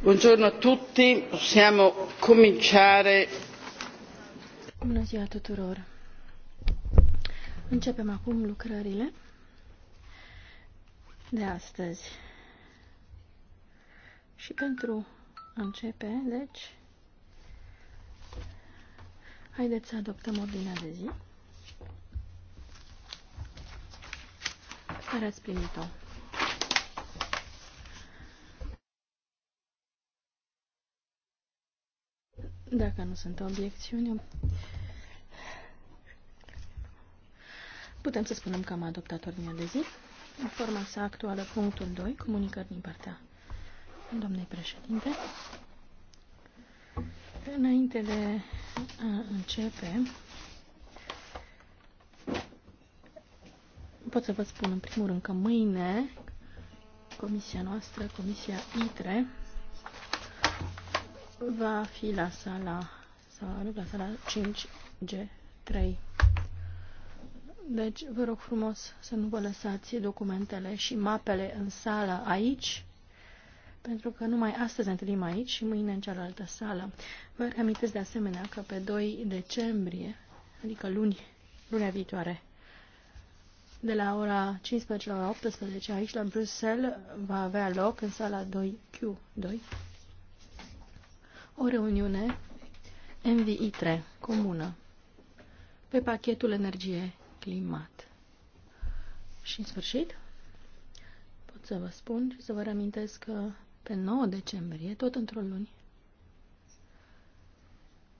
Buongiorno a tutti, possiamo cominciare. Bună ziua tuturor. Începem acum lucrările de astăzi. Și pentru a începe, deci, haideți să adoptăm ordinea de zi. primit-o. Dacă nu sunt obiecțiuni, putem să spunem că am adoptat ordinea de zi. În forma sa actuală, punctul 2, comunicări din partea doamnei președinte. Înainte de a începe, pot să vă spun în primul rând că mâine comisia noastră, comisia ITRE, va fi la sala, sau la sala 5G3. Deci, vă rog frumos să nu vă lăsați documentele și mapele în sală aici, pentru că numai astăzi ne întâlnim aici și mâine în cealaltă sală. Vă reamintesc de asemenea că pe 2 decembrie, adică luni, lunea viitoare, de la ora 15 la ora 18 aici la Bruxelles va avea loc în sala 2Q2 o reuniune MVI3 comună pe pachetul energie-climat. Și în sfârșit pot să vă spun și să vă reamintesc că pe 9 decembrie, tot într-o luni,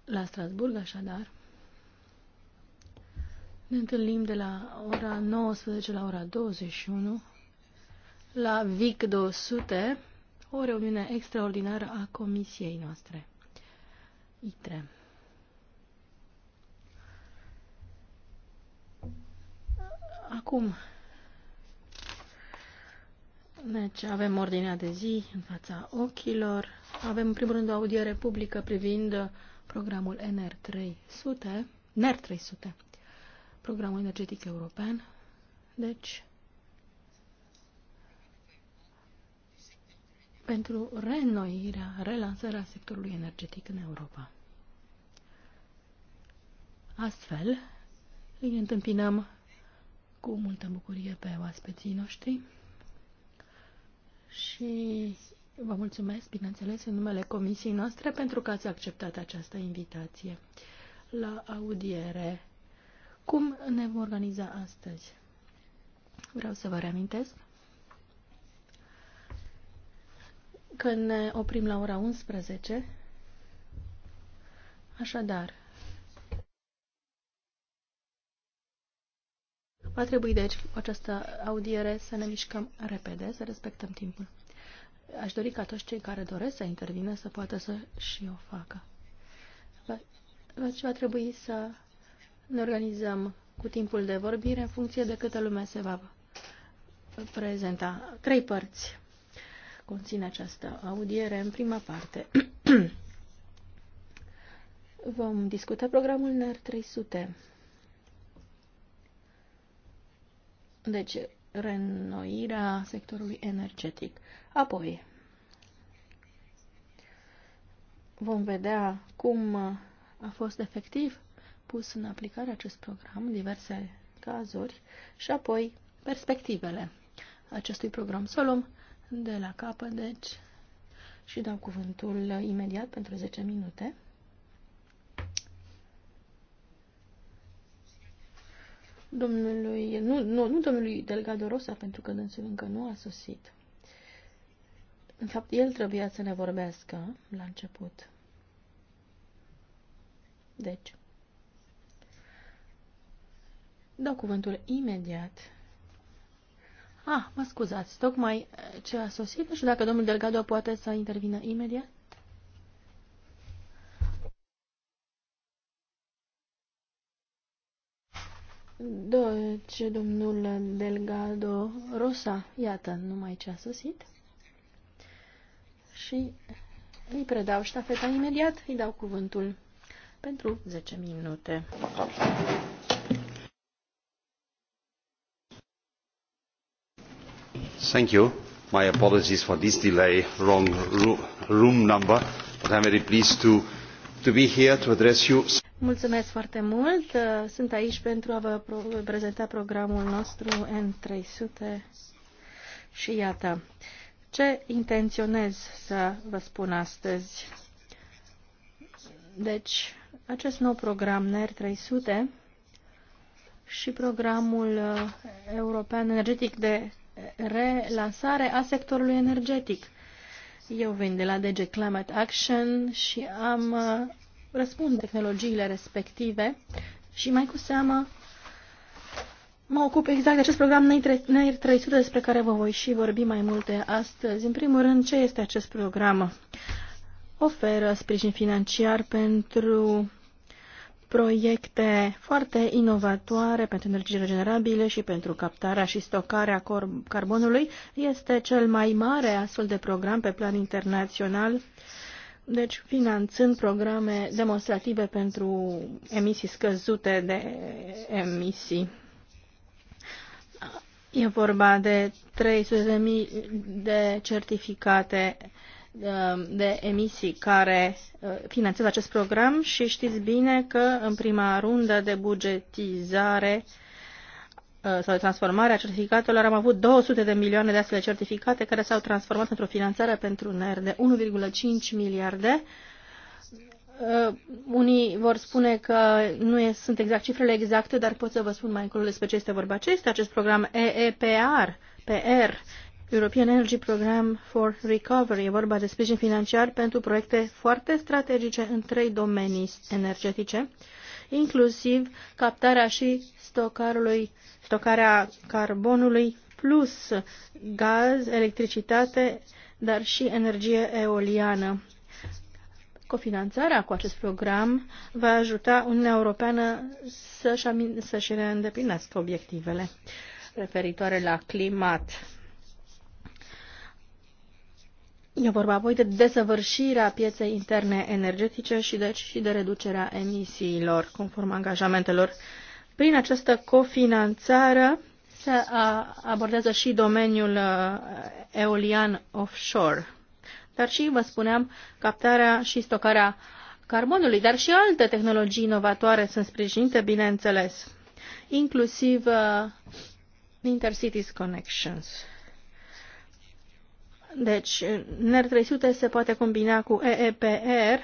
la Strasburg, așadar, ne întâlnim de la ora 19 la ora 21 la VIC 200, o reuniune extraordinară a comisiei noastre. ITRE. Acum, deci avem ordinea de zi în fața ochilor. Avem în primul rând o audiere publică privind programul NR300, nr 300 programul energetic european. Deci, pentru reînnoirea, relansarea sectorului energetic în Europa. Astfel, îi întâmpinăm cu multă bucurie pe oaspeții noștri și vă mulțumesc, bineînțeles, în numele comisiei noastre pentru că ați acceptat această invitație la audiere cum ne vom organiza astăzi? Vreau să vă reamintesc că ne oprim la ora 11. Așadar, va trebui deci cu această audiere să ne mișcăm repede, să respectăm timpul. Aș dori ca toți cei care doresc să intervină să poată să și o facă. Va, va trebui să ne organizăm cu timpul de vorbire în funcție de câtă lume se va prezenta. Trei părți conține această audiere. În prima parte vom discuta programul NER 300. Deci, renoirea sectorului energetic. Apoi, vom vedea cum a fost efectiv pus în aplicare acest program diverse cazuri și apoi perspectivele acestui program. Să luăm de la capăt, deci, și dau cuvântul imediat pentru 10 minute. Domnului, nu, nu, nu domnului Delgado Rosa, pentru că dânsul încă nu a sosit. În fapt, el trebuia să ne vorbească la început. Deci. Dau cuvântul imediat. Ah, mă scuzați, tocmai eh, ce a sosit, nu știu dacă domnul Delgado poate să intervină imediat. Deci, domnul Delgado Rosa, iată, numai ce a sosit. Și îi predau ștafeta imediat, îi dau cuvântul pentru 10 minute. My apologies for this delay, wrong room number, but I'm very pleased to, to be here to address you. Mulțumesc foarte mult. Sunt aici pentru a vă prezenta programul nostru N300 și iată ce intenționez să vă spun astăzi. Deci, acest nou program NER 300 și programul uh, european energetic de relansare a sectorului energetic. Eu vin de la DG Climate Action și am uh, răspund tehnologiile respective și mai cu seamă mă ocup exact de acest program NEIR 300 despre care vă voi și vorbi mai multe astăzi. În primul rând, ce este acest program? Oferă sprijin financiar pentru proiecte foarte inovatoare pentru energie regenerabile și pentru captarea și stocarea carbonului. Este cel mai mare astfel de program pe plan internațional, deci finanțând programe demonstrative pentru emisii scăzute de emisii. E vorba de 300.000 de certificate Um, de emisii care uh, finanțează acest program și știți bine că în prima rundă de bugetizare uh, sau de transformare a certificatelor am avut 200 de milioane de astfel de certificate care s-au transformat într-o finanțare pentru NER de 1,5 miliarde. Uh, unii vor spune că nu sunt exact cifrele exacte, dar pot să vă spun mai încolo despre ce este vorba. Ce este acest program EEPR? PR European Energy Program for Recovery. E vorba de sprijin financiar pentru proiecte foarte strategice în trei domenii energetice, inclusiv captarea și stocarului, stocarea carbonului, plus gaz, electricitate, dar și energie eoliană. Cofinanțarea cu acest program va ajuta Uniunea Europeană să-și să, îndeplinească obiectivele referitoare la climat. E vorba apoi de desăvârșirea pieței interne energetice și deci și de reducerea emisiilor conform angajamentelor. Prin această cofinanțare se abordează și domeniul uh, eolian offshore, dar și, vă spuneam, captarea și stocarea carbonului, dar și alte tehnologii inovatoare sunt sprijinite, bineînțeles, inclusiv uh, Intercities Connections. Deci, NER 300 se poate combina cu EEPR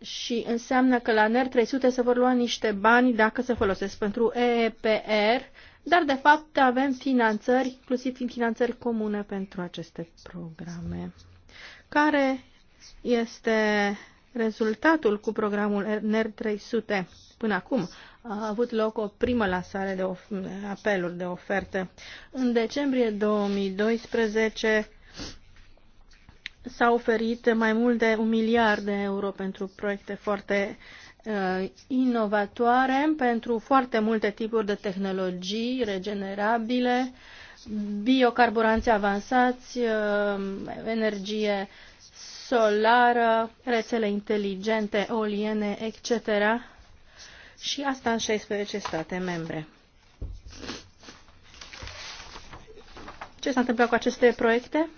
și înseamnă că la NER 300 se vor lua niște bani dacă se folosesc pentru EEPR, dar de fapt avem finanțări, inclusiv finanțări comune pentru aceste programe. Care este rezultatul cu programul NER 300 până acum? a avut loc o primă lansare de apeluri de ofertă. În decembrie 2012 s-a oferit mai mult de un miliard de euro pentru proiecte foarte uh, inovatoare, pentru foarte multe tipuri de tehnologii regenerabile, biocarburanți avansați, uh, energie solară, rețele inteligente, oliene, etc și asta în 16 state membre. Ce s-a întâmplat cu aceste proiecte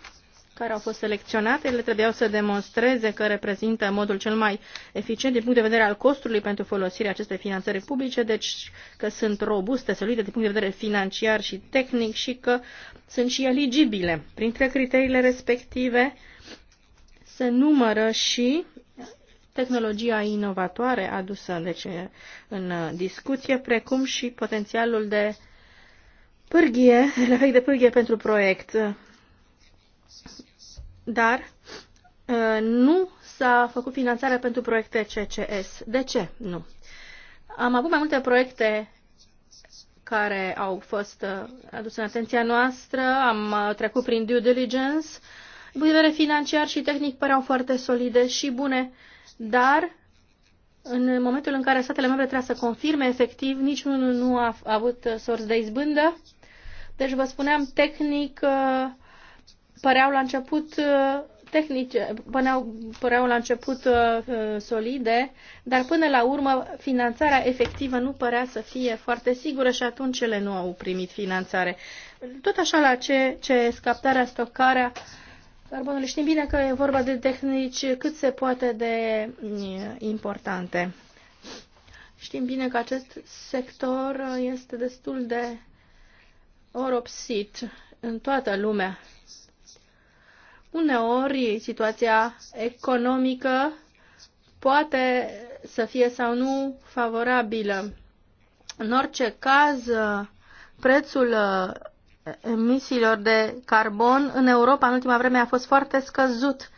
care au fost selecționate? Ele trebuiau să demonstreze că reprezintă modul cel mai eficient din punct de vedere al costului pentru folosirea acestei finanțări publice, deci că sunt robuste, solide din punct de vedere financiar și tehnic și că sunt și eligibile. Printre criteriile respective se numără și tehnologia inovatoare adusă deci, în discuție, precum și potențialul de pârghie, efect de pârghie pentru proiect. Dar ă, nu s-a făcut finanțarea pentru proiecte CCS. De ce? Nu. Am avut mai multe proiecte care au fost ă, aduse în atenția noastră, am ă, trecut prin due diligence, din vedere financiar și tehnic păreau foarte solide și bune, dar în momentul în care statele membre trebuie să confirme efectiv, niciunul nu a avut sorți de izbândă. Deci, vă spuneam, tehnic uh, păreau la început uh, tehnice, păreau, păreau la început uh, solide, dar până la urmă finanțarea efectivă nu părea să fie foarte sigură și atunci ele nu au primit finanțare. Tot așa la ce, ce scaptarea, stocarea, uh, carbonului. Știm bine că e vorba de tehnici cât se poate de mm, importante. Știm bine că acest sector este destul de oropsit în toată lumea. Uneori situația economică poate să fie sau nu favorabilă. În orice caz, prețul emisiilor de carbon în Europa în ultima vreme a fost foarte scăzut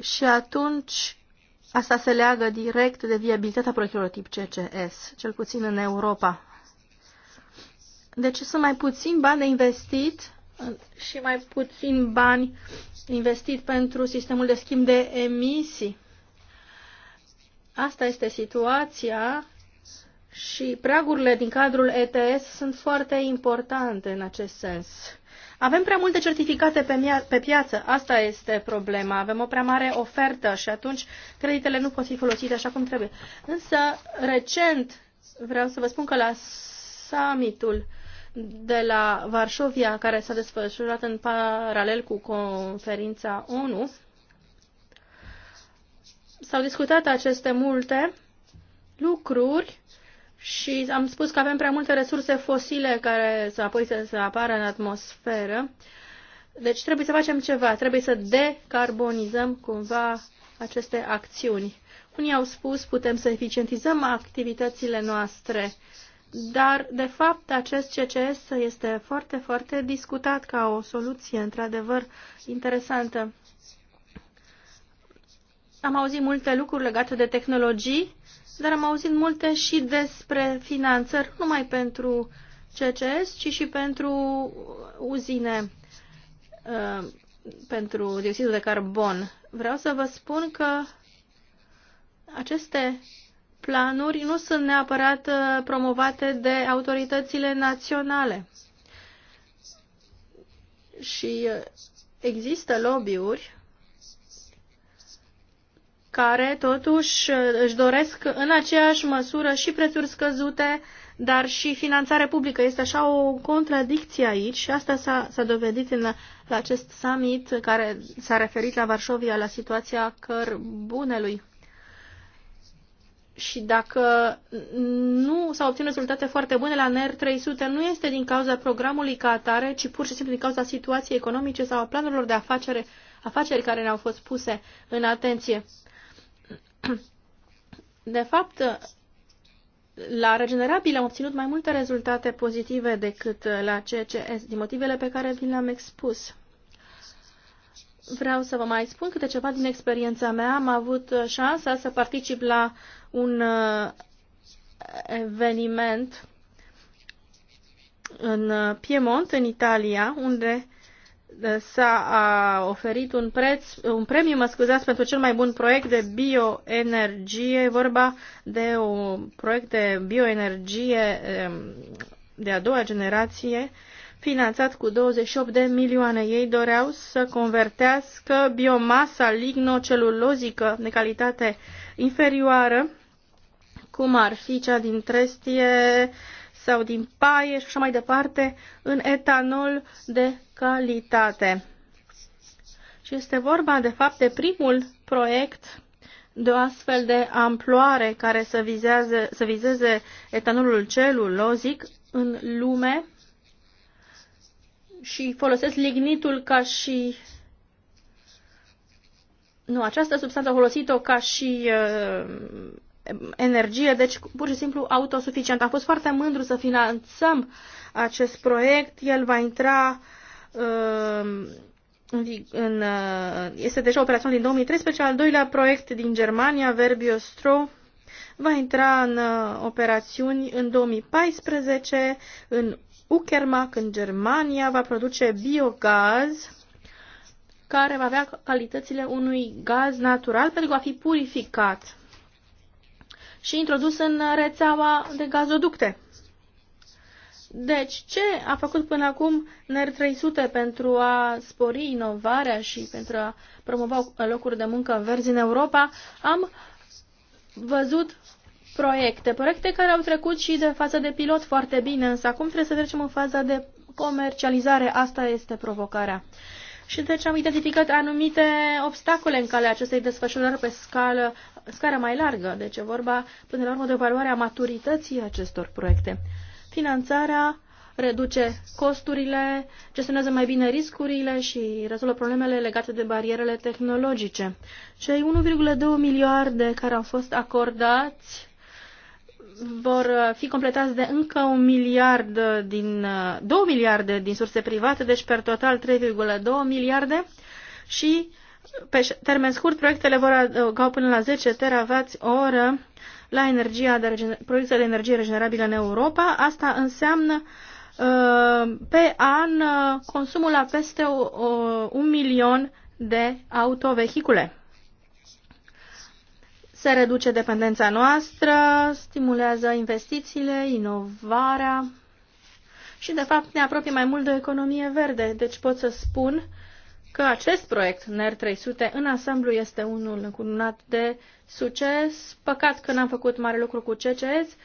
și atunci asta se leagă direct de viabilitatea proiectelor tip CCS, cel puțin în Europa. Deci sunt mai puțin bani de investit și mai puțin bani investit pentru sistemul de schimb de emisii. Asta este situația și pragurile din cadrul ETS sunt foarte importante în acest sens. Avem prea multe certificate pe, pe piață, asta este problema. Avem o prea mare ofertă și atunci creditele nu pot fi folosite așa cum trebuie. Însă, recent, vreau să vă spun că la summitul de la Varșovia, care s-a desfășurat în paralel cu conferința ONU, s-au discutat aceste multe lucruri și am spus că avem prea multe resurse fosile care să apoi să, să apară în atmosferă. Deci trebuie să facem ceva, trebuie să decarbonizăm cumva aceste acțiuni. Unii au spus putem să eficientizăm activitățile noastre, dar de fapt acest CCS este foarte, foarte discutat ca o soluție într-adevăr interesantă. Am auzit multe lucruri legate de tehnologii, dar am auzit multe și despre finanțări, numai pentru CCS, ci și pentru uzine, uh, pentru dioxidul de carbon. Vreau să vă spun că aceste planuri nu sunt neapărat uh, promovate de autoritățile naționale. Și uh, există lobby-uri care totuși își doresc în aceeași măsură și prețuri scăzute, dar și finanțare publică. Este așa o contradicție aici și asta s-a, dovedit în, la acest summit care s-a referit la Varșovia, la situația cărbunelui. Și dacă nu s-au obținut rezultate foarte bune la NER 300, nu este din cauza programului ca atare, ci pur și simplu din cauza situației economice sau a planurilor de afacere, afaceri care ne-au fost puse în atenție. De fapt, la regenerabil am obținut mai multe rezultate pozitive decât la CCS, din motivele pe care vi le-am expus. Vreau să vă mai spun câte ceva din experiența mea. Am avut șansa să particip la un uh, eveniment în Piemont, în Italia, unde s-a oferit un, preț, un premiu, mă scuzați, pentru cel mai bun proiect de bioenergie, vorba de un proiect de bioenergie de a doua generație, finanțat cu 28 de milioane. Ei doreau să convertească biomasa lignocelulozică de calitate inferioară, cum ar fi cea din trestie, sau din paie și așa mai departe în etanol de calitate. Și este vorba, de fapt, de primul proiect de o astfel de amploare care să, vizează, să vizeze etanolul celulozic în lume și folosesc lignitul ca și... Nu, această substanță folosită ca și uh, energie, deci pur și simplu autosuficient. Am fost foarte mândru să finanțăm acest proiect. El va intra um, în, uh, este deja operațional din 2013, al doilea proiect din Germania, Verbiostro, va intra în uh, operațiuni în 2014 în Uckermark, în Germania, va produce biogaz care va avea calitățile unui gaz natural pentru că va fi purificat și introdus în rețeaua de gazoducte. Deci, ce a făcut până acum NER 300 pentru a spori inovarea și pentru a promova locuri de muncă verzi în Europa? Am văzut proiecte, proiecte care au trecut și de fază de pilot foarte bine, însă acum trebuie să trecem în faza de comercializare. Asta este provocarea. Și deci am identificat anumite obstacole în calea acestei desfășurări pe scală scară mai largă, deci e vorba până la urmă de o maturității acestor proiecte. Finanțarea reduce costurile, gestionează mai bine riscurile și rezolvă problemele legate de barierele tehnologice. Cei 1,2 miliarde care au fost acordați vor fi completați de încă un miliard din, 2 miliarde din surse private, deci per total 3,2 miliarde și pe termen scurt, proiectele vor adăuga până la 10 teravați oră la energia de producția de energie regenerabilă în Europa. Asta înseamnă uh, pe an uh, consumul la peste uh, un milion de autovehicule. Se reduce dependența noastră, stimulează investițiile, inovarea și, de fapt, ne apropie mai mult de o economie verde. Deci pot să spun că acest proiect NER 300 în ansamblu este unul încununat de succes. Păcat că n-am făcut mare lucru cu CCS,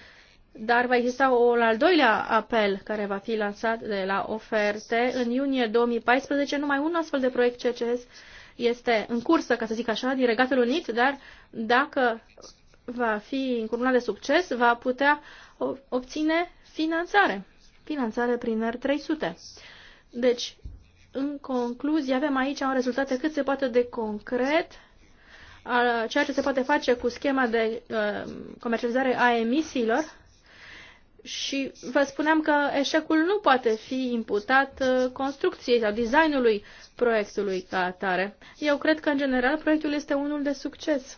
dar va exista un al doilea apel care va fi lansat de la oferte în iunie 2014. Numai un astfel de proiect CCS este în cursă, ca să zic așa, din Regatul Unit, dar dacă va fi încununat de succes, va putea obține finanțare. Finanțare prin NER 300. Deci, în concluzie, avem aici un rezultat cât se poate de concret a ceea ce se poate face cu schema de comercializare a emisiilor și vă spuneam că eșecul nu poate fi imputat construcției sau designului proiectului ca atare. Eu cred că, în general, proiectul este unul de succes.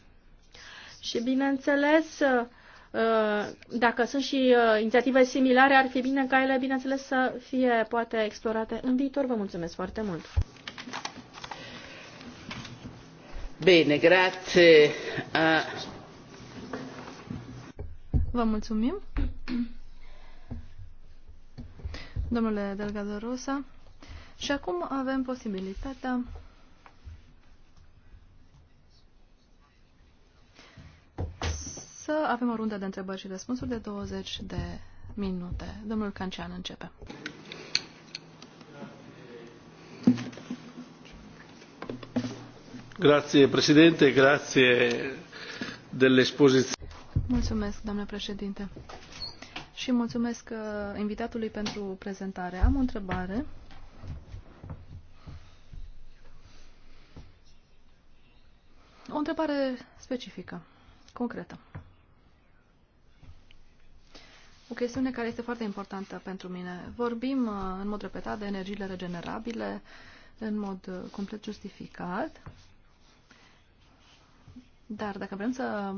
Și, bineînțeles, Uh, dacă sunt și uh, inițiative similare, ar fi bine ca ele, bineînțeles, să fie poate explorate în viitor. Vă mulțumesc foarte mult! Bine, grație! Uh. Vă mulțumim! Domnule Delgado Rosa, și acum avem posibilitatea să avem o rundă de întrebări și răspunsuri de 20 de minute. Domnul Cancian începe. Grazie, președinte, grazie dell'esposizione. Mulțumesc, doamnă președinte. Și mulțumesc uh, invitatului pentru prezentare. Am o întrebare. O întrebare specifică, concretă o chestiune care este foarte importantă pentru mine. Vorbim uh, în mod repetat de energiile regenerabile, în mod uh, complet justificat, dar dacă vrem să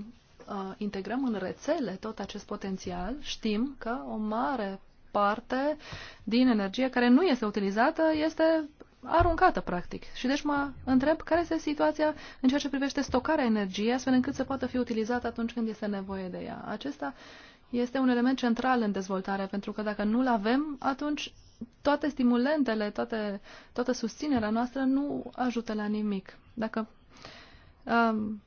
uh, integrăm în rețele tot acest potențial, știm că o mare parte din energie care nu este utilizată este aruncată, practic. Și deci mă întreb care este situația în ceea ce privește stocarea energiei, astfel încât să poată fi utilizată atunci când este nevoie de ea. Acesta este un element central în dezvoltare, pentru că dacă nu-l avem, atunci toate stimulentele, toate, toată susținerea noastră nu ajută la nimic. Dacă um,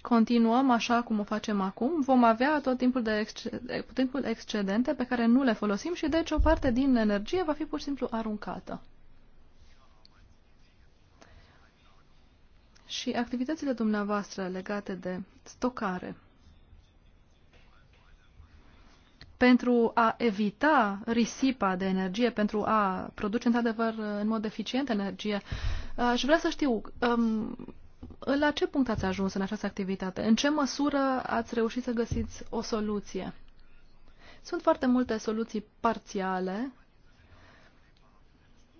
continuăm așa cum o facem acum, vom avea tot timpul, de tot timpul excedente pe care nu le folosim și deci o parte din energie va fi pur și simplu aruncată. Și activitățile dumneavoastră legate de stocare pentru a evita risipa de energie, pentru a produce într-adevăr în mod eficient energie. Aș vrea să știu um, la ce punct ați ajuns în această activitate? În ce măsură ați reușit să găsiți o soluție? Sunt foarte multe soluții parțiale,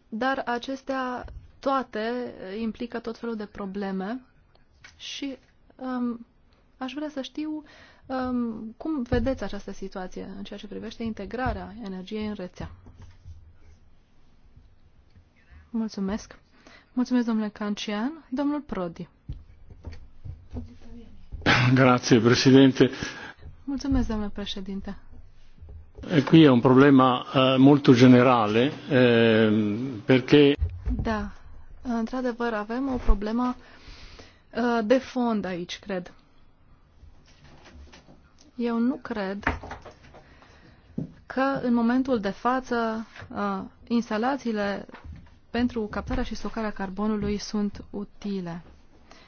dar acestea toate implică tot felul de probleme și um, aș vrea să știu uh, cum vedeți această situație în ceea ce privește integrarea energiei în rețea? Mulțumesc. Mulțumesc, domnule Cancian. Domnul Prodi. Grazie, președinte. Mulțumesc, domnule președinte. Qui è un problema eh, molto generale eh, perché... Da, într-adevăr avem o problemă uh, de fond aici, cred. Eu nu cred că în momentul de față uh, instalațiile pentru captarea și stocarea carbonului sunt utile.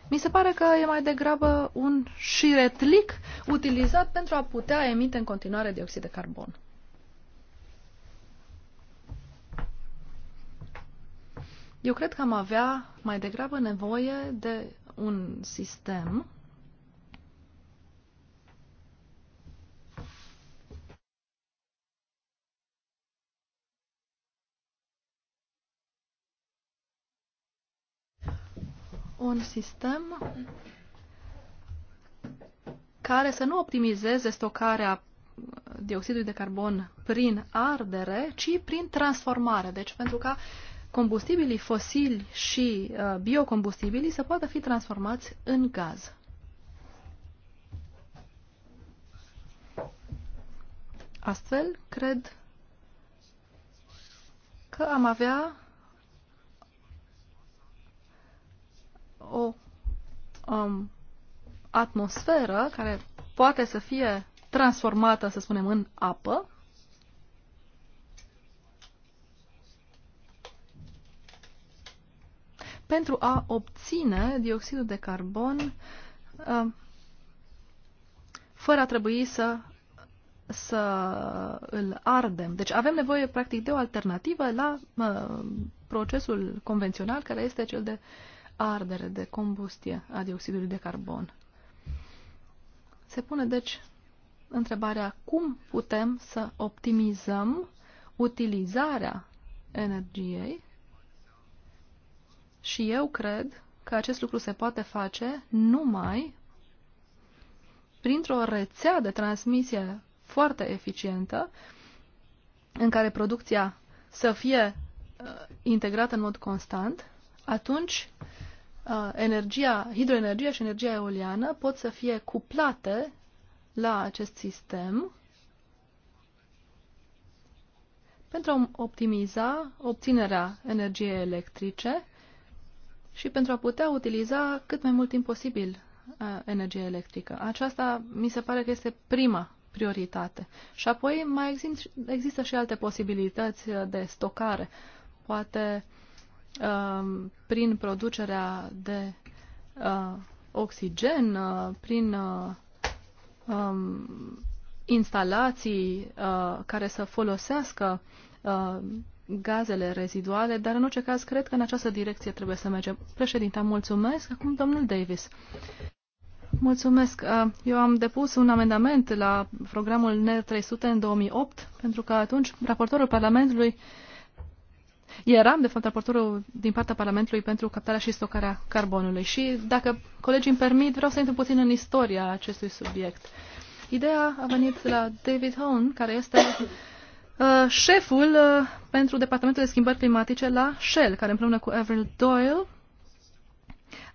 Mi se pare că e mai degrabă un șiretlic utilizat pentru a putea emite în continuare dioxid de carbon. Eu cred că am avea mai degrabă nevoie de un sistem un sistem care să nu optimizeze stocarea dioxidului de carbon prin ardere, ci prin transformare. Deci pentru ca combustibilii fosili și uh, biocombustibilii să poată fi transformați în gaz. Astfel, cred că am avea o um, atmosferă care poate să fie transformată, să spunem, în apă. pentru a obține dioxidul de carbon um, fără a trebui să, să îl ardem. Deci avem nevoie, practic, de o alternativă la uh, procesul convențional, care este cel de uh, ardere, de combustie a dioxidului de carbon. Se pune, deci, întrebarea cum putem să optimizăm utilizarea energiei și eu cred că acest lucru se poate face numai printr-o rețea de transmisie foarte eficientă în care producția să fie uh, integrată în mod constant, atunci Uh, energia, hidroenergia și energia eoliană pot să fie cuplate la acest sistem pentru a optimiza obținerea energiei electrice și pentru a putea utiliza cât mai mult timp posibil uh, energie electrică. Aceasta mi se pare că este prima prioritate. Și apoi mai există, și alte posibilități uh, de stocare. Poate uh, Um, prin producerea de uh, oxigen, uh, prin uh, um, instalații uh, care să folosească uh, gazele reziduale, dar în orice caz cred că în această direcție trebuie să mergem. Președinte, mulțumesc. Acum domnul Davis. Mulțumesc. Uh, eu am depus un amendament la programul NER 300 în 2008, pentru că atunci raportorul Parlamentului uh, eram, de fapt, raportorul din partea Parlamentului pentru captarea și stocarea carbonului. Și, dacă colegii îmi permit, vreau să intru puțin în istoria acestui subiect. Ideea a venit la David Hone, care este uh, șeful uh, pentru Departamentul de Schimbări Climatice la Shell, care împreună cu Avril Doyle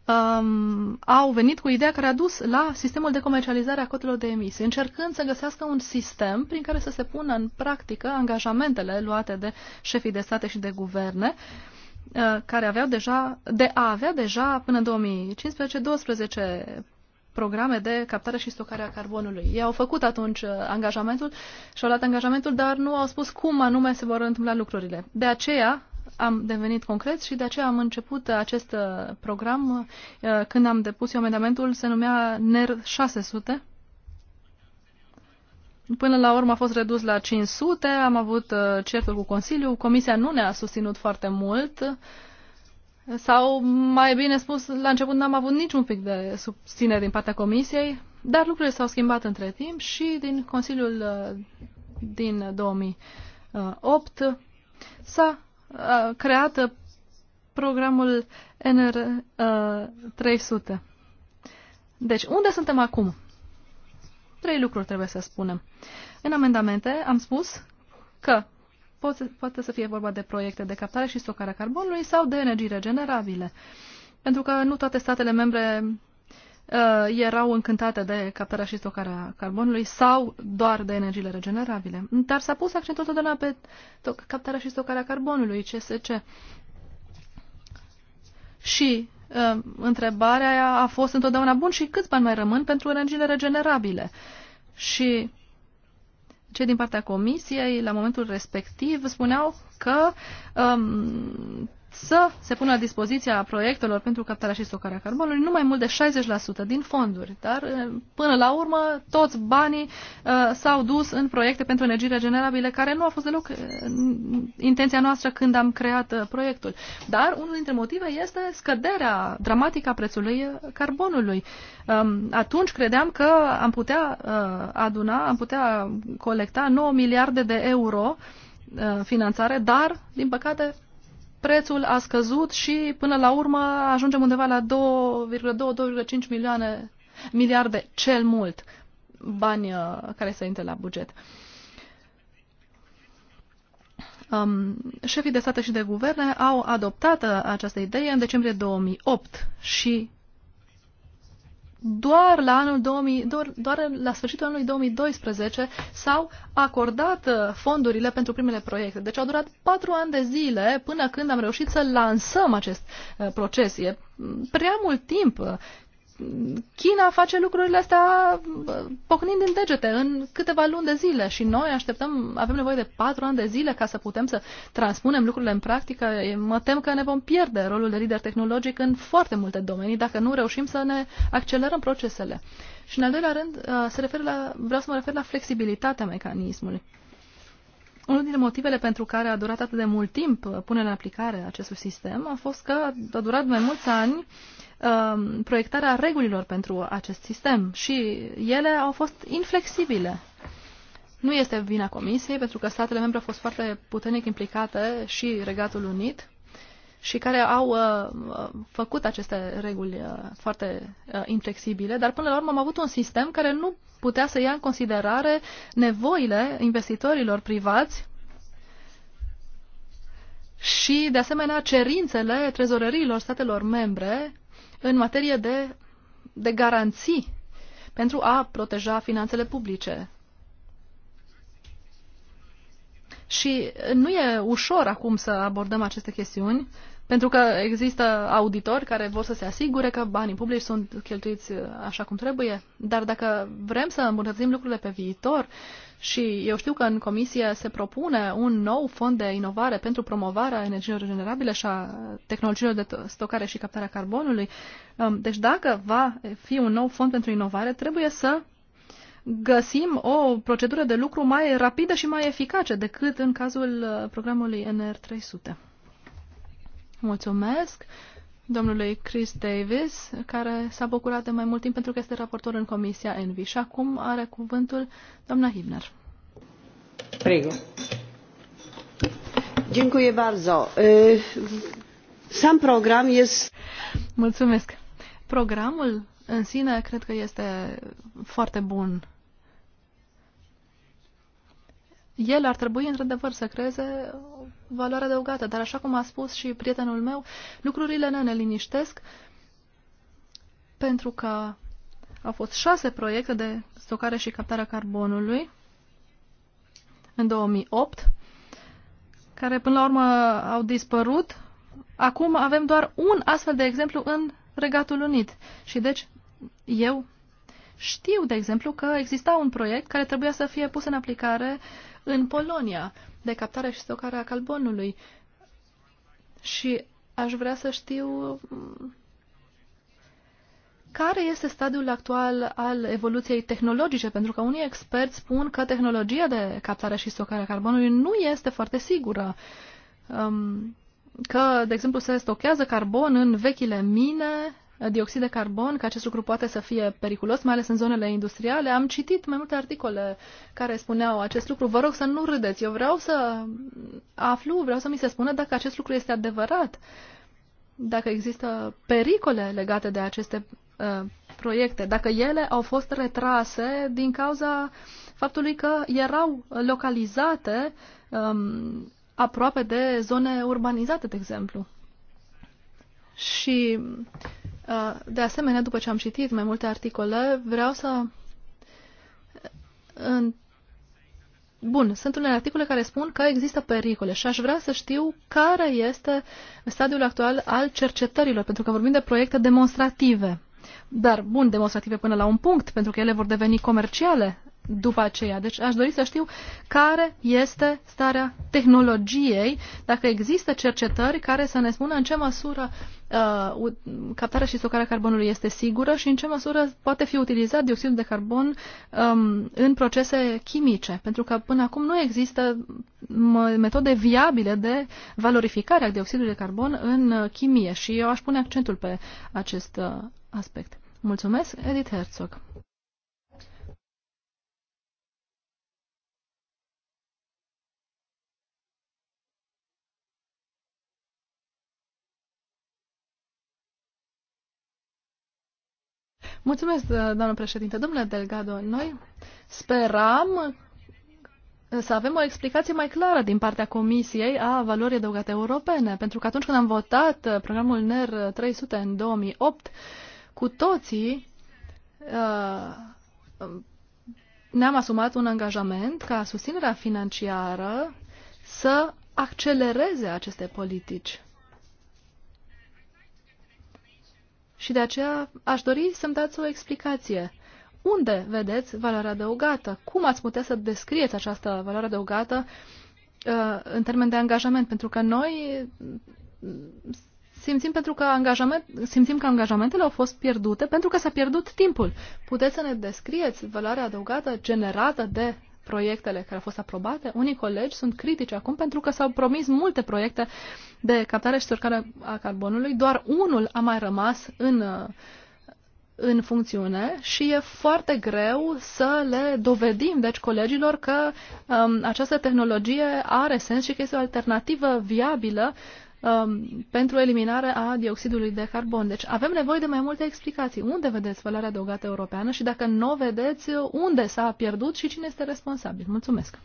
um, au venit cu ideea care a dus la sistemul de comercializare a cotelor de emisie, încercând să găsească un sistem prin care să se pună în practică angajamentele luate de șefii de state și de guverne uh, care aveau deja, de a avea deja până în 2015 12 programe de captare și stocare a carbonului. Ei au făcut atunci uh, angajamentul și au luat angajamentul, dar nu au spus cum anume se vor întâmpla lucrurile. De aceea, am devenit concret și de aceea am început acest uh, program. Uh, când am depus eu amendamentul, se numea NER 600. Până la urmă a fost redus la 500, am avut uh, certuri cu Consiliul, Comisia nu ne-a susținut foarte mult sau, mai bine spus, la început n-am avut niciun pic de susținere din partea Comisiei, dar lucrurile s-au schimbat între timp și din Consiliul din 2008 s-a creată uh, programul NR300. Uh, deci, unde suntem acum? Trei lucruri trebuie să spunem. În amendamente am spus că poate, poate să fie vorba de proiecte de captare și stocare a carbonului sau de energii regenerabile. Pentru că nu toate statele membre Uh, erau încântate de captarea și stocarea carbonului sau doar de energiile regenerabile. Dar s-a pus accentul totdeauna pe captarea și stocarea carbonului, CSC. Și uh, întrebarea a fost întotdeauna bun și câți bani mai rămân pentru energiile regenerabile. Și cei din partea comisiei, la momentul respectiv, spuneau că um, să se pună la dispoziția proiectelor pentru captarea și stocarea carbonului nu mai mult de 60% din fonduri. Dar eh, până la urmă toți banii uh, s-au dus în proiecte pentru energie regenerabile, care nu a fost deloc uh, intenția noastră când am creat uh, proiectul. Dar unul dintre motive este scăderea dramatică a prețului carbonului. Um, atunci credeam că am putea uh, aduna, am putea colecta 9 miliarde de euro uh, finanțare, dar, din păcate, prețul a scăzut și până la urmă ajungem undeva la 2,2-2,5 milioane miliarde cel mult bani uh, care să intre la buget. Um, șefii de state și de guverne au adoptat uh, această idee în decembrie 2008 și doar la anul 2000, doar, doar la sfârșitul anului 2012 s-au acordat uh, fondurile pentru primele proiecte. Deci au durat patru ani de zile până când am reușit să lansăm acest uh, proces. E prea mult timp uh, China face lucrurile astea pocnind din degete în câteva luni de zile și noi așteptăm, avem nevoie de patru ani de zile ca să putem să transpunem lucrurile în practică. Mă tem că ne vom pierde rolul de lider tehnologic în foarte multe domenii dacă nu reușim să ne accelerăm procesele. Și în al doilea rând, uh, se refer la, vreau să mă refer la flexibilitatea mecanismului. Unul dintre motivele pentru care a durat atât de mult timp uh, punerea în aplicare acestui sistem a fost că a durat mai mulți ani uh, Um, proiectarea regulilor pentru acest sistem și ele au fost inflexibile. Nu este vina Comisiei, pentru că statele membre au fost foarte puternic implicate și Regatul Unit și care au uh, uh făcut aceste reguli uh, foarte uh, inflexibile, dar până la urmă am avut un sistem care nu putea să ia în considerare nevoile investitorilor privați și, de asemenea, cerințele trezorerilor statelor membre în materie de, de garanții pentru a proteja finanțele publice. Și nu e ușor acum să abordăm aceste chestiuni, pentru că există auditori care vor să se asigure că banii publici sunt cheltuiți uh, așa cum trebuie, dar dacă vrem să îmbunătățim lucrurile pe viitor și eu știu că în comisie se propune un nou fond de inovare pentru promovarea energiilor regenerabile și a tehnologiilor de stocare și captarea carbonului, um, deci dacă va fi un nou fond pentru inovare, trebuie să găsim o procedură de lucru mai rapidă și mai eficace decât în cazul uh, programului NR300. Mulțumesc domnului Chris Davis, care s-a bucurat de mai mult timp pentru că este raportor în Comisia Envi. Și acum are cuvântul doamna Hibner. Prego. Dziękuję bardzo. Sam program jest... Mulțumesc. Programul în sine cred că este foarte bun el ar trebui, într-adevăr, să creeze valoare adăugată. Dar, așa cum a spus și prietenul meu, lucrurile ne neliniștesc pentru că au fost șase proiecte de stocare și captare a carbonului în 2008, care până la urmă au dispărut. Acum avem doar un astfel de exemplu în Regatul Unit. Și deci eu știu, de exemplu, că exista un proiect care trebuia să fie pus în aplicare uh, în Polonia, de captare și stocare a carbonului. Și aș vrea să știu mm, care este stadiul actual al evoluției tehnologice, pentru că unii experți spun că tehnologia de captare și stocare a carbonului nu este foarte sigură. Um, că, de exemplu, se stochează carbon în vechile mine dioxid de carbon, că acest lucru poate să fie periculos, mai ales în zonele industriale. Am citit mai multe articole care spuneau acest lucru. Vă rog să nu râdeți. Eu vreau să aflu, vreau să mi se spună dacă acest lucru este adevărat, dacă există pericole legate de aceste uh, proiecte, dacă ele au fost retrase din cauza faptului că erau localizate um, aproape de zone urbanizate, de exemplu. Și uh, Uh, de asemenea, după ce am citit mai multe articole, vreau să... Uh, bun, sunt unele articole care spun că există pericole și aș vrea să știu care este stadiul actual al cercetărilor, pentru că vorbim de proiecte demonstrative. Dar, bun, demonstrative până la un punct, pentru că ele vor deveni comerciale după aceea. Deci aș dori să știu care este starea tehnologiei, dacă există cercetări care să ne spună în ce măsură uh, captarea și stocarea carbonului este sigură și în ce măsură poate fi utilizat dioxidul de carbon um, în procese chimice. Pentru că până acum nu există metode viabile de valorificare a dioxidului de carbon în uh, chimie și eu aș pune accentul pe acest uh, aspect. Mulțumesc, Edith Herzog. Mulțumesc, uh, doamnă președinte. Domnule Delgado, noi speram să avem o explicație mai clară din partea Comisiei a valorii adăugate europene, pentru că atunci când am votat uh, programul NER 300 în 2008, cu toții uh, ne-am asumat un angajament ca susținerea financiară să accelereze aceste politici. Și de aceea aș dori să-mi dați o explicație. Unde vedeți valoarea adăugată? Cum ați putea să descrieți această valoare adăugată uh, în termen de angajament? Pentru că noi mm, simțim, pentru că angajament, simțim că angajamentele au fost pierdute pentru că s-a pierdut timpul. Puteți să ne descrieți valoarea adăugată generată de proiectele care au fost aprobate, unii colegi sunt critici acum pentru că s-au promis multe proiecte de captare și stocare a carbonului, doar unul a mai rămas în, în funcțiune și e foarte greu să le dovedim, deci, colegilor că um, această tehnologie are sens și că este o alternativă viabilă um, pentru eliminarea a dioxidului de carbon. Deci avem nevoie de mai multe explicații. Unde vedeți valoarea adăugată europeană și dacă nu o vedeți, unde s-a pierdut și cine este responsabil? Mulțumesc!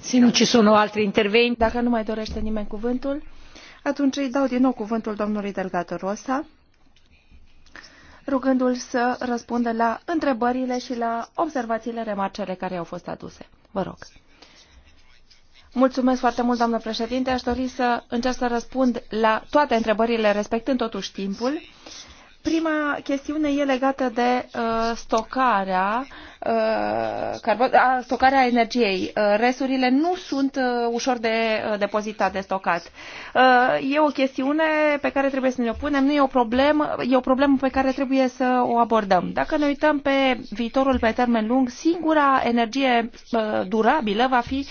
sunt Dacă nu mai dorește nimeni cuvântul, atunci îi dau din nou cuvântul domnului Delgado Rosa, rugându-l să răspundă la întrebările și la observațiile, remarcele care au fost aduse. Vă rog. Mulțumesc foarte mult, doamnă președinte. Aș dori să încerc să răspund la toate întrebările, respectând totuși timpul. Prima chestiune e legată de uh, stocarea uh, Uh, carbon, a, stocarea energiei. Uh, Resurile nu sunt uh, ușor de depozitat, de stocat. E o chestiune pe care trebuie să ne o punem, nu e o problemă, e o problemă pe care trebuie să o abordăm. Dacă ne uităm pe viitorul pe termen lung, singura energie durabilă va fi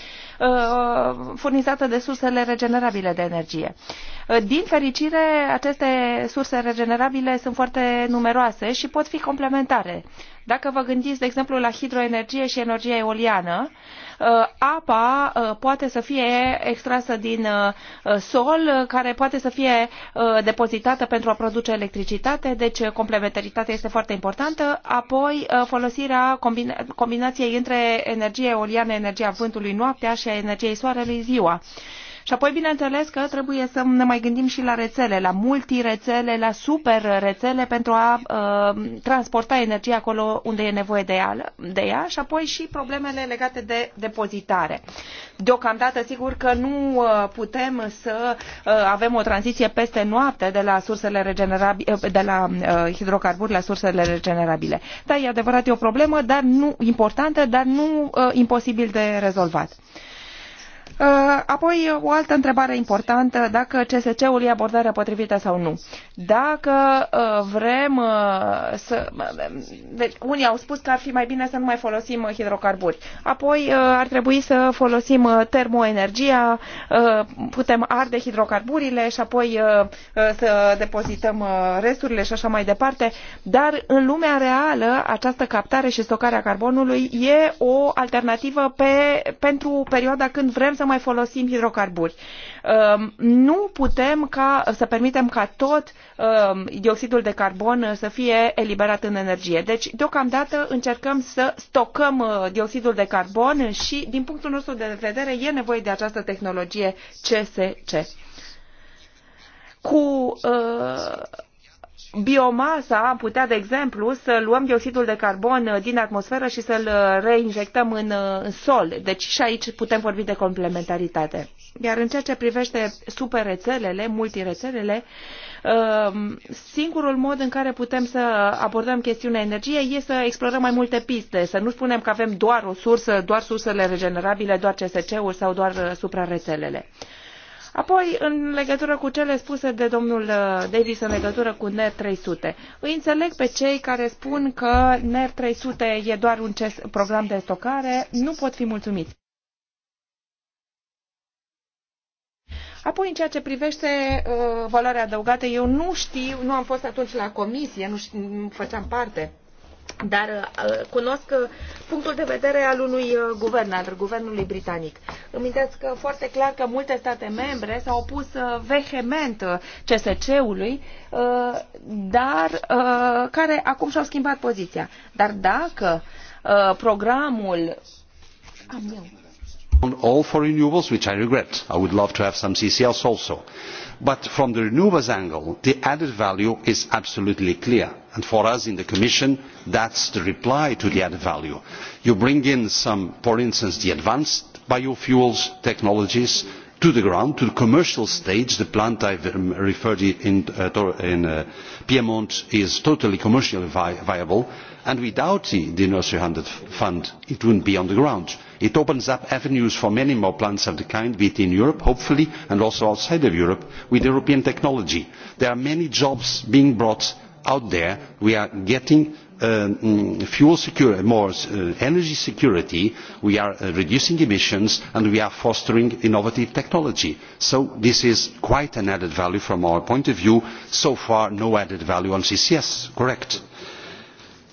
furnizată de sursele regenerabile de energie. Din fericire, aceste surse regenerabile sunt foarte numeroase și pot fi complementare dacă vă gândiți, de exemplu, la hidroenergie și energie eoliană, uh, apa uh, poate să fie extrasă din uh, sol, care poate să fie depozitată pentru a produce electricitate, deci complementaritatea este foarte importantă. Apoi, folosirea combina combinației între energie eoliană, energia vântului noaptea și a energiei soarelui ziua și apoi, bineînțeles, că trebuie să ne mai gândim și la rețele, la multirețele, la super rețele pentru a uh, transporta energia acolo unde e nevoie de ea, de ea și apoi și problemele legate de depozitare. Deocamdată, sigur că nu uh, putem să uh, avem o tranziție peste noapte de la sursele regenerabile, uh, de la uh, hidrocarburi la sursele regenerabile. Da, e adevărat, e o problemă dar nu importantă, dar nu uh, imposibil de rezolvat. Uh, Uh, apoi, o altă întrebare importantă, dacă CSC-ul e abordarea potrivită sau nu. Dacă uh, vrem uh, să... Deci, unii au spus că ar fi mai bine să nu mai folosim hidrocarburi. Apoi, ar trebui să folosim termoenergia, putem arde hidrocarburile și apoi să depozităm resturile și așa mai departe. Dar, în lumea reală, această captare și stocare a carbonului e o alternativă pe, pentru perioada când vrem să să mai folosim hidrocarburi. Ehm, nu putem ca, să permitem ca tot ehm, dioxidul de carbon eh, să fie eliberat în energie. Deci, deocamdată, încercăm să stocăm eh, dioxidul de carbon și, din punctul nostru de vedere, e nevoie de această tehnologie CSC. Cu uh, biomasa am putea, de exemplu, să luăm dioxidul de carbon uh, din atmosferă și să-l uh, reinjectăm în, uh, în sol. Deci și aici putem vorbi de complementaritate. Iar în ceea ce privește superrețelele, multirețelele, singurul mod în care putem să abordăm chestiunea energiei este să explorăm mai multe piste, să nu spunem că avem doar o sursă, doar sursele regenerabile, doar CSC-uri sau doar suprarețelele. Apoi, în legătură cu cele spuse de domnul uh, Davis în legătură cu NER 300, îi înțeleg pe cei care spun că NER 300 e doar un program de stocare, nu pot fi mulțumiți. Apoi, în ceea ce privește uh, valoarea adăugată, eu nu știu, nu am fost atunci la comisie, nu știu, nu făceam parte dar uh, cunosc uh, punctul de vedere al unui uh, guvern, al guvernului britanic. Îmi că foarte clar că multe state membre s-au opus vehement CSC-ului, dar care acum și-au schimbat poziția. Dar dacă programul... Am eu. all for renewables, which I regret. I would love to have some CCS also but from the renewables angle the added value is absolutely clear and for us in the commission that is the reply to the added value. you bring in some for instance the advanced biofuels technologies to the ground to the commercial stage the plant i um, referred uh, to in, uh, Piedmont is totally commercially viable and without the, the nursery hundred fund it would not be on the ground. it opens up avenues for many more plants of the kind be it in europe hopefully and also outside of europe with european technology. there are many jobs being brought out there. we are getting uh, mm, fuel security more uh, energy security we are uh, reducing emissions and we are fostering innovative technology. so this is quite an added value from our point of view. so far no added value on ccs correct?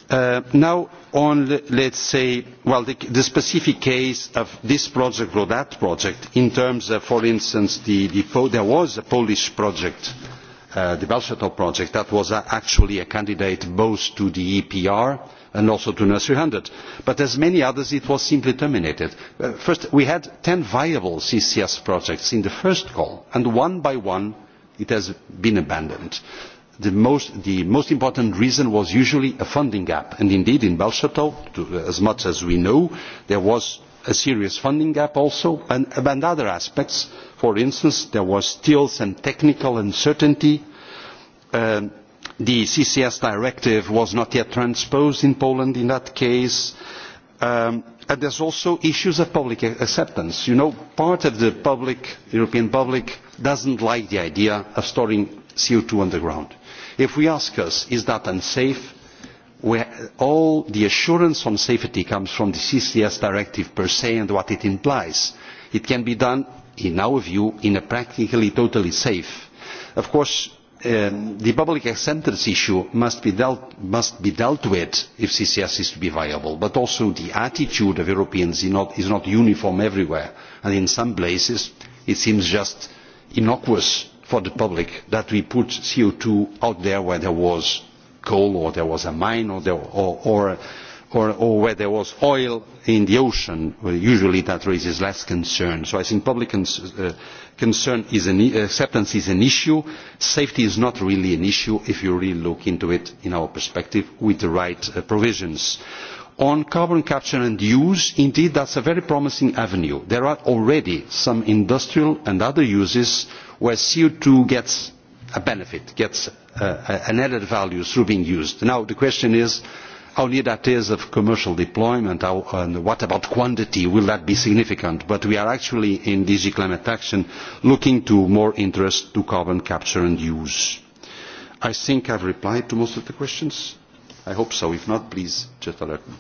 Uh, now on let us say well, the, the specific case of this project or that project in terms of for instance the, the, there was a polish project uh, the belchatov project that was actually a candidate both to the epr and also to nurse 300 but as many others it was simply terminated. Uh, first we had 10 viable ccs projects in the first call and one by one it has been abandoned the most, important reason was usually a funding gap. And indeed, in Belchatelet, as much as we know, there was a serious funding gap also, and, among other aspects. For instance, there was still some technical uncertainty. Um, the CCS directive was not yet transposed in Poland in that case. Um, and there are also issues of public acceptance. You know, part of the public, European public doesn't like the idea of storing CO2 underground If we ask us, is that unsafe? Where all the assurance on safety comes from the CCS directive per se and what it implies. It can be done, in our view, in a practically totally safe. Of course, um, the public acceptance issue must be, dealt, must be dealt with if CCS is to be viable, but also the attitude of Europeans is not, is not uniform everywhere, and in some places it seems just innocuous for the public that we put CO2 out there where there was coal or there was a mine or, there, or, or, or, or where there was oil in the ocean. Well, usually that raises less concern. So I think public uh, concern is an e acceptance is an issue. Safety is not really an issue if you really look into it in our perspective with the right uh, provisions. On carbon capture and use, indeed that's a very promising avenue. There are already some industrial and other uses where CO2 gets a benefit, gets an added value through being used. Now the question is how near that is of commercial deployment and what about quantity, will that be significant? But we are actually in DG Climate Action looking to more interest to carbon capture and use. I think I've replied to most of the questions. I hope so. If not, please just alert me.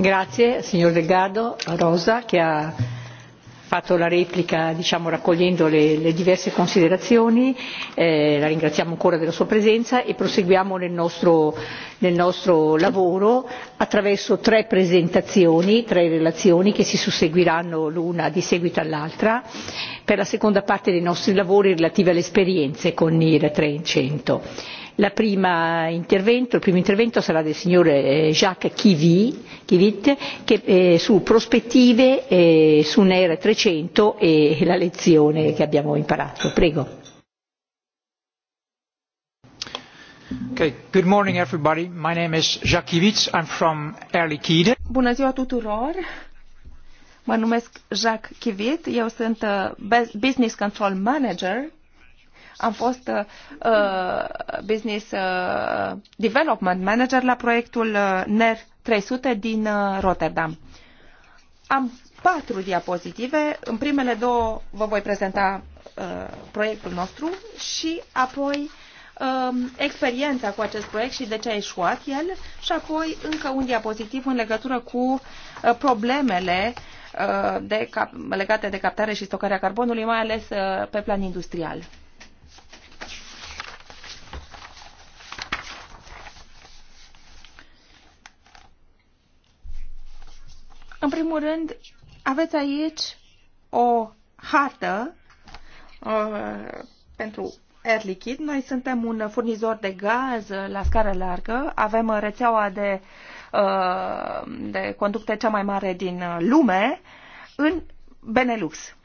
Grazie signor Delgado Rosa che ha fatto la replica diciamo, raccogliendo le, le diverse considerazioni, eh, la ringraziamo ancora della sua presenza e proseguiamo nel nostro, nel nostro lavoro attraverso tre presentazioni, tre relazioni che si susseguiranno l'una di seguito all'altra per la seconda parte dei nostri lavori relativi alle esperienze con NIR 300 la prima intervento, il primo intervento sarà del signore eh, Jacques Kivit, che, eh, su prospettive eh, su NER 300 e la lezione che abbiamo imparato. Prego. Okay. Good morning everybody. My name is Jacques Kivitz. I'm from Bună ziua tuturor. Mă numesc Jacques Kivit. Eu sunt uh, business control manager am fost uh, uh, business uh, development manager la proiectul uh, NER 300 din uh, Rotterdam. Am patru diapozitive. În primele două vă voi prezenta uh, proiectul nostru și apoi uh, experiența cu acest proiect și de ce a eșuat el și apoi încă un diapozitiv în legătură cu uh, problemele uh, de cap- legate de captare și stocarea carbonului, mai ales uh, pe plan industrial. În primul rând, aveți aici o hartă uh, pentru Air Liquid. Noi suntem un furnizor de gaz la scară largă. Avem rețeaua de, uh, de conducte cea mai mare din lume în Benelux.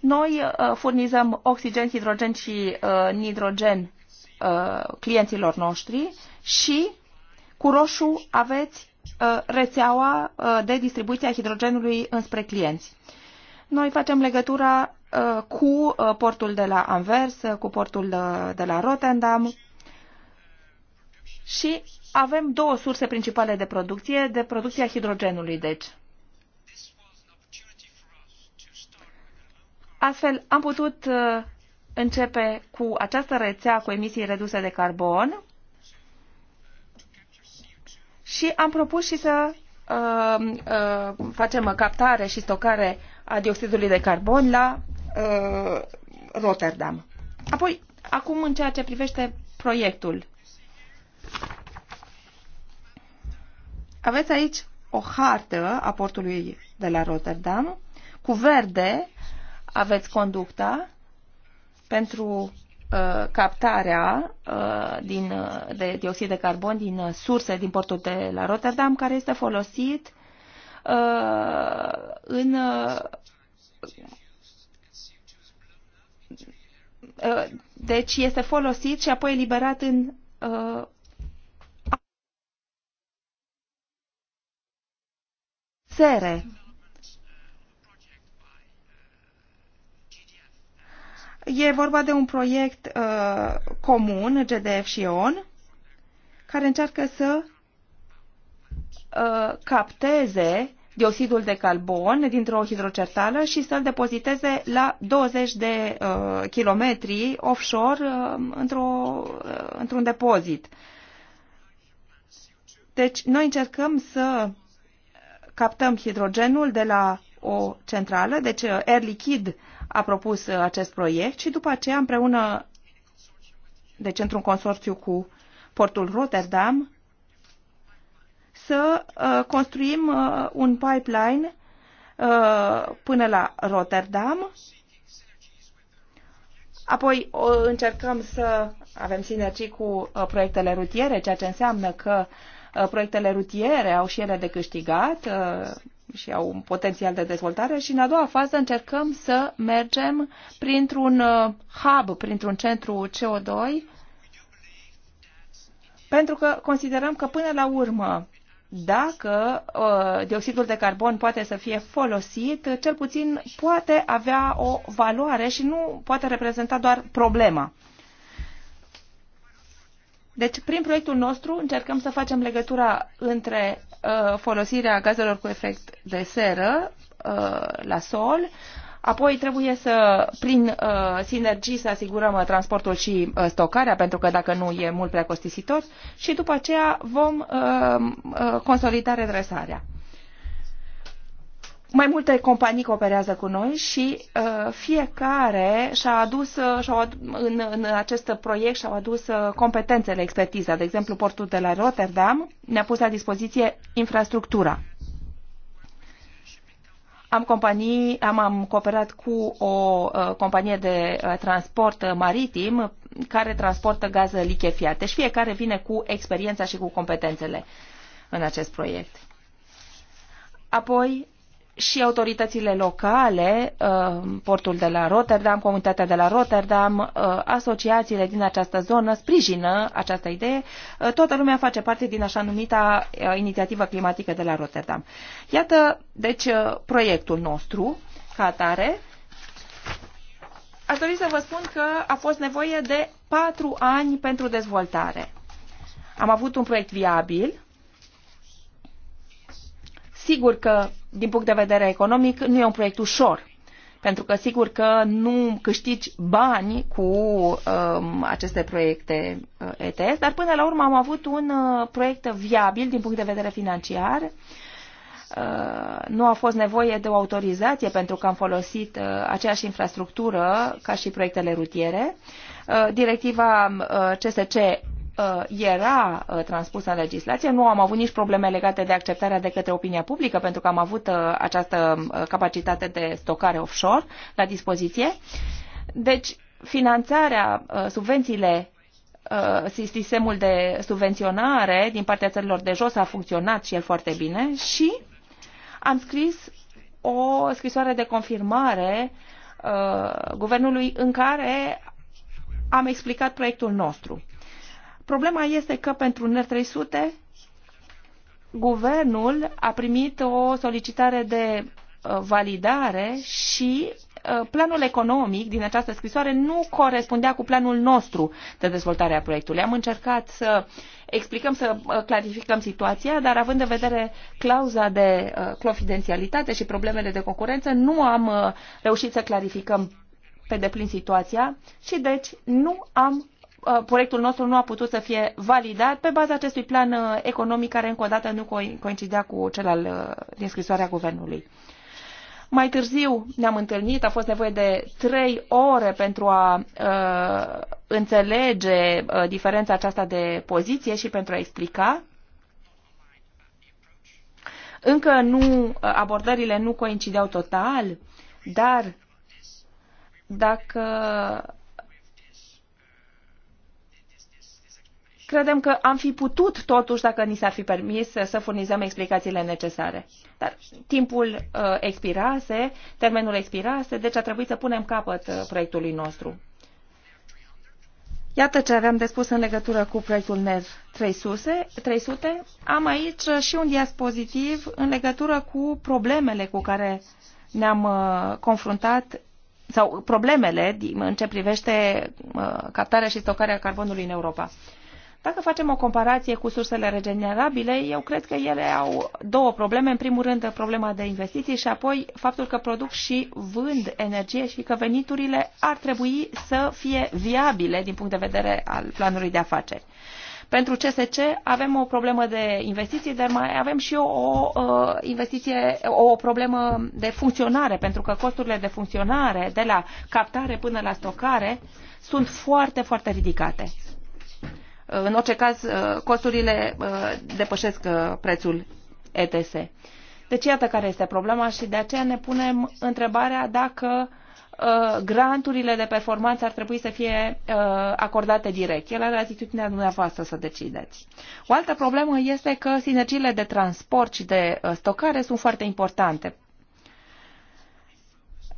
Noi uh, furnizăm oxigen, hidrogen și uh, nitrogen uh, clienților noștri și cu roșu aveți Uh, rețeaua uh, de distribuție a hidrogenului înspre clienți. Noi facem legătura uh, cu portul de la Anvers, cu portul de la Rotterdam și avem două surse principale de producție, de producția hidrogenului, deci. Astfel, am putut începe cu această rețea cu emisii reduse de carbon, și am propus și să uh, uh, facem captare și stocare a dioxidului de carbon la uh, Rotterdam. Apoi, acum în ceea ce privește proiectul. Aveți aici o hartă a portului de la Rotterdam. Cu verde aveți conducta pentru Uh, captarea uh, din, uh, de dioxid de carbon din surse din portul de la Rotterdam, care este folosit în deci este folosit și apoi eliberat în sere. E vorba de un proiect uh, comun, GDF și EON, care încearcă să uh, capteze dioxidul de carbon dintr-o hidrocertală și să-l depoziteze la 20 de uh, kilometri offshore uh, într-o, uh, într-un depozit. Deci noi încercăm să captăm hidrogenul de la o centrală, deci uh, aer lichid a propus acest proiect și după aceea împreună, deci centru un consorțiu cu portul Rotterdam, să uh, construim uh, un pipeline uh, până la Rotterdam. Apoi încercăm să avem sinergii cu proiectele rutiere, ceea ce înseamnă că proiectele rutiere au și ele de câștigat și au un potențial de dezvoltare și în a doua fază încercăm să mergem printr-un uh, hub, printr-un centru CO2, pentru că considerăm că până la urmă dacă uh, dioxidul de carbon poate să fie folosit, cel puțin poate avea o valoare și nu poate reprezenta doar problema. Deci, prin proiectul nostru încercăm să facem legătura între uh, folosirea gazelor cu efect de seră uh, la sol, apoi trebuie să, prin uh, sinergii, să asigurăm uh, transportul și uh, stocarea, pentru că dacă nu e mult prea costisitor, și după aceea vom uh, uh, consolida redresarea mai multe companii cooperează cu noi și uh, fiecare și-a adus, uh, și a adus în, în acest proiect și-au adus uh, competențele, expertiza. De exemplu, portul de la Rotterdam ne-a pus la dispoziție infrastructura. Am, companii, am, am cooperat cu o uh, companie de uh, transport maritim care transportă gaze lichefiate. Deci fiecare vine cu experiența și cu competențele în acest proiect. Apoi, și autoritățile locale, uh, portul de la Rotterdam, comunitatea de la Rotterdam, uh, asociațiile din această zonă sprijină această idee. Uh, toată lumea face parte din așa numita inițiativă climatică de la Rotterdam. Iată, deci, proiectul nostru ca atare. Aș dori să vă spun că a fost nevoie de patru ani pentru dezvoltare. Am avut un proiect viabil. Sigur că din punct de vedere economic, nu e un proiect ușor. Pentru că sigur că nu câștigi bani cu um, aceste proiecte uh, ETS, dar până la urmă am avut un uh, proiect viabil din punct de vedere financiar. Uh, nu a fost nevoie de o autorizație pentru că am folosit uh, aceeași infrastructură ca și proiectele rutiere. Uh, directiva uh, CSC Uh, era uh, transpusă în legislație. Nu am avut nici probleme legate de acceptarea de către opinia publică, pentru că am avut uh, această capacitate de stocare offshore la dispoziție. Deci, finanțarea, subvențiile sistemul de subvenționare din partea țărilor de jos a funcționat și el foarte bine și am scris o scrisoare de confirmare uh, guvernului în care am explicat proiectul nostru. Problema este că pentru NER 300 guvernul a primit o solicitare de uh, validare și uh, planul economic din această scrisoare nu corespundea cu planul nostru de dezvoltare a proiectului. Am încercat să explicăm, să uh, clarificăm situația, dar având în vedere clauza de confidențialitate și problemele de concurență, nu am reușit să clarificăm pe deplin situația și deci nu am Uh, proiectul nostru nu a putut să fie validat pe baza acestui plan uh, economic care încă o dată nu coincidea cu cel al, uh, din scrisoarea guvernului. Mai târziu ne-am întâlnit, a fost nevoie de trei ore pentru a uh, înțelege uh, diferența aceasta de poziție și pentru a explica. Încă nu, abordările nu coincideau total, dar dacă Credem că am fi putut, totuși, dacă ni s-ar fi permis, să furnizăm explicațiile necesare. Dar timpul uh, expirase, termenul expirase, deci a trebuit să punem capăt uh, proiectului nostru. Iată ce aveam de spus în legătură cu proiectul NEV 300. 300. Am aici uh, și un diapozitiv în legătură cu problemele cu care ne-am uh, confruntat sau problemele în ce privește uh, captarea și stocarea carbonului în Europa. Dacă facem o comparație cu sursele regenerabile, eu cred că ele au două probleme. În primul rând, problema de investiții și apoi faptul că produc și vând energie și că veniturile ar trebui să fie viabile din punct de vedere al planului de afaceri. Pentru CSC avem o problemă de investiții, dar mai avem și o, o uh, investiție, o problemă de funcționare, pentru că costurile de funcționare de la captare până la stocare sunt foarte, foarte ridicate. În orice caz, uh, costurile uh, depășesc uh, prețul ETS. Deci iată care este problema și de aceea ne punem întrebarea dacă granturile de performanță ar trebui să fie acordate direct. El are atitudinea dumneavoastră să decideți. O altă problemă este că sinergiile de transport și de stocare sunt foarte importante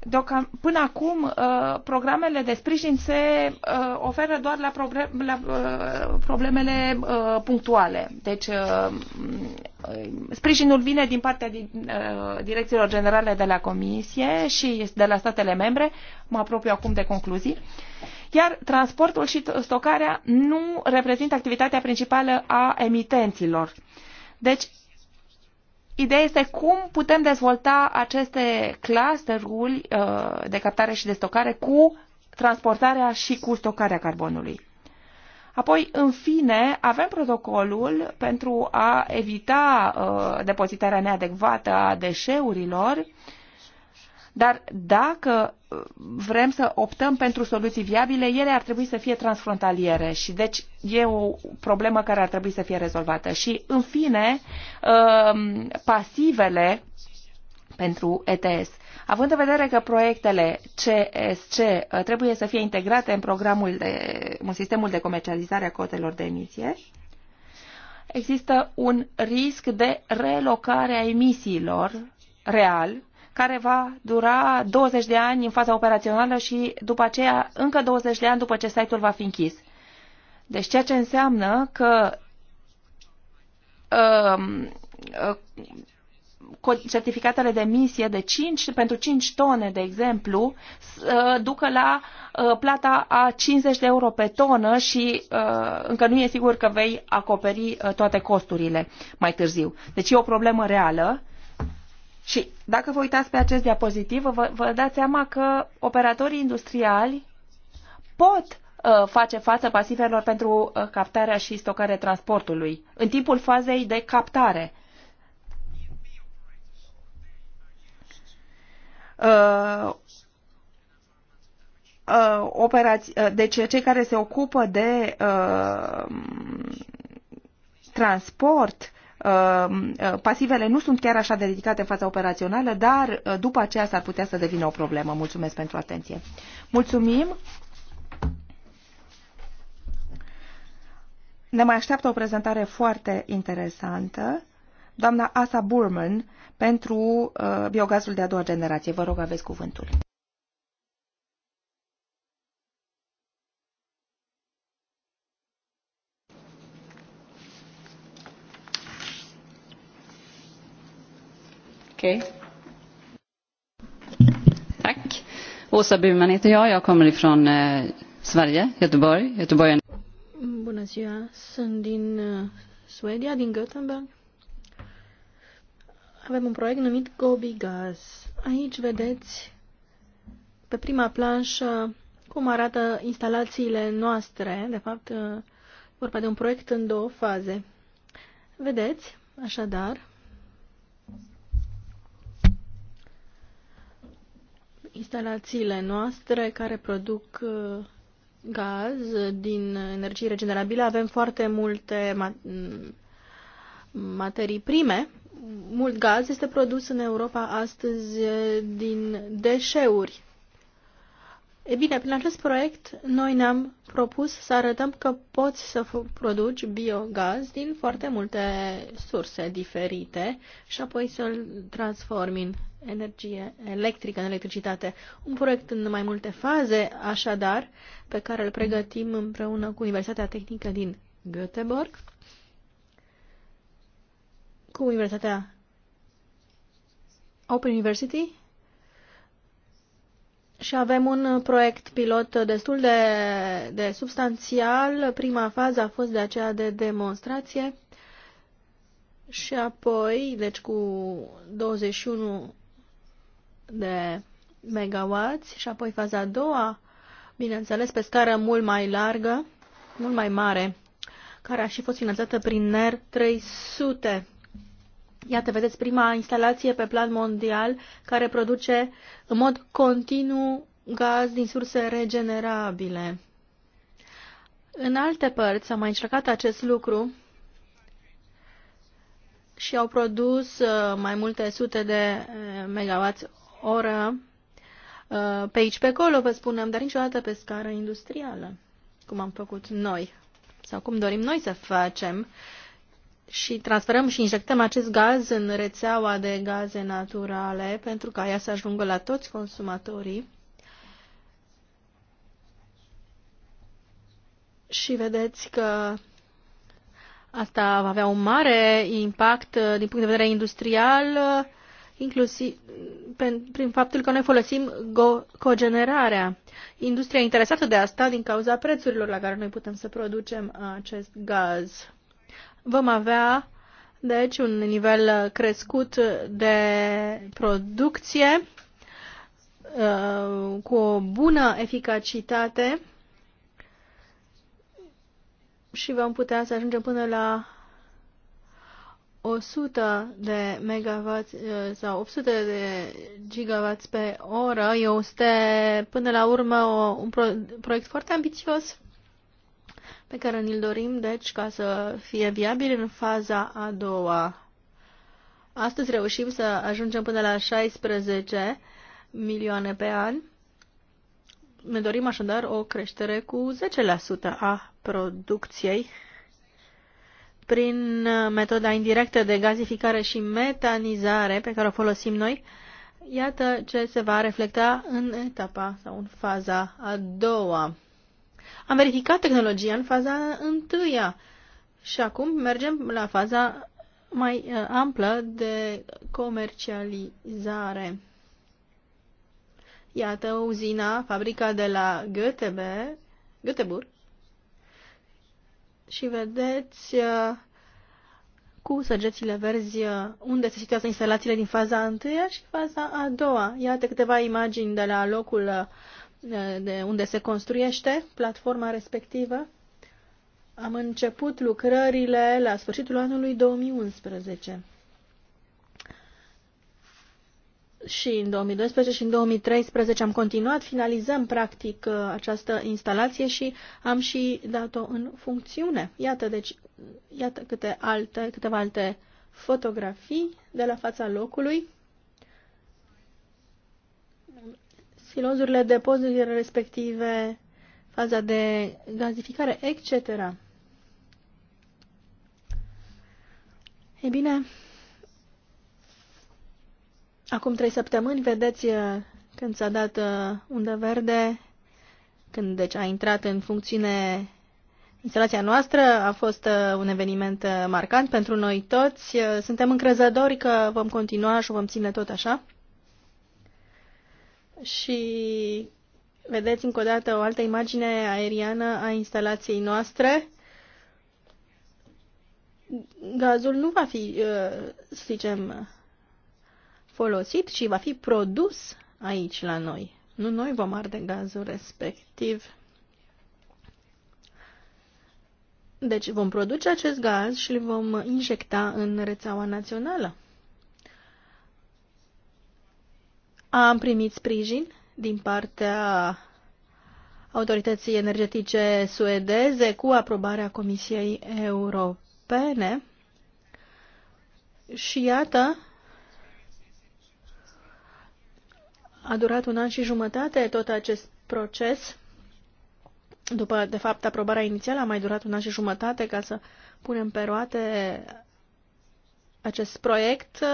Deocam, până acum, uh, programele de sprijin se uh, oferă doar la, proble- la uh, problemele uh, punctuale. Deci, uh, mm, sprijinul vine din partea din, uh, direcțiilor generale de la Comisie și de la statele membre. Mă apropiu acum de concluzii. Iar transportul și stocarea nu reprezintă activitatea principală a emitenților. Deci, Ideea este cum putem dezvolta aceste clusteruri uh, de captare și de stocare cu transportarea și cu stocarea carbonului. Apoi, în fine, avem protocolul pentru a evita uh, depozitarea neadecvată a deșeurilor, dar dacă vrem să optăm pentru soluții viabile, ele ar trebui să fie transfrontaliere și deci e o problemă care ar trebui să fie rezolvată. Și în fine, um, pasivele pentru ETS. Având în vedere că proiectele CSC uh, trebuie să fie integrate în programul de, în sistemul de comercializare a cotelor de emisie, există un risc de relocare a emisiilor real care va dura 20 de ani în faza operațională și după aceea încă 20 de ani după ce site-ul va fi închis. Deci ceea ce înseamnă că um, uh, uh, certificatele de emisie de 5, pentru 5 tone, de exemplu, uh, ducă la uh, plata a 50 de euro pe tonă și uh, încă nu e sigur că vei acoperi uh, toate costurile mai târziu. Deci e o problemă reală și dacă vă uitați pe acest diapozitiv, vă, vă dați seama că operatorii industriali pot uh, face față pasivelor pentru uh, captarea și stocarea transportului în timpul fazei de captare. Uh, uh, operați, uh, deci cei care se ocupă de uh, transport Um, uh, pasivele nu sunt chiar așa de ridicate în fața operațională, dar uh, după aceea s-ar putea să devină o problemă. Mulțumesc pentru atenție. Mulțumim! Ne mai așteaptă o prezentare foarte interesantă. Doamna Asa Burman pentru uh, biogazul de a doua generație. Vă rog, aveți cuvântul. Okej. Okay. Tack. Åsa Burman heter jag. Jag kommer ifrån eh, Sverige, Göteborg. Göteborg är... Bună ziua, sunt din uh, Suedia, din Göteborg. Avem un proiect numit Gobi Gas. Aici vedeți pe prima planșă cum arată instalațiile noastre. De fapt, uh, vorba de un proiect în două faze. Vedeți, așadar, instalațiile noastre care produc uh, gaz din energie regenerabile avem foarte multe mm, materii prime. Mult gaz este produs în Europa astăzi uh, din deșeuri. E bine, prin acest proiect noi ne-am propus să arătăm că poți să produci biogaz din foarte multe surse diferite și apoi să-l transformi în energie electrică, în electricitate. Un proiect în mai multe faze, așadar, pe care îl pregătim împreună cu Universitatea Tehnică din Göteborg, cu Universitatea Open University și avem un proiect pilot destul de, de substanțial. Prima fază a fost de aceea de demonstrație și apoi, deci cu 21 de megawatts și apoi faza a doua, bineînțeles, pe scară mult mai largă, mult mai mare, care a și fost finanțată prin NER 300. Iată, vedeți prima instalație pe plan mondial care produce în mod continuu gaz din surse regenerabile. În alte părți am mai încercat acest lucru și au produs uh, mai multe sute de uh, megawatt oră uh, pe aici, pe acolo, vă spunem, dar niciodată pe scară industrială, cum am făcut noi sau cum dorim noi să facem. Uh, și transferăm și injectăm acest gaz în rețeaua de gaze naturale pentru ca ea să ajungă la toți consumatorii. Și vedeți că asta va avea un mare impact din punct de vedere industrial, inclusiv prin faptul că noi folosim cogenerarea. Industria interesată de asta din cauza prețurilor la care noi putem să producem acest gaz. Vom avea, deci, un nivel uh, crescut de producție uh, cu o bună eficacitate și vom putea să ajungem până la 100 de megawatt uh, sau 800 de gigawatt pe oră. Este până la urmă un proiect foarte ambițios pe care ni-l dorim, deci, ca să fie viabil în faza a doua. Astăzi reușim să ajungem până la 16 milioane pe an. Ne dorim așadar o creștere cu 10% a producției prin metoda indirectă de gazificare și metanizare pe care o folosim noi. Iată ce se va reflecta în etapa sau în faza a doua. Am verificat tehnologia în faza întâia și acum mergem la faza mai uh, amplă de comercializare. Iată uzina, fabrica de la Göteborg, Göteborg și vedeți uh, cu săgețile verzi uh, unde se situează instalațiile din faza întâia și faza a doua. Iată câteva imagini de la locul de unde se construiește platforma respectivă. Am început lucrările la sfârșitul anului 2011. Și în 2012 și în 2013 am continuat, finalizăm practic uh, această instalație și am și dat-o în funcțiune. Iată, deci, iată câte alte, câteva alte fotografii de la fața locului. silozurile, depozitele respective, faza de gazificare, etc. Ei bine, acum trei săptămâni, vedeți uh, când s-a dat uh, undă verde, când deci a intrat în funcțiune instalația noastră, a fost uh, un eveniment marcant pentru noi toți. Suntem încrezători că vom continua și vom ține tot așa și vedeți încă o dată o altă imagine aeriană a instalației noastre. Gazul nu va fi, uh, să zicem, folosit, ci va fi produs aici la noi. Nu noi vom arde gazul respectiv. Deci vom produce acest gaz și îl vom injecta în rețeaua națională. Am primit sprijin din partea autorității energetice suedeze cu aprobarea Comisiei Europene. Și iată, a durat un an și jumătate tot acest proces. După, de fapt, aprobarea inițială a mai durat un an și jumătate ca să punem pe roate acest proiect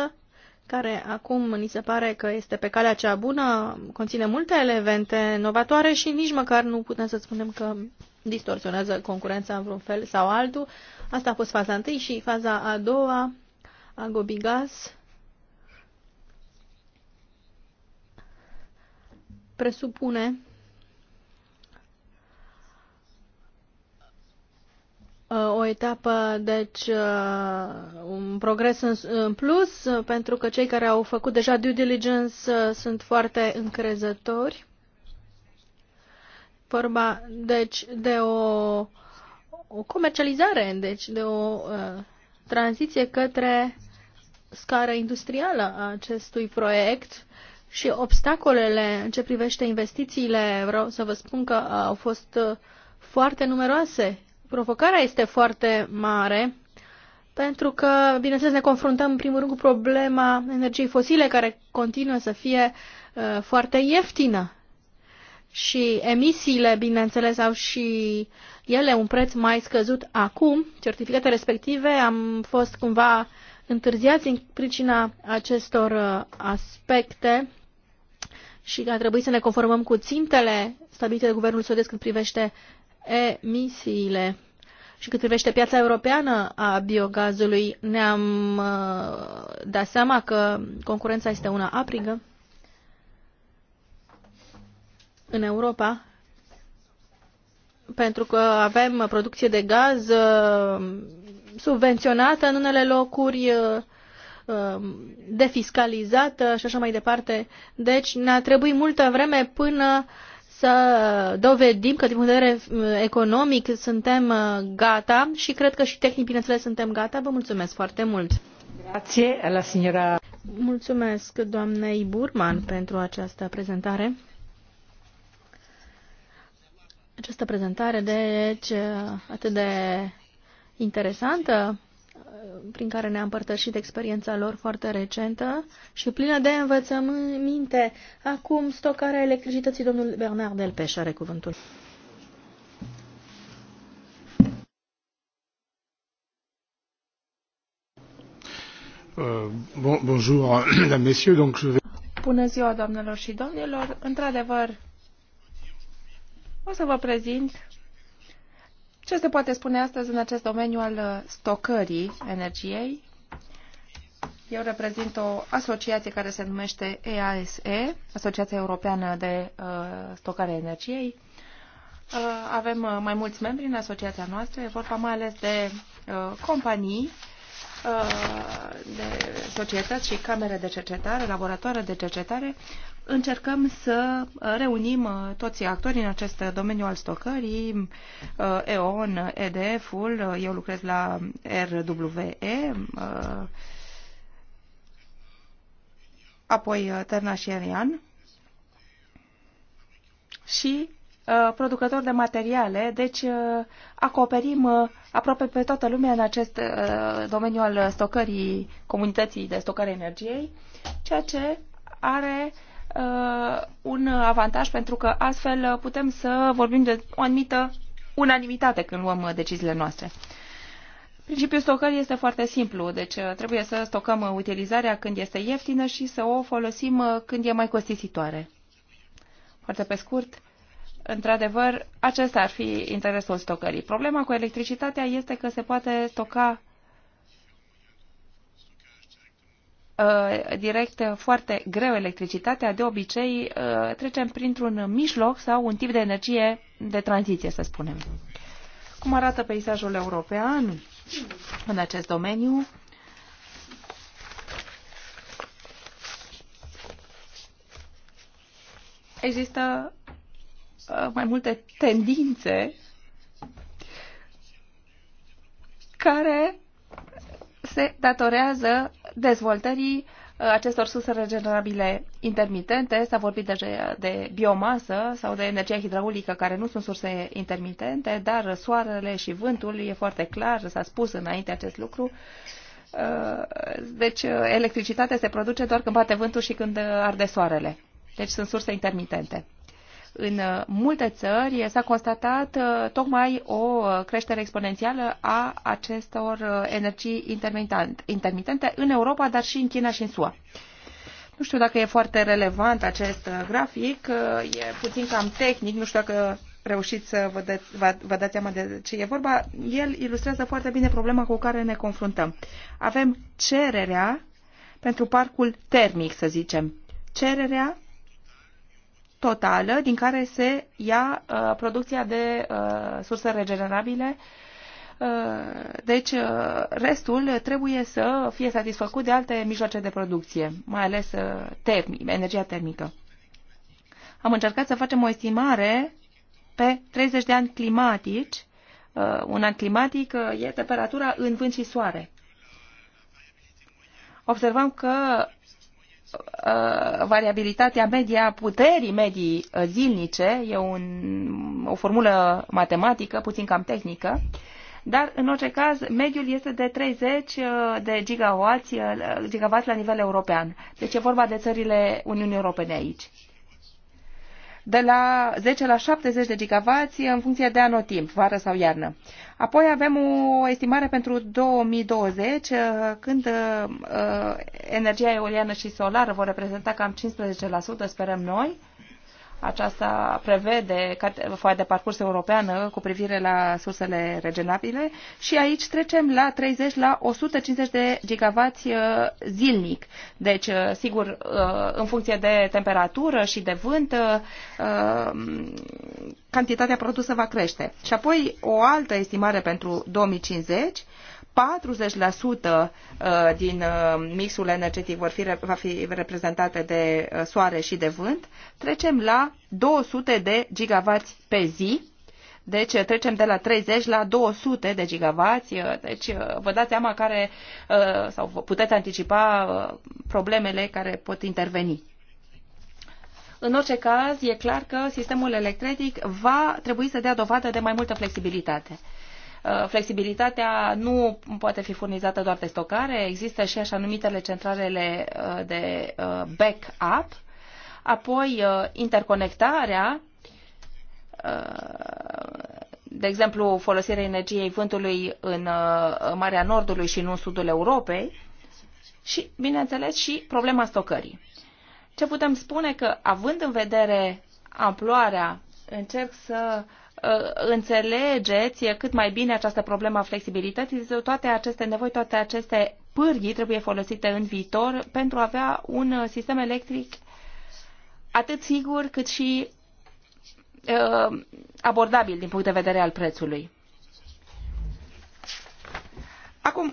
care acum ni se pare că este pe calea cea bună, conține multe elemente novatoare și nici măcar nu putem să spunem că distorsionează concurența în vreun fel sau altul. Asta a fost faza întâi și faza a doua a Gobigas presupune o etapă, deci uh, un progres în plus, pentru că cei care au făcut deja due diligence uh, sunt foarte încrezători. Vorba, deci, de o, o comercializare, deci de o uh, tranziție către scară industrială a acestui proiect și obstacolele în ce privește investițiile, vreau să vă spun că au fost uh, foarte numeroase provocarea este foarte mare, pentru că, bineînțeles, ne confruntăm în primul rând cu problema energiei fosile, care continuă să fie uh, foarte ieftină. Și emisiile, bineînțeles, au și ele un preț mai scăzut acum. Certificate respective am fost cumva întârziați în pricina acestor uh, aspecte și a trebuit să ne conformăm cu țintele stabilite de guvernul suedez când privește emisiile. Și cât privește piața europeană a biogazului, ne-am uh, dat seama că concurența este una aprigă în Europa, pentru că avem producție de gaz uh, subvenționată în unele locuri, uh, defiscalizată și așa mai departe. Deci ne-a trebuit multă vreme până uh, să dovedim că din punct de vedere uh, economic suntem uh, gata și cred că și tehnic, bineînțeles, suntem gata. Vă mulțumesc foarte mult! Grație la signora... Mulțumesc doamnei Burman pentru această prezentare. Această prezentare, deci, uh, atât de interesantă prin care ne-a împărtășit experiența lor foarte recentă și plină de învățăminte. Acum, stocarea electricității, domnul Bernard Delpeș are cuvântul. Euh, bonjour, messieurs, donc je vais... Bună ziua, doamnelor și domnilor! Într-adevăr, o să vă prezint ce se poate spune astăzi în acest domeniu al uh, stocării energiei? Eu reprezint o asociație care se numește EASE, Asociația Europeană de uh, Stocare Energiei. Uh, avem uh, mai mulți membri în asociația noastră, e vorba mai ales de uh, companii Uh, de societăți și camere de cercetare, laboratoare de cercetare, încercăm să reunim uh, toți actorii în acest domeniu al stocării, uh, EON, EDF-ul, eu lucrez la RWE, apoi Terna și Erian și Uh, producători de materiale, deci uh, acoperim uh, aproape pe toată lumea în acest domeniu al stocării comunității de stocare energiei, ceea ce are un avantaj pentru că astfel putem să vorbim de o anumită unanimitate când luăm deciziile noastre. Principiul stocării este foarte simplu, deci trebuie să stocăm utilizarea când este ieftină și să o folosim când e mai costisitoare. Foarte pe scurt, într-adevăr, acesta ar fi interesul stocării. Problema cu electricitatea este că se poate stoca uh, direct foarte greu electricitatea, de obicei uh, trecem printr-un mijloc sau un tip de energie de tranziție, să spunem. Cum arată peisajul european în acest domeniu? Există Uh, mai multe tendințe care se datorează dezvoltării uh, acestor surse regenerabile intermitente. S-a vorbit deja de biomasă sau de energia hidraulică, care nu sunt surse intermitente, dar soarele și vântul, e foarte clar, s-a spus înainte acest lucru. Uh, deci electricitatea se produce doar când bate vântul și când arde soarele. Deci sunt surse intermitente în uh, multe țări s-a constatat uh, tocmai o uh, creștere exponențială a acestor energii intermitente în Europa, dar și în China și în SUA. Nu știu dacă e foarte relevant acest grafic, e puțin cam tehnic, nu știu dacă reușiți să vă, de, vă, vă dați seama de ce e vorba. El ilustrează foarte bine problema cu care ne confruntăm. Avem cererea pentru parcul termic, să zicem. Cererea totală din care se ia uh, producția de uh, surse regenerabile. Uh, deci uh, restul trebuie să fie satisfăcut de alte mijloace de producție, mai ales uh, termi, energia termică. Am încercat să facem o estimare pe 30 de ani climatici. Un an climatic e temperatura în vânt și soare. Observăm că Uh, variabilitatea medie a puterii medii uh, zilnice, e un, o formulă matematică, puțin cam tehnică, dar în orice caz mediul este de 30 uh, de gigawatts, gigawatts la nivel european. Deci e vorba de țările Uniunii Europene aici de la 10 la 70 de gigavați în funcție de anotimp, vară sau iarnă. Apoi avem o estimare pentru 2020, uh, când uh, uh, energia eoliană și solară vor reprezenta cam 15%, sperăm noi, aceasta prevede foaia de parcurs europeană cu privire la sursele regenerabile și aici trecem la 30 la 150 de gigavați uh, zilnic. Deci, uh, sigur, uh, în funcție de temperatură și de vânt, um, cantitatea produsă va crește. Și apoi o altă estimare pentru 2050 40% uh, din uh, mixul energetic vor fi, va fi reprezentate de uh, soare și de vânt, trecem la 200 de gigavați pe zi. Deci trecem de la 30 la 200 de gigavați, deci vă dați seama care, sau puteți anticipa problemele care pot interveni. În orice caz, e clar că sistemul electric va trebui să dea dovadă de mai multă flexibilitate. Uh, flexibilitatea nu poate fi furnizată doar de stocare, există și așa numitele centralele uh, de uh, backup, apoi interconectarea, de exemplu folosirea energiei vântului în Marea Nordului și nu în sudul Europei, și, bineînțeles, și problema stocării. Ce putem spune că, având în vedere amploarea, încerc să uh, Uh, înțelegeți cât mai bine această problemă a flexibilității. Deci toate aceste nevoi, toate aceste pârghii trebuie folosite în viitor pentru a avea un uh, sistem electric atât sigur cât și uh, abordabil din punct de vedere al prețului. Acum,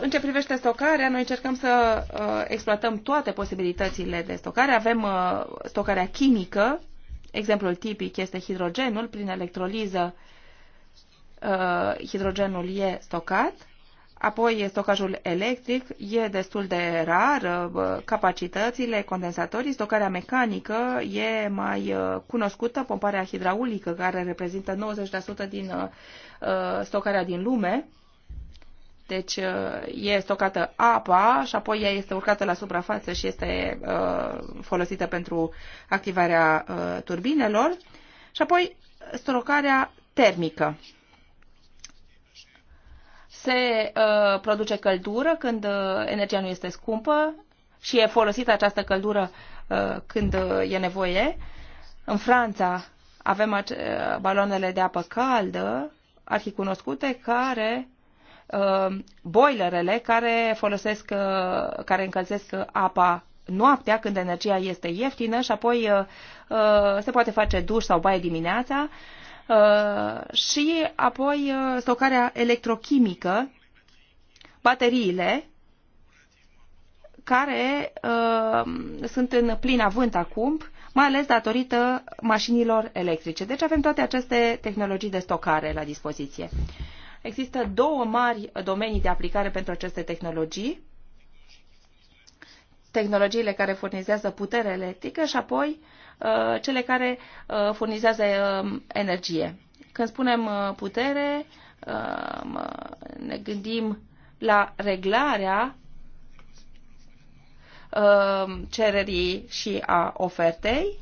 în ce privește stocarea, noi încercăm să exploatăm toate posibilitățile de stocare. Avem stocarea chimică, Exemplul tipic este hidrogenul. Prin electroliză uh, hidrogenul e stocat, apoi stocajul electric e destul de rar, uh, capacitățile, condensatorii, stocarea mecanică e mai uh, cunoscută, pomparea hidraulică care reprezintă 90% din stocarea din lume, deci uh, e stocată apa și apoi ea este urcată la suprafață și este uh, folosită pentru activarea uh, turbinelor și apoi stocarea termică. Se produce căldură când energia nu este scumpă și e folosită această căldură când e nevoie. În Franța avem baloanele de apă caldă, arhicunoscute, care Uh, boilerele care folosesc, uh, care încălzesc apa noaptea când energia este ieftină și apoi uh, se poate face duș sau baie dimineața și apoi stocarea electrochimică, bateriile care sunt în plin avânt acum, mai ales datorită mașinilor electrice. Deci avem toate aceste tehnologii de stocare la dispoziție. Uh, Există două mari domenii de aplicare pentru aceste tehnologii. Tehnologiile care furnizează putere electrică și apoi uh, cele care uh, furnizează um, energie. Când spunem uh, putere, um, ne gândim la reglarea um, cererii și a ofertei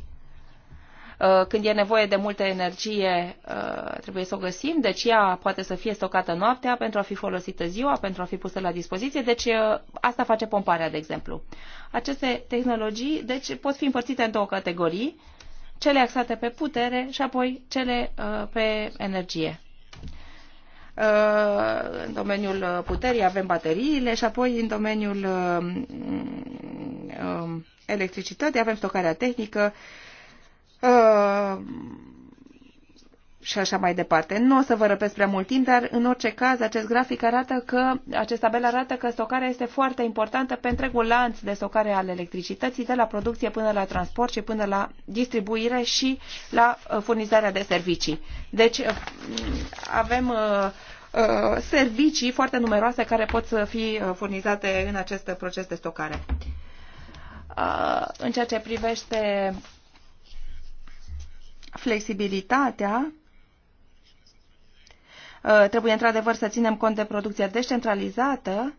Uh, când e nevoie de multă energie, uh, trebuie să o găsim, deci ea poate să fie stocată noaptea pentru a fi folosită ziua, pentru a fi pusă la dispoziție, deci uh, asta face pomparea, de exemplu. Aceste tehnologii deci, pot fi împărțite în două categorii, cele axate pe putere și apoi cele pe energie în domeniul puterii avem bateriile și apoi în domeniul mm, um, electricității avem stocarea tehnică Uh, și așa mai departe. Nu o să vă răpesc prea mult timp, dar în orice caz acest grafic arată că, acest tabel arată că stocarea este foarte importantă pe întregul lanț de stocare al electricității, de la producție până la transport și până la distribuire și la uh, furnizarea de servicii. Deci uh, avem servicii foarte numeroase care pot să fi furnizate în acest proces de stocare. În ceea ce privește Flexibilitatea uh, trebuie într-adevăr să ținem cont de producția descentralizată,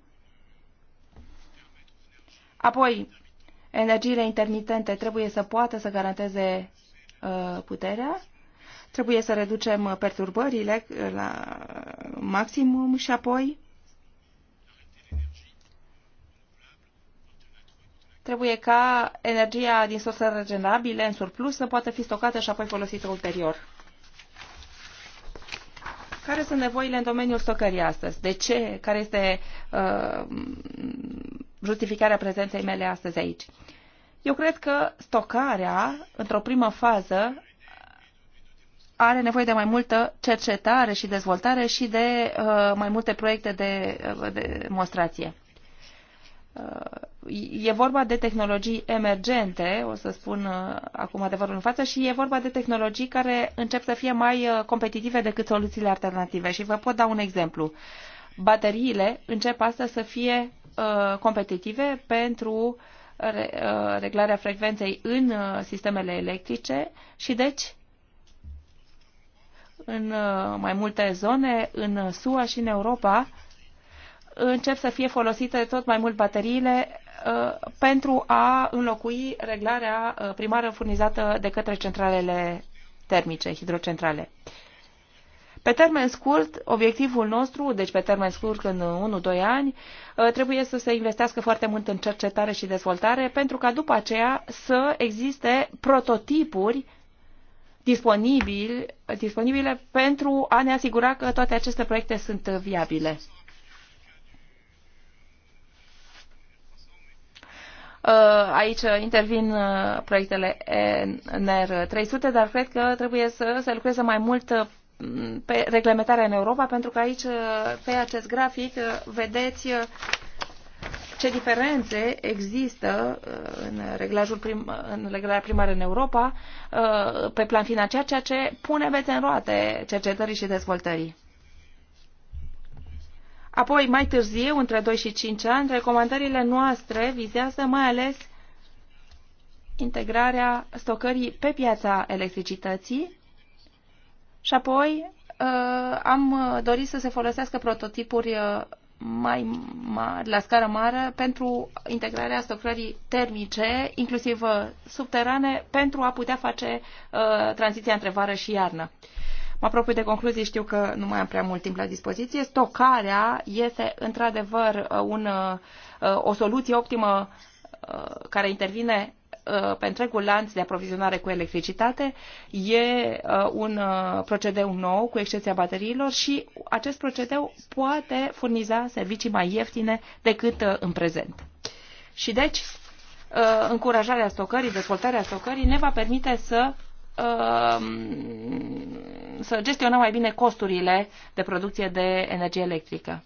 apoi energiile intermitente trebuie să poată să garanteze uh, puterea, trebuie să reducem perturbările uh, la maximum și apoi Trebuie ca energia din surse regenerabile, în surplus, să poată fi stocată și apoi folosită ulterior. Care sunt nevoile în domeniul stocării astăzi? De ce? Care este uh, justificarea prezenței mele astăzi aici? Eu cred că stocarea, într-o primă fază, are nevoie de mai multă cercetare și dezvoltare și de uh, mai multe proiecte de uh, demonstrație. Uh, e vorba de tehnologii emergente, o să spun uh, acum adevărul în față, și e vorba de tehnologii care încep să fie mai uh, competitive decât soluțiile alternative. Și vă pot da un exemplu. Bateriile încep astăzi să fie competitive pentru reglarea frecvenței în sistemele electrice și deci în mai multe zone, în SUA și în Europa, încep să fie folosite tot mai mult bateriile uh, pentru a înlocui reglarea uh, primară furnizată de către centralele termice, hidrocentrale. Pe termen scurt, obiectivul nostru, deci pe termen scurt în 1-2 ani, uh, trebuie să se investească foarte mult în cercetare și dezvoltare pentru ca după aceea să existe prototipuri disponibile, disponibile pentru a ne asigura că toate aceste proiecte sunt viabile. Uh, aici intervin uh, proiectele NR300, dar cred că trebuie să se lucreze mai mult uh, pe reglementarea în Europa, pentru că aici, pe acest grafic, vedeți ce diferențe există în, reglajul prim, în reglarea primară în Europa pe plan financiar, ceea ce pune vețe în roate cercetării și dezvoltării. Apoi, mai târziu, între 2 și 5 ani, recomandările noastre vizează mai ales integrarea stocării pe piața electricității și apoi uh, am dorit să se folosească prototipuri uh, mai mari, la scară mare, pentru integrarea stocării termice, inclusiv uh, subterane, pentru a putea face tranziția între vară și iarnă. Mă apropii de concluzie, știu că nu mai am prea mult timp la dispoziție. Stocarea este într-adevăr uh, un, uh, o soluție optimă uh, care intervine pe întregul lanț de aprovizionare cu electricitate. E un procedeu nou, cu excepția bateriilor, și acest procedeu poate furniza servicii mai ieftine decât în prezent. Și deci, încurajarea stocării, dezvoltarea stocării ne va permite să Um, să gestionăm mai bine costurile de producție de energie electrică.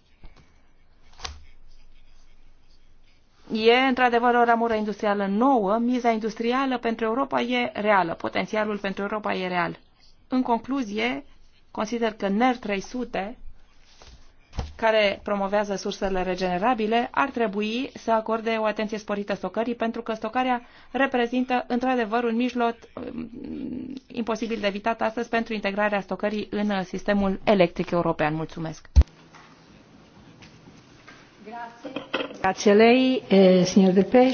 E într-adevăr o ramură industrială nouă, miza industrială pentru Europa e reală, potențialul pentru Europa e real. În concluzie, consider că NER 300 care promovează sursele regenerabile ar trebui să acorde o atenție sporită stocării, pentru că stocarea reprezintă într-adevăr un mijloc um, imposibil de evitat astăzi pentru integrarea stocării în sistemul electric european. Mulțumesc! Grazie lei, eh, signor Del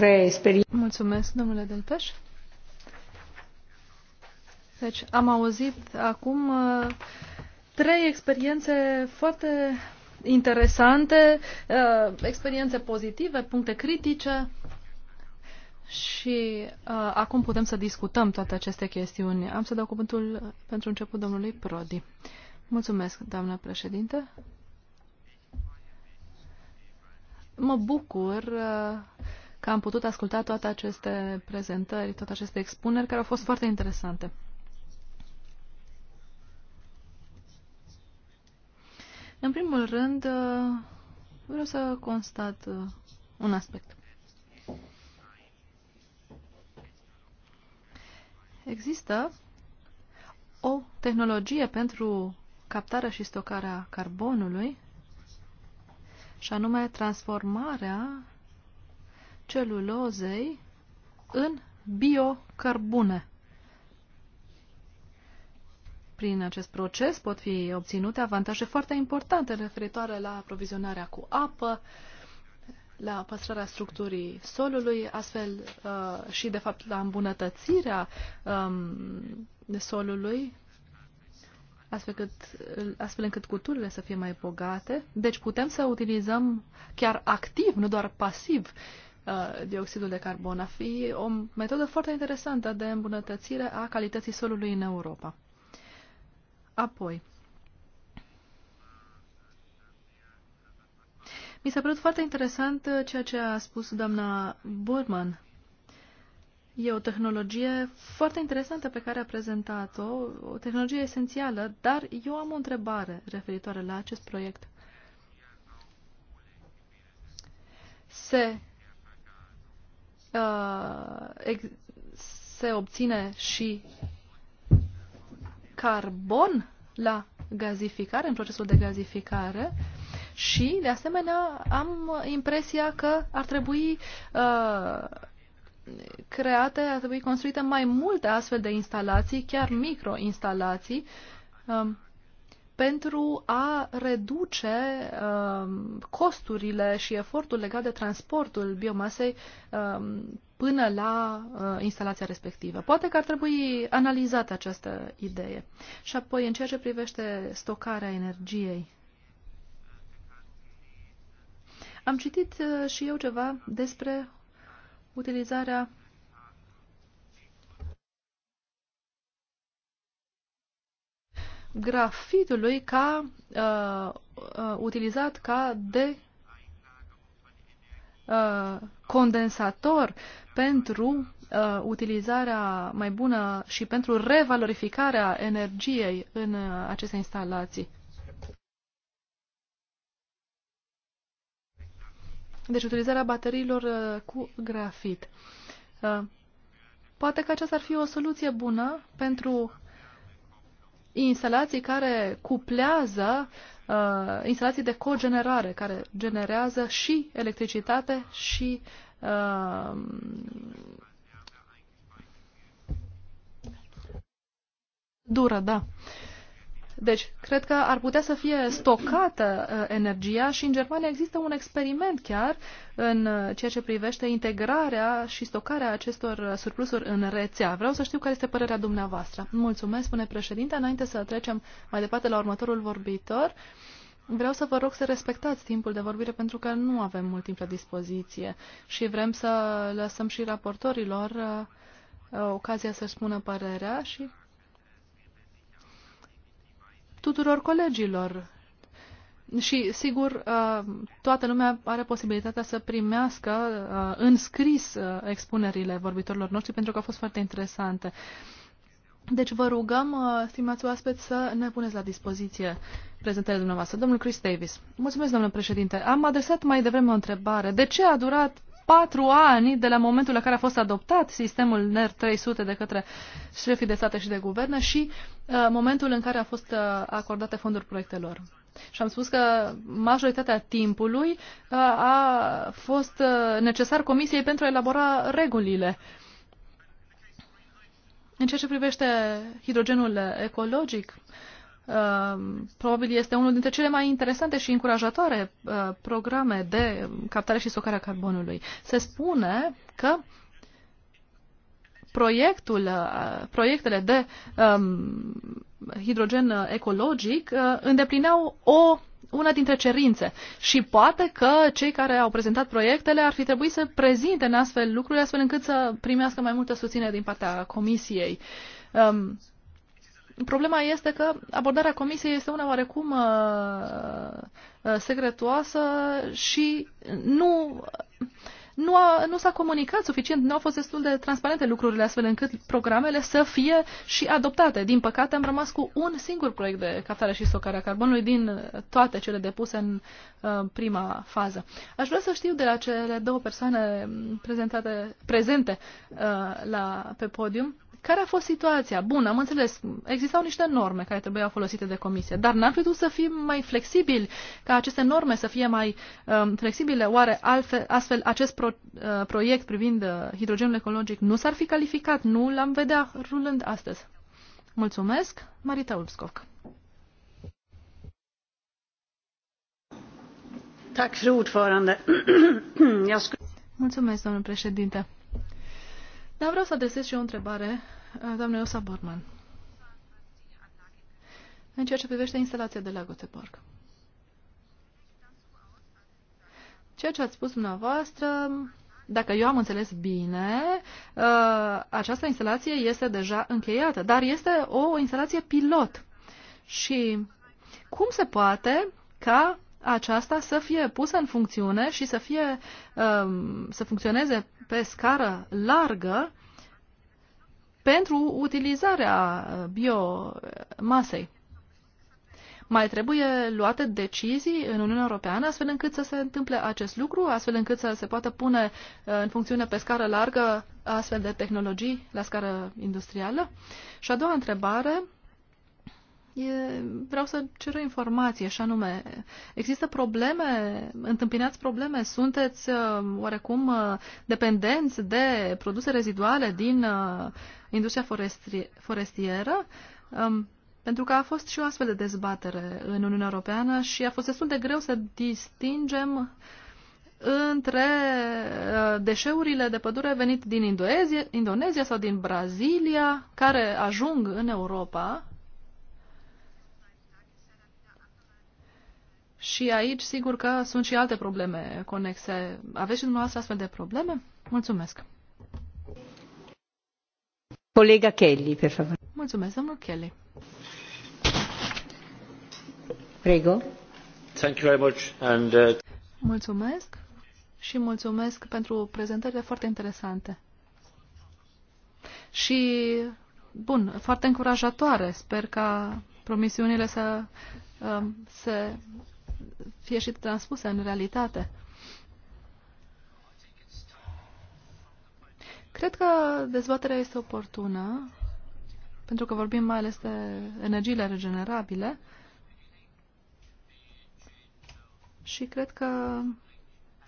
esperienze. Mulțumesc, domnule Del Pesce. Deci am auzit acum uh, trei experiențe foarte interesante, uh, experiențe pozitive, puncte critice și uh, acum putem să discutăm toate aceste chestiuni. Am să dau cuvântul pentru început domnului Prodi. Mulțumesc, doamnă președinte. Mă bucur uh, că am putut asculta toate aceste prezentări, toate aceste expuneri care au fost foarte interesante. În primul rând, vreau să constat uh, un aspect. Există o tehnologie pentru captarea și stocarea carbonului, și anume transformarea celulozei în biocarbune prin acest proces pot fi obținute avantaje foarte importante referitoare la aprovizionarea cu apă, la păstrarea structurii solului, astfel uh, și, de fapt, la îmbunătățirea um, solului, astfel, cât, astfel încât culturile să fie mai bogate. Deci putem să utilizăm chiar activ, nu doar pasiv, uh, dioxidul de carbon. A fi o metodă foarte interesantă de îmbunătățire a calității solului în Europa. Apoi, mi s-a părut foarte interesant uh, ceea ce a spus doamna Burman. E o tehnologie foarte interesantă pe care a prezentat-o, o tehnologie esențială, dar eu am o întrebare referitoare la acest proiect. Se, uh, ex, se obține și carbon la gazificare, în procesul de gazificare și, de asemenea, am impresia că ar trebui uh, create, ar trebui construite mai multe astfel de instalații, chiar microinstalații, uh, pentru a reduce uh, costurile și efortul legat de transportul biomasei uh, până la uh, instalația respectivă. Poate că ar trebui analizată această idee. Și apoi, în ceea ce privește stocarea energiei, am citit uh, și eu ceva despre utilizarea grafitului ca uh, uh, utilizat ca de Uh, condensator pentru uh, utilizarea mai bună și pentru revalorificarea energiei în uh, aceste instalații. Deci utilizarea bateriilor uh, cu grafit. Uh, poate că aceasta ar fi o soluție bună pentru instalații care cuplează uh, instalații de cogenerare, care generează și electricitate și uh, dură, da. Uh, deci, cred că ar putea să fie stocată uh, energia și în Germania există un experiment chiar în uh, ceea ce privește integrarea și stocarea acestor uh, surplusuri în rețea. Vreau să știu care este părerea dumneavoastră. Mulțumesc, spune președinte. Înainte să trecem mai departe la următorul vorbitor, Vreau să vă rog să respectați timpul de vorbire pentru că nu avem mult timp la dispoziție și vrem să lăsăm și raportorilor ocazia să spună părerea și tuturor colegilor. Și, sigur, uh, toată lumea are posibilitatea să primească uh, în scris uh, expunerile vorbitorilor noștri, pentru că au fost foarte interesante. Deci vă rugăm, stimați oaspeți, să ne puneți la dispoziție prezentarea dumneavoastră. Domnul Chris Davis. Mulțumesc, domnule președinte. Am adresat mai devreme o întrebare. De ce a durat patru ani de la momentul la care a fost adoptat sistemul NER 300 de către șefii de state și de guvernă și uh, momentul în care a fost uh, acordate fonduri proiectelor. Și am spus că majoritatea timpului uh, a fost uh, necesar Comisiei pentru a elabora regulile. În ceea ce privește hidrogenul ecologic, uh, Um, probabil este unul dintre cele mai interesante și încurajatoare uh, programe de captare și socarea a carbonului. Se spune că proiectul, uh, proiectele de um, hidrogen uh, ecologic îndeplineau o una dintre cerințe. Și poate că cei care au prezentat proiectele ar fi trebuit să prezinte în astfel lucruri, astfel încât să primească mai multă susținere din partea Comisiei. Um, Problema este că abordarea comisiei este una oarecum uh, uh, secretoasă și nu, nu, a, nu s-a comunicat suficient, nu au fost destul de transparente lucrurile astfel încât programele să fie și adoptate. Din păcate am rămas cu un singur proiect de captare și stocare a carbonului din toate cele depuse în uh, prima fază. Aș vrea să știu de la cele două persoane prezentate, prezente uh, la, pe podium care a fost situația? Bun, am înțeles, existau niște norme care trebuiau folosite de comisie, dar n-ar fi să fim mai flexibili, ca aceste norme să fie mai um, flexibile? Oare altfel, astfel acest pro, uh, proiect privind uh, hidrogenul ecologic nu s-ar fi calificat? Nu l-am vedea rulând astăzi. Mulțumesc, Marita Ulfskov. Mulțumesc, domnule președinte. Dar vreau să adresez și o întrebare uh, doamnei Osa Borman. În ceea ce privește instalația de la Park. Ceea ce ați spus dumneavoastră, dacă eu am înțeles bine, uh, această instalație este deja încheiată, dar este o instalație pilot. Și cum se poate ca aceasta să fie pusă în funcțiune și să, fie, um, să funcționeze pe scară largă pentru utilizarea biomasei. Mai trebuie luate decizii în Uniunea Europeană astfel încât să se întâmple acest lucru, astfel încât să se poată pune uh, în funcțiune pe scară largă astfel de tehnologii la scară industrială. Și a doua întrebare e, vreau să cer o informație, și anume, există probleme, întâmpinați probleme, sunteți uh, oarecum uh, dependenți de produse reziduale din uh, industria forestri, forestieră? Um, pentru că a fost și o astfel de dezbatere în Uniunea Europeană și a fost destul de greu să distingem între deșeurile de pădure venit din Indonezia, Indonezia sau din Brazilia, care ajung în Europa Și aici, sigur că sunt și alte probleme conexe. Aveți și dumneavoastră astfel de probleme? Mulțumesc. Colega Kelly, pe favor. Mulțumesc, domnul Kelly. Prego. Thank you very much and, uh... Mulțumesc și mulțumesc pentru prezentările foarte interesante. Și, bun, foarte încurajatoare. Sper ca promisiunile să um, se fie și transpuse în realitate. Cred că dezbaterea este oportună, pentru că vorbim mai ales de energiile regenerabile și cred că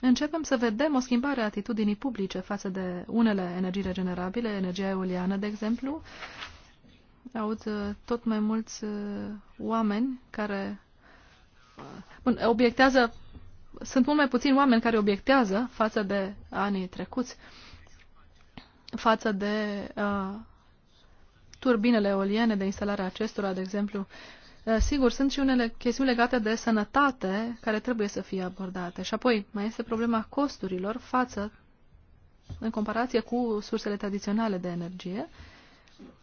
începem să vedem o schimbare a atitudinii publice față de unele energii regenerabile, energia eoliană, de exemplu. Aud uh, tot mai mulți uh, oameni care Bun, obiectează, sunt mult mai puțini oameni care obiectează față de anii trecuți, față de uh, turbinele eoliene, de instalarea acestora, de exemplu. Uh, sigur, sunt și unele chestiuni legate de sănătate care trebuie să fie abordate. Și apoi mai este problema costurilor față, în comparație cu sursele tradiționale de energie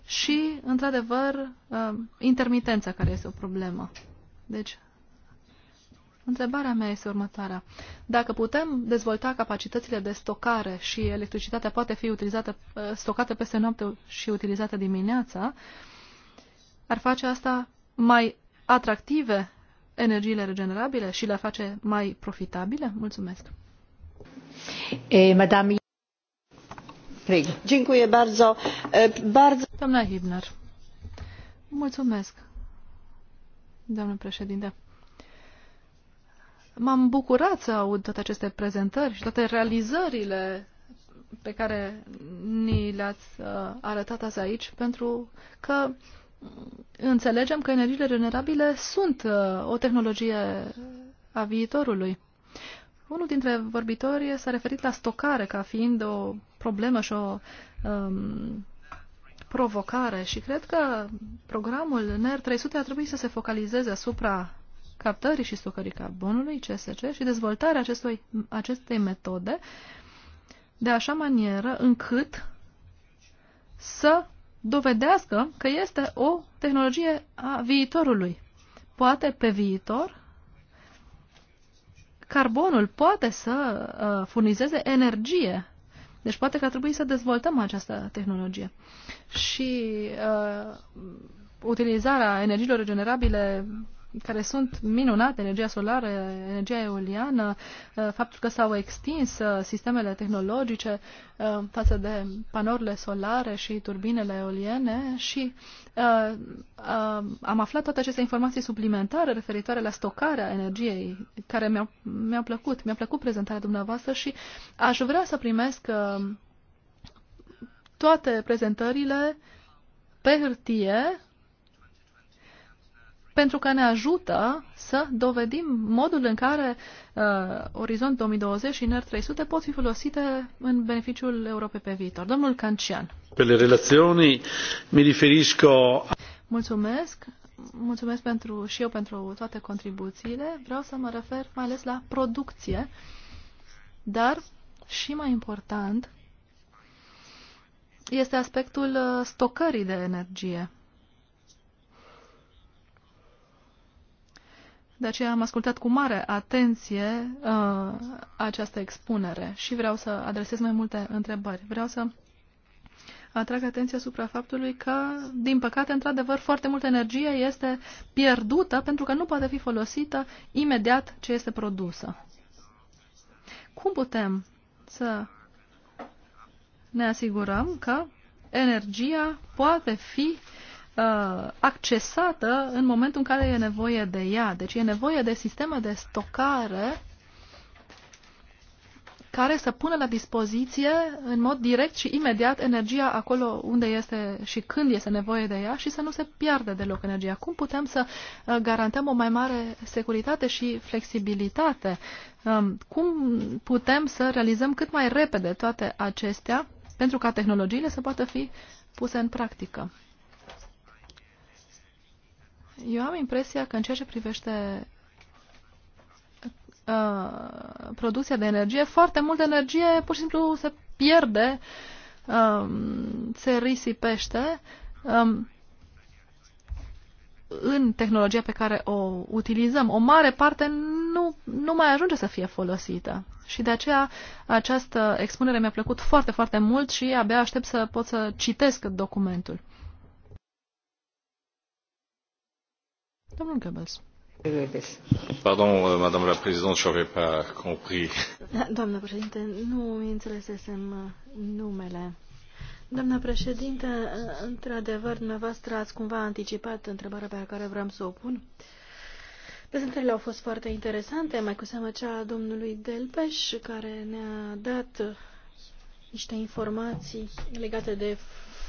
și, într-adevăr, uh, intermitența care este o problemă. Deci, Întrebarea mea este următoarea. Dacă putem dezvolta capacitățile de stocare și electricitatea poate fi utilizată, uh, stocată peste noapte și utilizată dimineața, ar face asta mai atractive energiile regenerabile și le face mai profitabile? Mulțumesc. E, madame... Dziękuję bardzo. bardzo... Doamna Hibner. Mulțumesc, doamnă președinte. M-am bucurat să aud toate aceste prezentări și toate realizările pe care ni le-ați uh, arătat azi aici, pentru că înțelegem că energiile regenerabile sunt uh, o tehnologie a viitorului. Unul dintre vorbitori s-a referit la stocare ca fiind o problemă și o um, provocare și cred că programul NER 300 ar trebui să se focalizeze asupra captării și stocării carbonului, CSC, și dezvoltarea acestui, acestei metode de așa manieră încât să dovedească că este o tehnologie a viitorului. Poate pe viitor carbonul poate să uh, furnizeze energie. Deci poate că ar trebui să dezvoltăm această tehnologie. Și uh, utilizarea energiilor regenerabile care sunt minunate, energia solară, energia eoliană, uh, faptul că s-au extins uh, sistemele tehnologice uh, față de panourile solare și turbinele eoliene și am aflat toate aceste informații suplimentare referitoare la stocarea energiei care mi a mi, plăcut. Mi-a plăcut prezentarea dumneavoastră și aș vrea să primesc toate prezentările pe hârtie pentru că ne ajută să dovedim modul în care uh, Orizont 2020 și NER 300 pot fi folosite în beneficiul Europei pe viitor. Domnul Cancian. Pe le relațiuni, mi riferisco... Mulțumesc. Mulțumesc pentru, și eu pentru toate contribuțiile. Vreau să mă refer mai ales la producție, dar și mai important este aspectul uh, stocării de energie De aceea am ascultat cu mare atenție uh, această expunere și vreau să adresez mai multe întrebări. Vreau să atrag atenția asupra faptului că, din păcate, într-adevăr, foarte multă energie este pierdută pentru că nu poate fi folosită imediat ce este produsă. Cum putem să ne asigurăm că energia poate fi Uh, accesată în momentul în care e nevoie de ea. Deci e nevoie de sisteme de stocare care să pună la dispoziție în mod direct și imediat energia acolo unde este și când este nevoie de ea și să nu se piardă deloc energia. Cum putem să uh, garantăm o mai mare securitate și flexibilitate? Um, cum putem să realizăm cât mai repede toate acestea pentru ca tehnologiile să poată fi puse în practică? eu am impresia că în ceea ce privește uh, producția de energie, foarte multă energie pur și simplu se pierde, um, se risipește um, în tehnologia pe care o utilizăm. O mare parte nu, nu mai ajunge să fie folosită. Și de aceea această expunere mi-a plăcut foarte, foarte mult și abia aștept să pot să citesc documentul. Domnul Goebbels. Pardon, euh, madame la présidente, je pas compris. doamnă președinte, nu înțelesesem uh, numele. Doamna președinte, uh, într-adevăr, dumneavoastră ați cumva anticipat întrebarea pe care vreau să o pun. Prezentările au fost foarte interesante, mai cu seamă cea a domnului Delpeș, care ne-a dat uh, niște informații legate de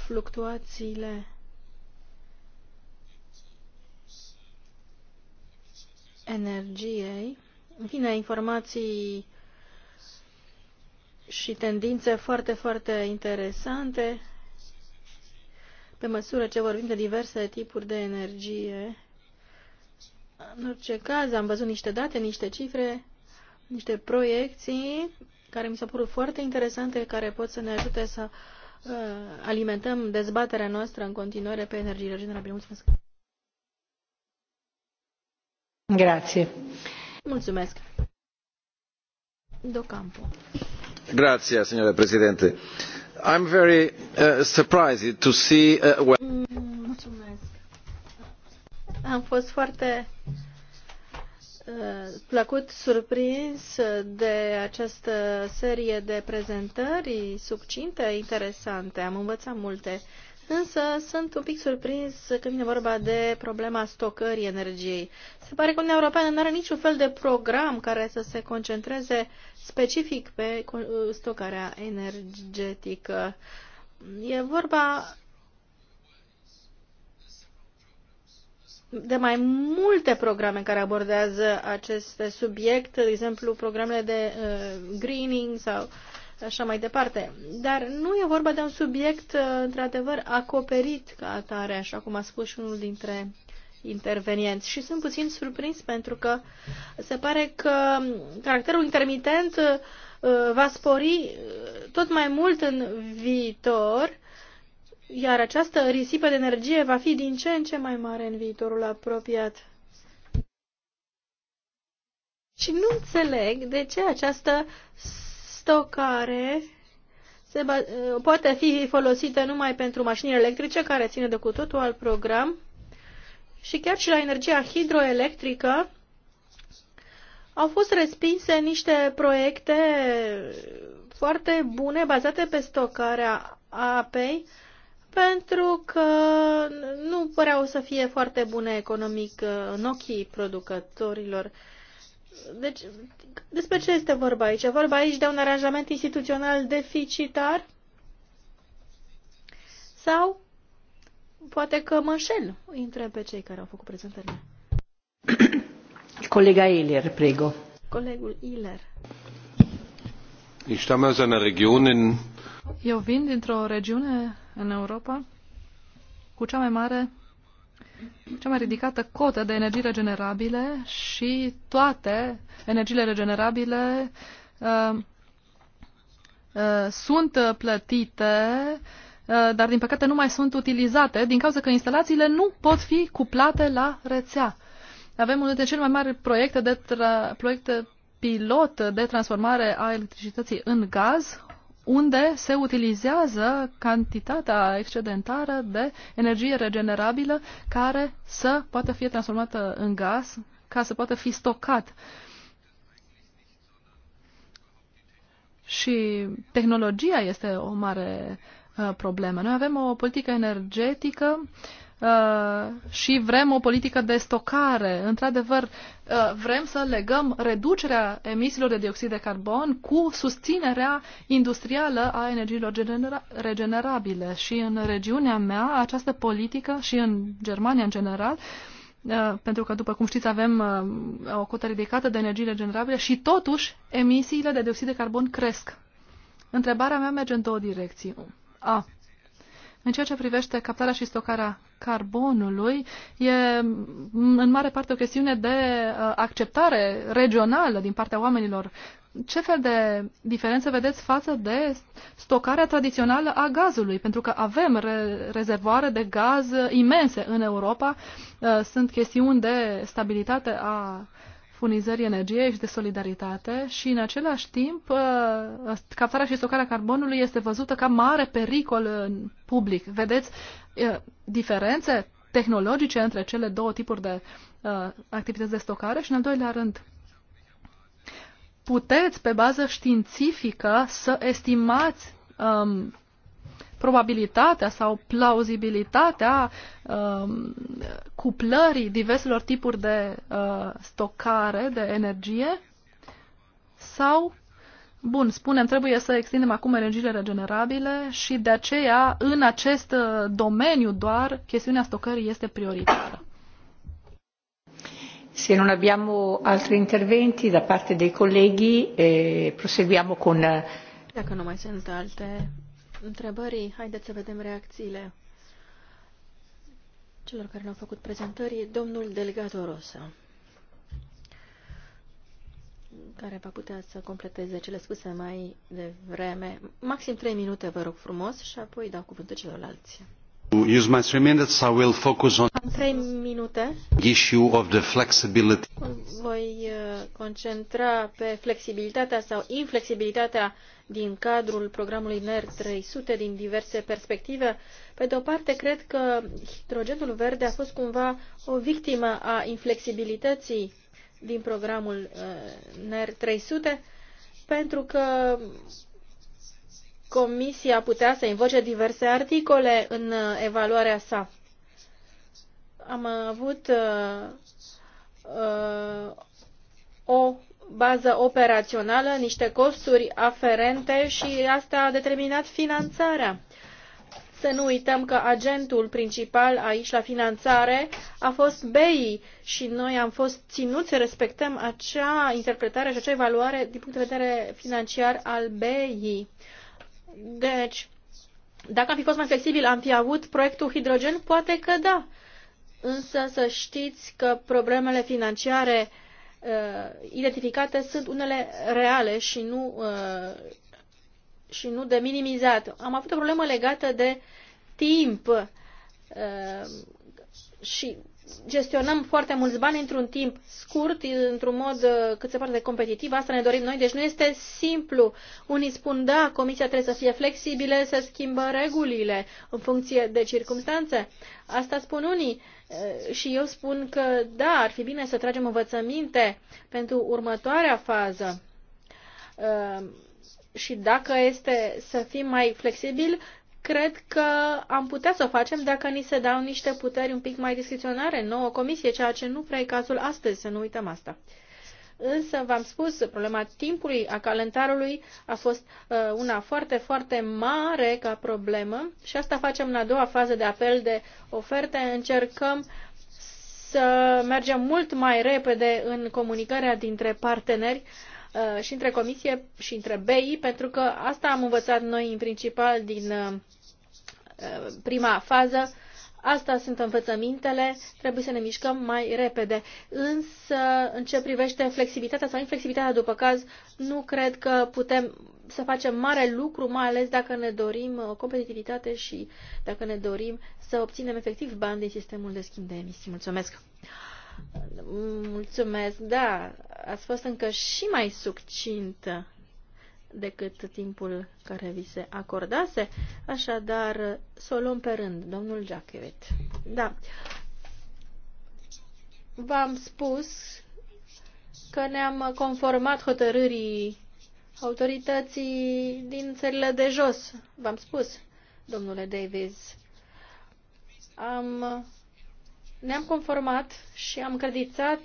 fluctuațiile energiei. În fine, informații și tendințe foarte, foarte interesante pe măsură ce vorbim de diverse tipuri de energie. În orice caz, am văzut niște date, niște cifre, niște proiecții care mi s-au părut foarte interesante, care pot să ne ajute să uh, alimentăm dezbaterea noastră în continuare pe energie regenerabilă. Mulțumesc! Mulțumesc. Docampo. Grazie, signora Presidente. Uh, uh, Am fost foarte uh, plăcut surprins de această serie de prezentări succinte, interesante. Am învățat multe. Însă sunt un pic surprins când vine vorba de problema stocării energiei. Se pare că Uniunea Europeană nu are niciun fel de program care să se concentreze specific pe stocarea energetică. E vorba de mai multe programe care abordează acest subiect, de exemplu programele de uh, greening sau uh, așa mai departe. Dar nu e vorba de un subiect, uh, într-adevăr, acoperit ca atare, așa cum a spus și unul dintre intervenienți. Și sunt puțin surprins pentru că se pare că caracterul intermitent uh, va spori uh, tot mai mult în viitor, iar această risipă de energie va fi din ce în ce mai mare în viitorul apropiat. Și nu înțeleg de ce această stocare se poate fi folosită numai pentru mașini electrice, care ține de cu totul alt program, și chiar și la energia hidroelectrică au fost respinse niște proiecte foarte bune bazate pe stocarea apei, pentru că nu păreau să fie foarte bune economic uh, în ochii producătorilor deci, despre ce este vorba aici? Vorba aici de un aranjament instituțional deficitar? Sau poate că mă înșel? Intrăm pe cei care au făcut prezentările. Colega Iler, prego. Colegul Iler. Eu vin dintr-o regiune în Europa cu cea mai mare cea mai ridicată cotă de energii regenerabile și toate energiile regenerabile uh, uh, sunt plătite, uh, dar din păcate nu mai sunt utilizate din cauza că instalațiile nu pot fi cuplate la rețea. Avem unul dintre cele mai mari proiecte, de proiecte pilot de transformare a electricității în gaz, unde se utilizează cantitatea excedentară de energie regenerabilă care să poată fi transformată în gaz, ca să poată fi stocat. Și tehnologia este o mare uh, problemă. Noi avem o politică energetică uh, Uh, și vrem o politică de stocare. Într-adevăr, uh, vrem să legăm reducerea emisiilor de dioxid de carbon cu susținerea industrială a energiilor regenerabile. Și în regiunea mea, această politică și în Germania în general, uh, pentru că, după cum știți, avem o cotă ridicată de energie regenerabile și totuși emisiile de dioxid de carbon cresc. Întrebarea mea merge în două direcții. A. În ceea ce privește captarea și stocarea carbonului e în mare parte o chestiune de uh, acceptare regională din partea oamenilor. Ce fel de diferență vedeți față de stocarea tradițională a gazului? Pentru că avem re- rezervoare de gaz imense în Europa. Uh, sunt chestiuni de stabilitate a furnizării energiei și de solidaritate și în același timp uh, captarea și stocarea carbonului este văzută ca mare pericol în public. Vedeți uh, diferențe tehnologice între cele două tipuri de uh, activități de stocare și în al doilea rând puteți pe bază științifică să estimați um, probabilitatea sau plauzibilitatea uh, cuplării diverselor tipuri de uh, stocare de energie sau Bun, spunem, trebuie să extindem acum energiile regenerabile și de aceea, în acest uh, domeniu doar, chestiunea stocării este prioritară. Se non abbiamo altri interventi da parte dei colleghi, eh, proseguiamo con. Dacă nu mai sunt alte întrebării, haideți să vedem reacțiile celor care ne-au făcut prezentări. Domnul delegat Rosa, care va putea să completeze cele spuse mai devreme. Maxim trei minute, vă rog frumos, și apoi dau cuvântul celorlalți. Use my three minutes, I will focus on Am minute. issue of the flexibility. Voi uh, concentra pe flexibilitatea sau inflexibilitatea din cadrul programului NER 300 din diverse perspective. Pe de o parte, cred că hidrogenul verde a fost cumva o victimă a inflexibilității din programul uh, NER 300, pentru că Comisia putea să invoce diverse articole în uh, evaluarea sa. Am avut uh, uh, o bază operațională, niște costuri aferente și asta a determinat finanțarea. Să nu uităm că agentul principal aici la finanțare a fost BEI și noi am fost ținuți să respectăm acea interpretare și acea evaluare din punct de vedere financiar al BEI. Deci, dacă am fi fost mai flexibil, am fi avut proiectul hidrogen? Poate că da. Însă să știți că problemele financiare uh, identificate sunt unele reale și nu, uh, și nu de minimizat. Am avut o problemă legată de timp uh, și gestionăm foarte mulți bani într-un timp scurt, într-un mod uh, cât se poate de competitiv, asta ne dorim noi, deci nu este simplu. Unii spun, da, comisia trebuie să fie flexibile, să schimbă regulile în funcție de circunstanțe. Asta spun unii. Uh, Eh, și eu spun că da, ar fi bine să tragem învățăminte pentru următoarea fază. Eh, și dacă este să fim mai flexibili, cred că am putea să o facem dacă ni se dau niște puteri un pic mai discreționare nouă comisie, ceea ce nu prea e cazul astăzi, să nu uităm asta. Însă, v-am spus, problema timpului, a calendarului a fost uh, una foarte, foarte mare ca problemă și asta facem în a doua fază de apel de oferte. Încercăm să mergem mult mai repede în comunicarea dintre parteneri uh, și între Comisie și între BI, pentru că asta am învățat noi în principal din uh, uh prima fază Asta sunt învățămintele, trebuie să ne mișcăm mai repede. Însă, în ce privește flexibilitatea sau inflexibilitatea, după caz, nu cred că putem să facem mare lucru, mai ales dacă ne dorim uh, competitivitate și dacă ne dorim să obținem efectiv bani din sistemul de schimb de emisii. Mulțumesc! Mulțumesc, da, ați fost încă și mai succintă decât timpul care vi se acordase, așadar să o luăm pe rând, domnul Jacquet. Da, v-am spus că ne-am conformat hotărârii autorității din țările de jos, v-am spus, domnule Davis. Am, ne-am conformat și am credițat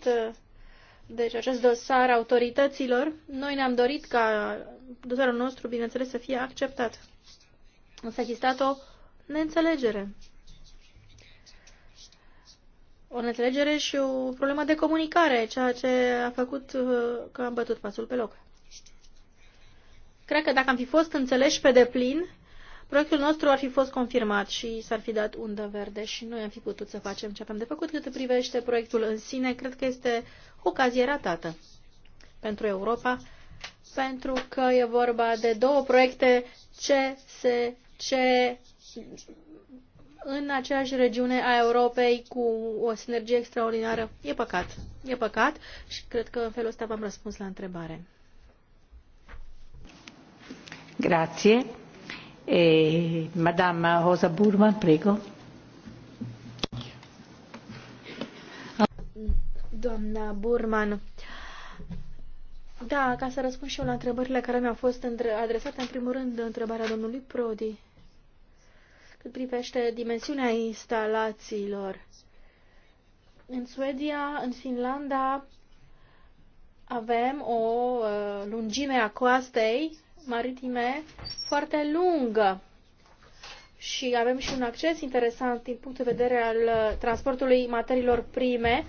deci acest dosar autorităților. Noi ne-am dorit ca dosarul nostru, bineînțeles, să fie acceptat. Însă a existat o neînțelegere. O neînțelegere și o problemă de comunicare, ceea ce a făcut uh, că am bătut pasul pe loc. Cred că dacă am fi fost înțeleși pe deplin, proiectul nostru ar fi fost confirmat și s-ar fi dat undă verde și noi am fi putut să facem ce am de făcut. Cât privește proiectul în sine, cred că este o ocazie ratată pentru Europa pentru că e vorba de două proiecte ce se ce în aceeași regiune a Europei cu o sinergie extraordinară. E păcat. E păcat și cred că în felul ăsta v-am răspuns la întrebare. Grazie. E, Madame Rosa Burman, prego. Doamna Burman, da, ca să răspund și eu la întrebările care mi-au fost adresate, în primul rând, întrebarea domnului Prodi cât privește dimensiunea instalațiilor. În Suedia, în Finlanda, avem o uh, lungime a coastei maritime foarte lungă și avem și un acces interesant din punct de vedere al uh, transportului materiilor prime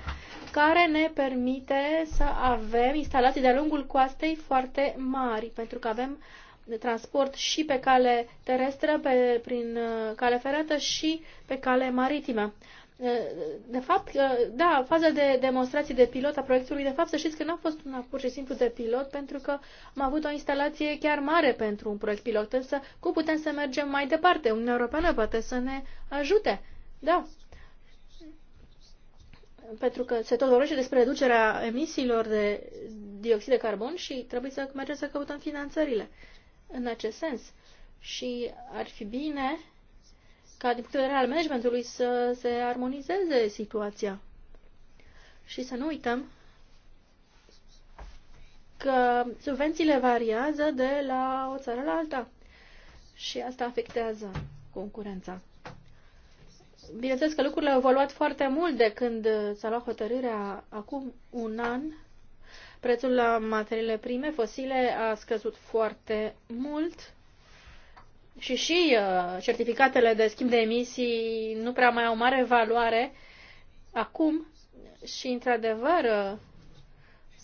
care ne permite să avem instalații de-a lungul coastei foarte mari, pentru că avem transport și pe cale terestră, pe, prin uh, cale ferată și pe cale maritimă. Uh, de fapt, uh, da, faza de demonstrații de pilot a proiectului, de fapt, să știți că n-a fost una pur și simplu de pilot, pentru că am avut o instalație chiar mare pentru un proiect pilot, însă cum putem să mergem mai departe? Uniunea Europeană poate să ne ajute. Da, pentru că se tot vorbește despre reducerea emisiilor de dioxid de carbon și trebuie să mergem să căutăm finanțările în acest sens. Și ar fi bine ca din punct de vedere al managementului să se armonizeze situația. Și să nu uităm că subvențiile variază de la o țară la alta și asta afectează concurența. Bineînțeles că lucrurile au evoluat foarte mult de când s-a luat hotărârea acum un an. Prețul la materiile prime fosile a scăzut foarte mult și și uh, certificatele de schimb de emisii nu prea mai au mare valoare acum și, într-adevăr, uh,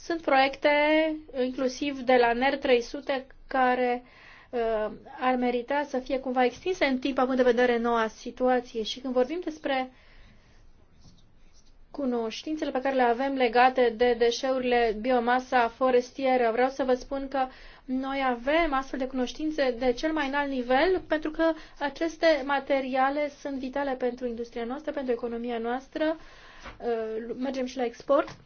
sunt proiecte, inclusiv de la NER 300, care uh, Uh, ar merita să fie cumva extinse în timp, având de vedere noua situație. Și când vorbim despre cunoștințele pe care le avem legate de deșeurile biomasa forestieră, vreau să vă spun că noi avem astfel de cunoștințe de cel mai înalt nivel, pentru că aceste materiale sunt vitale pentru industria noastră, pentru economia noastră, uh, mergem și la export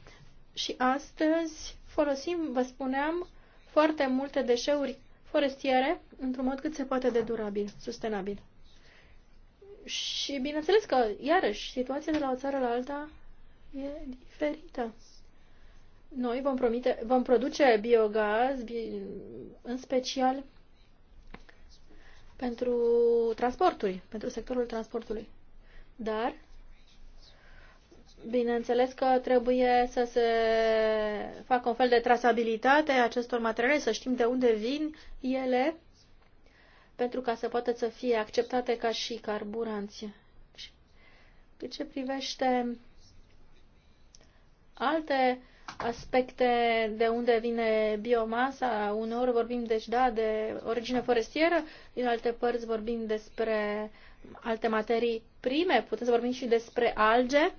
și astăzi folosim, vă spuneam, foarte multe deșeuri forestiere într-un mod cât se poate de durabil, sustenabil. Și bineînțeles că, iarăși, situația de la o țară la alta e diferită. Noi vom, promite, vom produce biogaz, bi, în special pentru transporturi, pentru sectorul transportului. Dar Bineînțeles că trebuie să se facă un fel de trasabilitate a acestor materiale, să știm de unde vin ele, pentru ca să poată să fie acceptate ca și carburanți. Pe ce privește alte aspecte de unde vine biomasa, uneori vorbim deci da de origine forestieră, din alte părți vorbim despre alte materii prime, putem să vorbim și despre alge,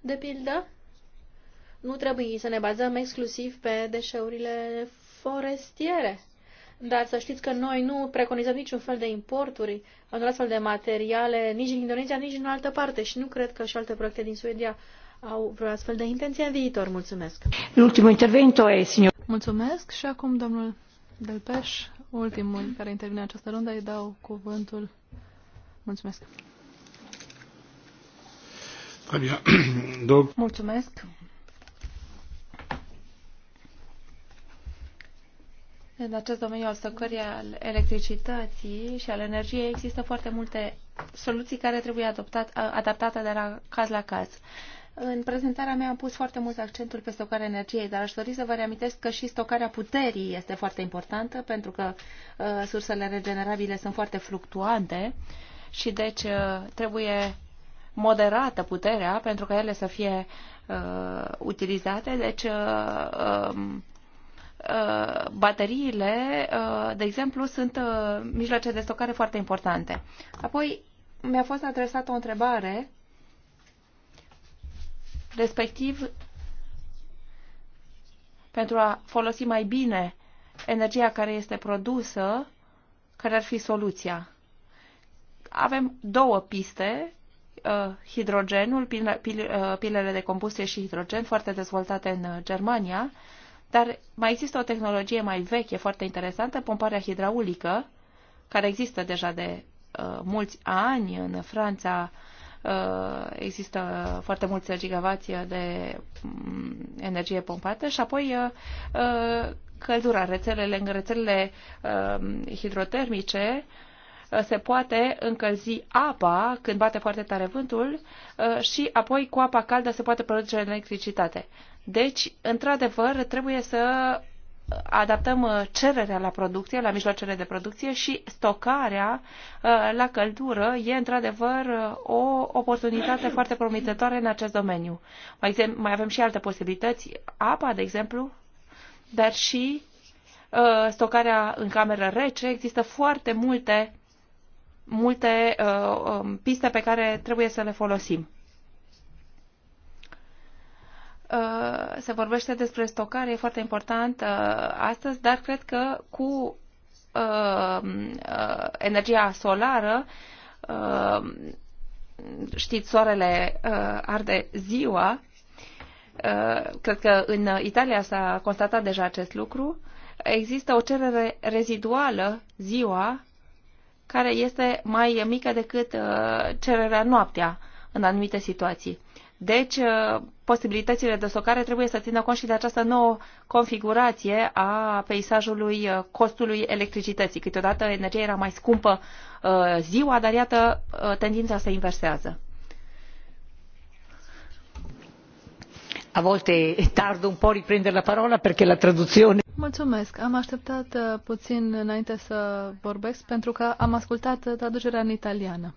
de pildă, nu trebuie să ne bazăm exclusiv pe deșeurile forestiere. Dar să știți că noi nu preconizăm niciun fel de importuri în astfel de materiale, nici în Indonezia, nici în altă parte. Și nu cred că și alte proiecte din Suedia au vreo astfel de intenție în viitor. Mulțumesc. Ultimul intervento e, signor. Mulțumesc și acum, domnul Delpeș, ultimul care intervine în această rundă, îi dau cuvântul. Mulțumesc. Adică, Mulțumesc. În acest domeniu al stocării al electricității și al energiei există foarte multe soluții care trebuie adoptat, adaptate de la caz la caz. În prezentarea mea am pus foarte mult accentul pe stocarea energiei, dar aș dori să vă reamintesc că și stocarea puterii este foarte importantă, pentru că uh, sursele regenerabile sunt foarte fluctuante și deci uh, trebuie moderată puterea pentru ca ele să fie uh, utilizate. Deci, uh, um, uh, bateriile, uh, de exemplu, sunt uh, mijloace de stocare foarte importante. Apoi, mi-a fost adresată o întrebare, respectiv, pentru a folosi mai bine energia care este produsă, care ar fi soluția. Avem două piste Uh, hidrogenul, uh, pilele de combustie și hidrogen, foarte dezvoltate în uh, Germania, dar mai există o tehnologie mai veche, foarte interesantă, pomparea hidraulică, care există deja de uh, mulți ani în Franța. Uh, există foarte mulți gigavați de um, energie pompată și apoi uh, căldura, rețelele, în rețelele uh, hidrotermice Uh, se poate încălzi apa când bate foarte tare vântul uh, și apoi cu apa caldă se poate produce electricitate. Deci, într-adevăr, trebuie să adaptăm uh, cererea la producție, la mijloacele de producție și stocarea la căldură e într-adevăr o oportunitate foarte promițătoare în acest domeniu. Mai avem și alte posibilități, apa, de exemplu, dar și stocarea în cameră rece. Există foarte multe multe uh, um, piste pe care trebuie să le folosim. Uh, se vorbește despre stocare, e foarte important uh, astăzi, dar cred că cu uh, energia solară știți, soarele arde ziua. cred că în Italia s-a constatat deja acest lucru. Există o cerere reziduală ziua care este mai mică decât uh, cererea noaptea în anumite situații. Deci, uh, posibilitățile de stocare trebuie să țină cont și de această nouă configurație a peisajului uh, costului electricității. Câteodată energia era mai scumpă ziua, dar iată, tendința se inversează. A volte tardo un po' a riprendere la parola perché la traduzione Mulțumesc. Am așteptat uh, puțin înainte să vorbesc pentru că am ascultat uh, traducerea în italiană.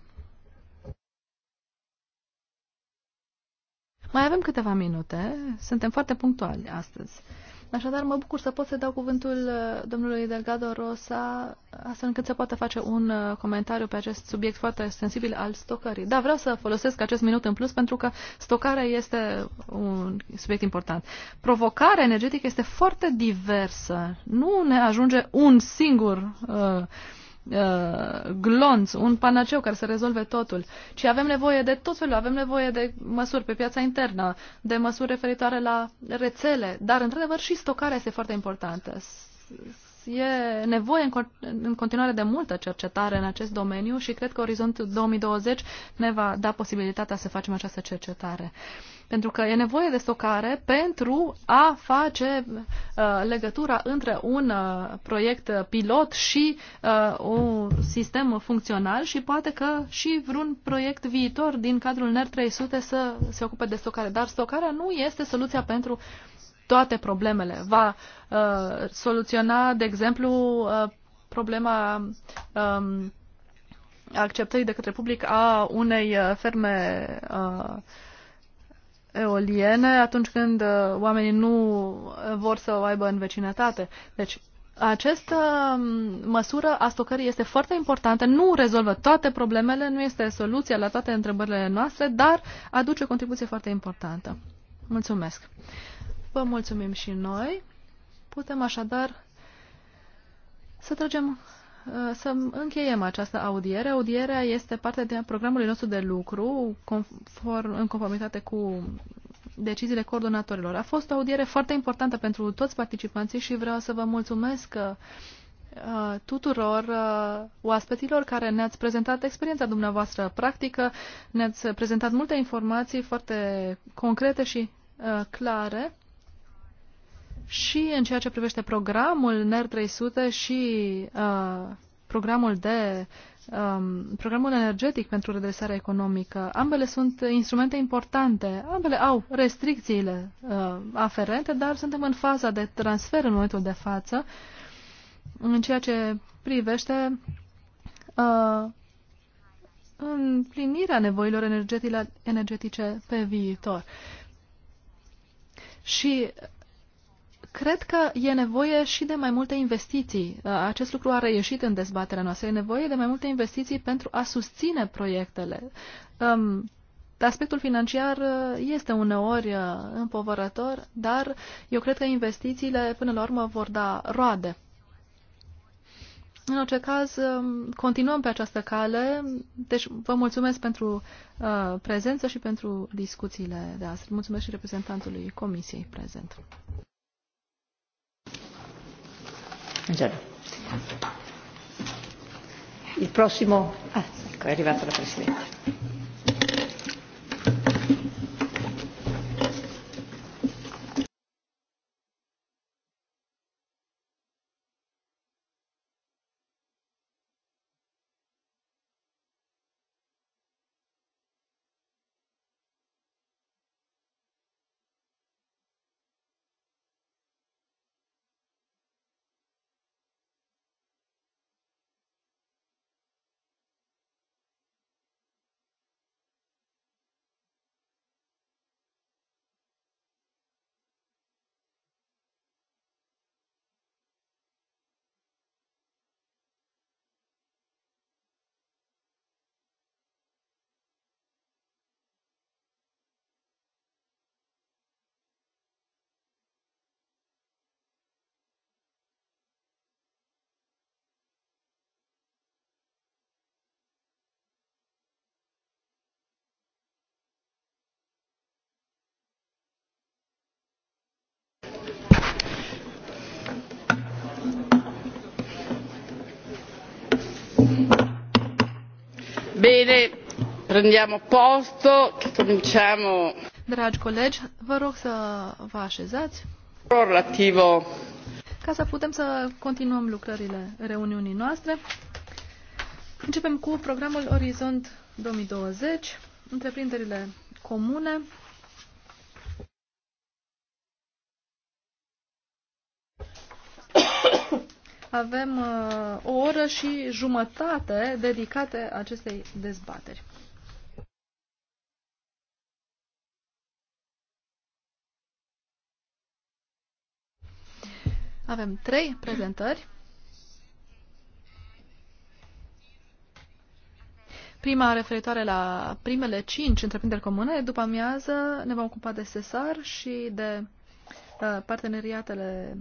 Mai avem câteva minute. Suntem foarte punctuali astăzi. Uh, Așadar, mă bucur să pot să dau cuvântul uh, domnului Delgado Rosa, astfel încât să poată face un uh, comentariu pe acest subiect foarte sensibil al stocării. Da, vreau să folosesc acest minut în plus pentru că stocarea este un subiect important. Provocarea energetică este foarte diversă. Nu ne ajunge un singur uh, Uh, glonț, un panaceu care să rezolve totul, ci avem nevoie de tot felul, avem nevoie de măsuri pe piața internă, de măsuri referitoare la rețele, dar într-adevăr și stocarea este foarte importantă. E nevoie în continuare de multă cercetare în acest domeniu și cred că Orizont 2020 ne va da posibilitatea să facem această cercetare. Uh, pentru că e nevoie de stocare pentru a face uh, legătura între un uh, proiect pilot și uh, un sistem funcțional și poate că și vreun proiect viitor din cadrul NER 300 să se ocupe de stocare. Dar stocarea nu este soluția pentru toate problemele. Va uh, soluționa, de exemplu, uh, problema um, acceptării de către public a unei uh, ferme uh, eoliene atunci când uh, oamenii nu uh, vor să o aibă în vecinătate. Deci, această um, măsură a stocării este foarte importantă, nu rezolvă toate problemele, nu este soluția la toate întrebările noastre, dar aduce o contribuție foarte importantă. Mulțumesc! Vă mulțumim și noi. Putem așadar să tragem Uh, să încheiem această audiere. Audierea este parte din programului nostru de lucru conform, în conformitate cu deciziile coordonatorilor. A fost o audiere foarte importantă pentru toți participanții și vreau să vă mulțumesc uh, tuturor uh, oaspeților care ne-ați prezentat experiența dumneavoastră practică, ne-ați prezentat multe informații foarte concrete și clare și în ceea ce privește programul NER 300 și uh, programul de um, programul energetic pentru redresarea economică. Ambele sunt instrumente importante, ambele au restricțiile uh, aferente, dar suntem în faza de transfer în momentul de față în ceea ce privește uh, împlinirea nevoilor energetice pe viitor. Și cred că e nevoie și de mai multe investiții. Uh, acest lucru a reieșit în dezbaterea noastră. E nevoie de mai multe investiții pentru a susține proiectele. Um, aspectul financiar uh, este uneori uh, împovărător, dar eu cred că investițiile până la urmă vor da roade. În orice caz, um, continuăm pe această cale. Deci vă mulțumesc pentru uh, prezență și pentru discuțiile de astăzi. Mulțumesc și reprezentantului Comisiei prezent. Buongiorno. Il prossimo... Ah, ecco, è arrivata la Presidente. Bine, prendiamo posto, cominciamo. Dragi colegi, vă rog să vă așezați. Relativo. Ca să putem să continuăm lucrările reuniunii noastre, începem cu programul Orizont 2020, întreprinderile comune, Avem uh, o oră și jumătate dedicate acestei dezbateri. Avem trei prezentări. Prima referitoare la primele cinci întreprinderi comune. După amiază ne vom ocupa de SESAR și de uh, parteneriatele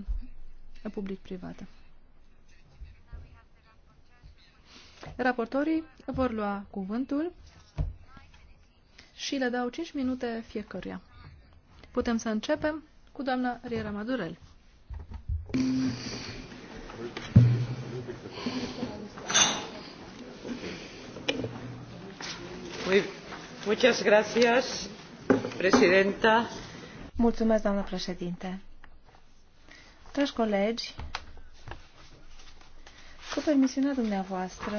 public-private. Raportorii vor lua cuvântul și le dau 5 minute fiecăruia. Putem să începem cu doamna Riera Madurel. Muchas gracias, presidenta. Mulțumesc, doamnă președinte. Dragi colegi, cu permisiunea dumneavoastră,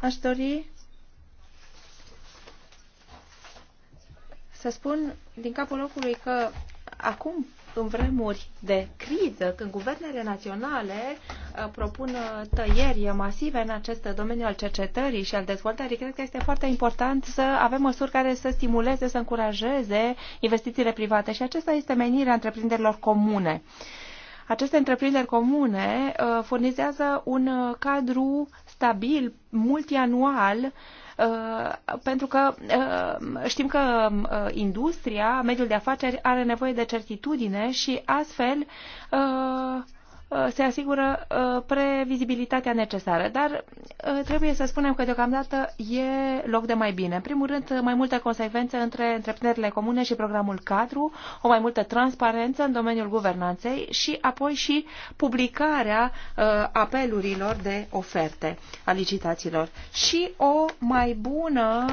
aș dori să spun din capul locului că acum, în vremuri de criză, când guvernele naționale uh, propun uh, tăieri masive în acest domeniu al cercetării și al dezvoltării, cred că este foarte important să avem măsuri care să stimuleze, să încurajeze investițiile private și acesta este menirea întreprinderilor comune. Uh, aceste întreprinderi comune uh, furnizează un uh, cadru stabil, multianual, uh, pentru că știm că industria, mediul de afaceri are nevoie de certitudine și astfel Uh, se asigură uh, previzibilitatea necesară, dar uh, trebuie să spunem că deocamdată e loc de mai bine. În primul rând, mai multă consecvență între întreprinderile comune și programul cadru, o mai multă transparență în domeniul guvernanței și apoi și publicarea apelurilor de oferte a licitațiilor și o mai bună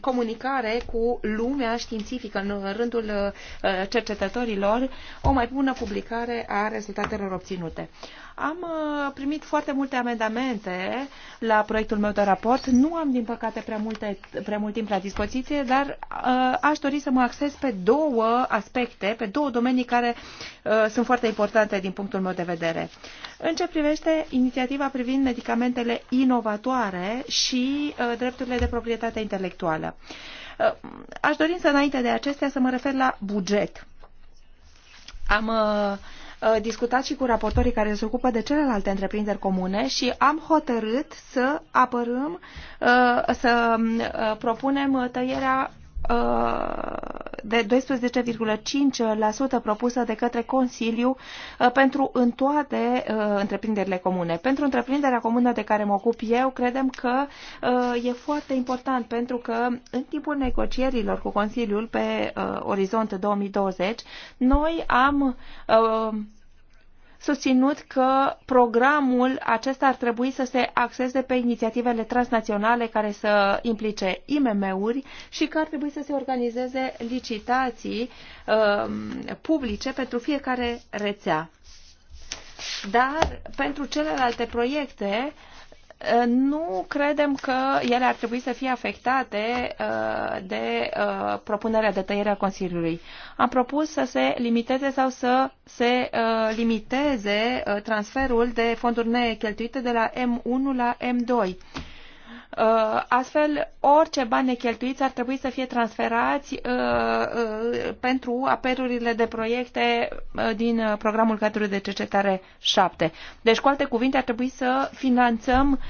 comunicare cu lumea științifică în rândul cercetătorilor, o mai bună publicare a rezultatelor obținute. Am uh, primit foarte multe amendamente la proiectul meu de raport. Nu am, din păcate, prea, multe, prea mult timp la dispoziție, dar uh, aș dori să mă acces pe două aspecte, pe două domenii care uh, sunt foarte importante din punctul meu de vedere. În ce privește inițiativa privind medicamentele inovatoare și drepturile de proprietate intelectuală. Aș dori să, înainte de acestea, să mă refer la buget. Am uh, Uh, discutat și cu raportorii care se ocupă de celelalte întreprinderi comune și am hotărât să apărăm, uh, să uh, propunem tăierea Uh, de 12,5% propusă de către Consiliu uh, pentru în toate uh, întreprinderile comune. Pentru întreprinderea comună de care mă ocup eu, credem că e foarte important pentru că în timpul negocierilor cu Consiliul pe orizont 2020, noi am susținut că programul acesta ar trebui să se axeze pe inițiativele transnaționale care să implice IMM-uri și că ar trebui să se organizeze licitații uh, publice pentru fiecare rețea. Dar pentru celelalte proiecte nu credem că ele ar trebui să fie afectate uh, de uh, propunerea de tăiere a Consiliului. Am propus să se limiteze sau să se uh, limiteze transferul de fonduri necheltuite de la M1 la M2 Uh, astfel, orice bani necheltuiți ar trebui să fie transferați uh, uh, pentru apelurile de proiecte din programul cadru de cercetare 7. Deci, cu alte cuvinte, ar trebui să finanțăm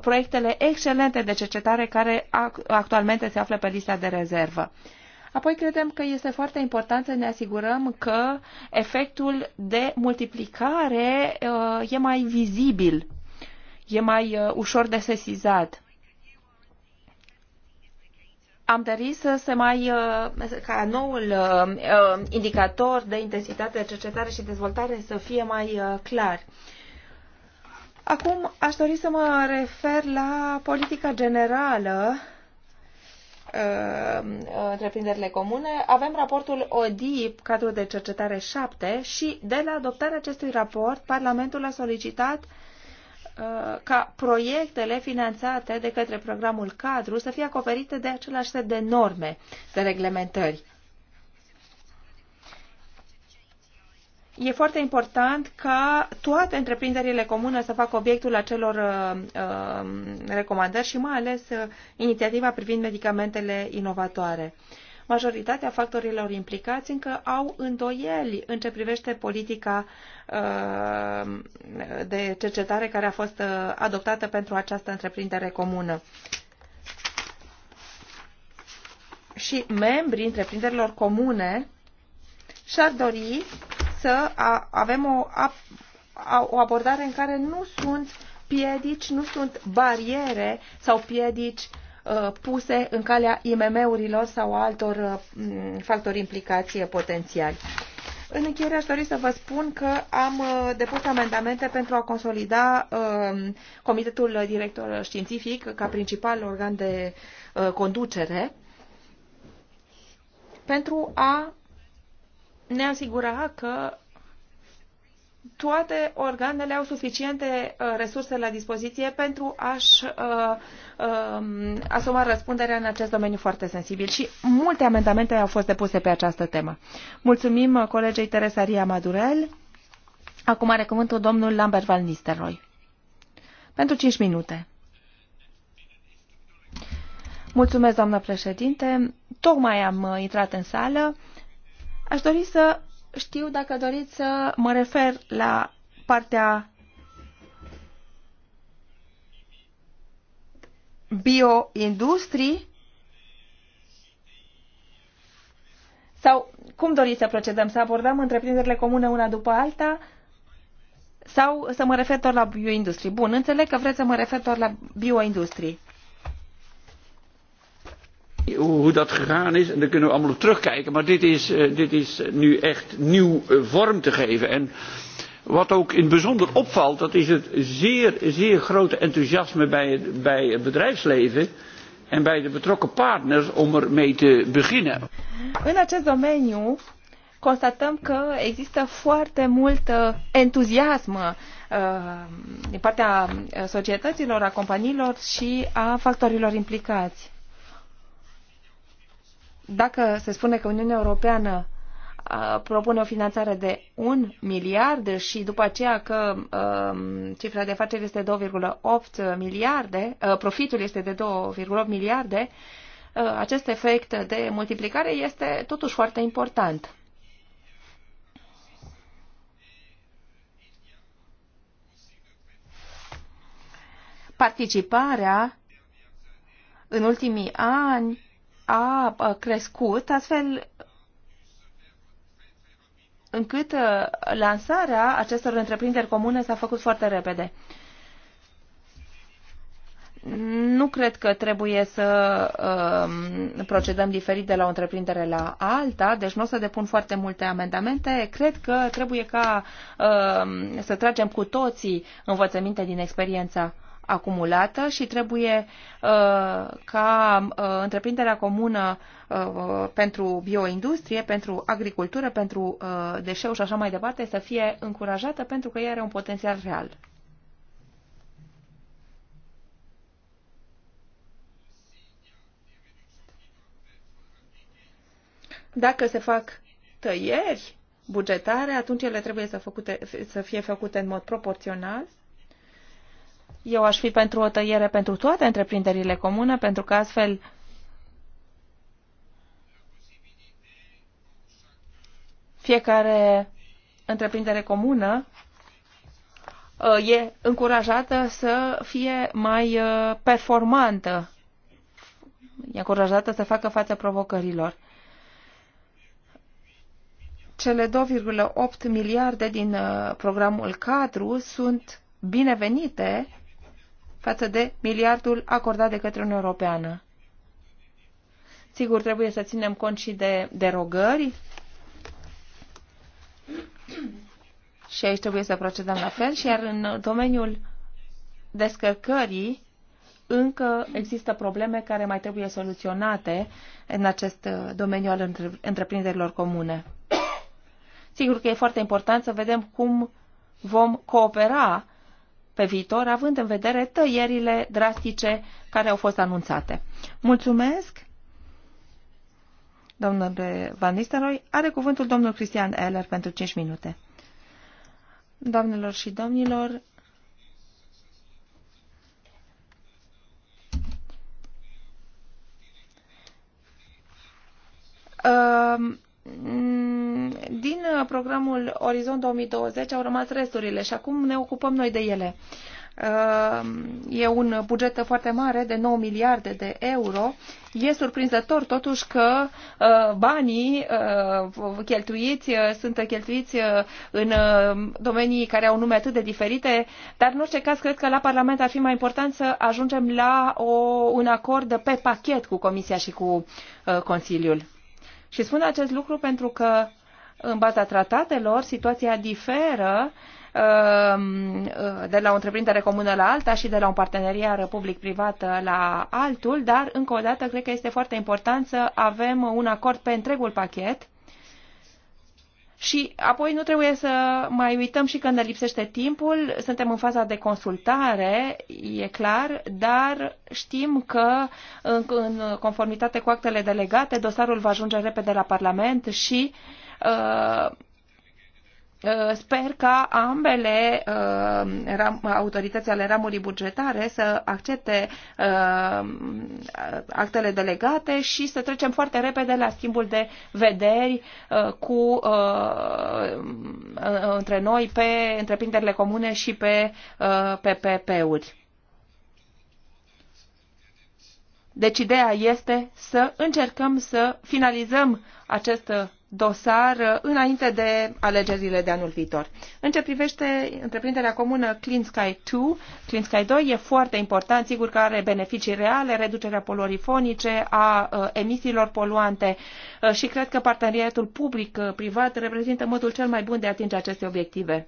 proiectele excelente de cercetare care actualmente se află pe lista de rezervă. Apoi credem că este foarte important să ne asigurăm că efectul de multiplicare e mai vizibil, e mai ușor de sesizat am dorit să se mai, uh, ca noul uh, indicator de intensitate, cercetare și dezvoltare să fie mai uh, clar. Acum aș dori să mă refer la politica generală întreprinderile comune. Avem raportul ODI, cadrul de cercetare 7, și de la adoptarea acestui raport, Parlamentul a solicitat uh, Uh, ca proiectele finanțate de către programul cadru să fie acoperite de același set de norme, de reglementări. E foarte important ca toate întreprinderile comune să facă obiectul acelor uh, uh recomandări și mai ales uh, inițiativa privind medicamentele inovatoare. Uh, majoritatea factorilor implicați încă au îndoieli în ce privește politica uh, de cercetare care a fost uh, adoptată pentru această întreprindere comună și membrii întreprinderilor comune și-ar dori să avem o, o abordare în care nu sunt piedici, nu sunt bariere sau piedici uh, Uh, puse în calea IMM-urilor sau altor uh, factori implicație uh, potențiali. În încheiere aș dori să vă spun că am depus amendamente pentru a consolida um, Comitetul Director Științific ca principal organ de conducere pentru a ne asigura că toate organele au suficiente uh, resurse la dispoziție pentru a-și uh, uh, asuma răspunderea în acest domeniu foarte sensibil. Și multe amendamente au fost depuse pe această temă. Mulțumim uh, colegei Teresa Ria Madurel. Acum are cuvântul domnul Lambert Van Nistelrooy. Pentru 5 minute. Mulțumesc, doamnă președinte. Tocmai am uh, intrat în sală. Aș dori să știu dacă doriți să mă refer la partea bioindustrii sau cum doriți să procedăm, să abordăm întreprinderile comune una după alta sau să mă refer doar la bioindustrie. Bun, înțeleg că vreți să mă refer doar la bioindustrie. Hoe dat gegaan is, en daar kunnen we allemaal op terugkijken. Maar dit is, eh, dit is nu echt nieuw eh, vorm te geven. En wat ook in het bijzonder opvalt, dat is het zeer, zeer grote enthousiasme bij het, bij het bedrijfsleven en bij de betrokken partners om ermee te beginnen. In acest domeniu constatăm că există foarte mult eh, entuziasm din partea societăților, a companiilor și a factorilor implicați dacă se spune că Uniunea Europeană propune o finanțare de 1 miliard și după aceea că cifra de afaceri este 2,8 miliarde, uh, profitul este de 2,8 miliarde, uh, acest efect de multiplicare este totuși foarte important. Participarea în ultimii ani a crescut, astfel încât uh, lansarea acestor întreprinderi comune s-a făcut foarte repede. Nu cred că trebuie să uh, procedăm diferit de la o întreprindere la alta, deci nu o să depun foarte multe amendamente. Cred că trebuie ca uh, să tragem cu toții învățăminte din experiența uh, acumulată și trebuie uh, ca uh, întreprinderea comună uh, pentru bioindustrie, pentru agricultură, pentru uh, deșeuri și așa mai departe să fie încurajată pentru că ea are un potențial real. Dacă se fac tăieri bugetare, atunci ele trebuie să, făcute, să fie făcute în mod proporțional eu aș fi pentru o tăiere pentru toate întreprinderile comune, pentru că astfel fiecare întreprindere comună uh, e încurajată să fie mai uh, performantă, e încurajată să facă față provocărilor. Cele 2,8 miliarde din uh, programul cadru sunt binevenite față de miliardul acordat de către Uniunea Europeană. Sigur, trebuie să ținem cont și de derogări și aici trebuie să procedăm la fel, și iar în domeniul descărcării încă există probleme care mai trebuie soluționate în acest domeniu al întreprinderilor comune. Sigur că e foarte important să vedem cum vom coopera pe viitor, având în vedere tăierile drastice care au fost anunțate. Mulțumesc! Domnule Van Nistelrooy, are cuvântul domnul Cristian Eller pentru 5 minute. Doamnelor și domnilor, uh, Mm, din uh, programul Orizont 2020 au rămas resturile și acum ne ocupăm noi de ele. Uh, e un buget foarte mare de 9 miliarde de euro. E surprinzător totuși că uh, banii cheltuiți sunt cheltuiți în domenii care au nume atât de diferite, dar în orice caz cred că la Parlament ar fi mai important să ajungem la o, un acord pe pachet cu Comisia și cu Consiliul și spun acest lucru pentru că, în baza tratatelor, situația diferă um, uh, de la o întreprindere comună la alta și de la un parteneriat public-privat la altul, dar, încă o dată, cred că este foarte important să avem un acord pe întregul pachet și apoi nu trebuie să mai uităm și când ne lipsește timpul, suntem în faza de consultare, e clar, dar știm că în, în conformitate cu actele delegate, dosarul va ajunge repede la Parlament și uh, Uh, sper ca ambele uh, autorități ale ramurii bugetare să accepte uh, actele delegate și să trecem foarte repede la schimbul de vederi cu între noi pe întreprinderile comune și pe PPP-uri. Deci ideea este să încercăm să finalizăm acest dosar uh, înainte de alegerile de anul viitor. În ce privește întreprinderea comună Clean Sky 2, Clean Sky 2 e foarte important, sigur că are beneficii reale, reducerea poluării fonice, a uh, emisiilor poluante uh, și cred că parteneriatul public-privat reprezintă modul cel mai bun de a atinge aceste obiective.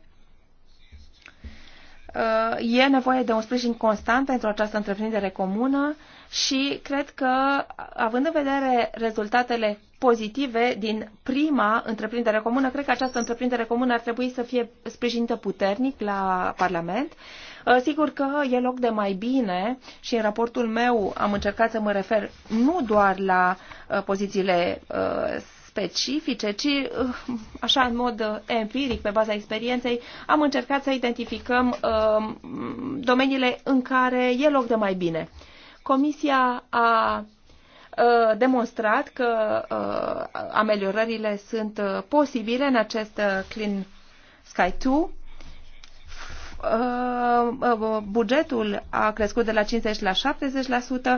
E nevoie de un sprijin constant pentru această întreprindere comună și cred că, având în vedere rezultatele pozitive din prima întreprindere comună, cred că această întreprindere comună ar trebui să fie sprijinită puternic la Parlament. Uh, sigur că e loc de mai bine și în raportul meu am încercat să mă refer nu doar la uh, pozițiile uh, specifice, ci așa în mod empiric, pe baza experienței, am încercat să identificăm domeniile în care e loc de mai bine. Comisia a demonstrat că ameliorările sunt posibile în acest Clean Sky 2 bugetul a crescut de la 50 la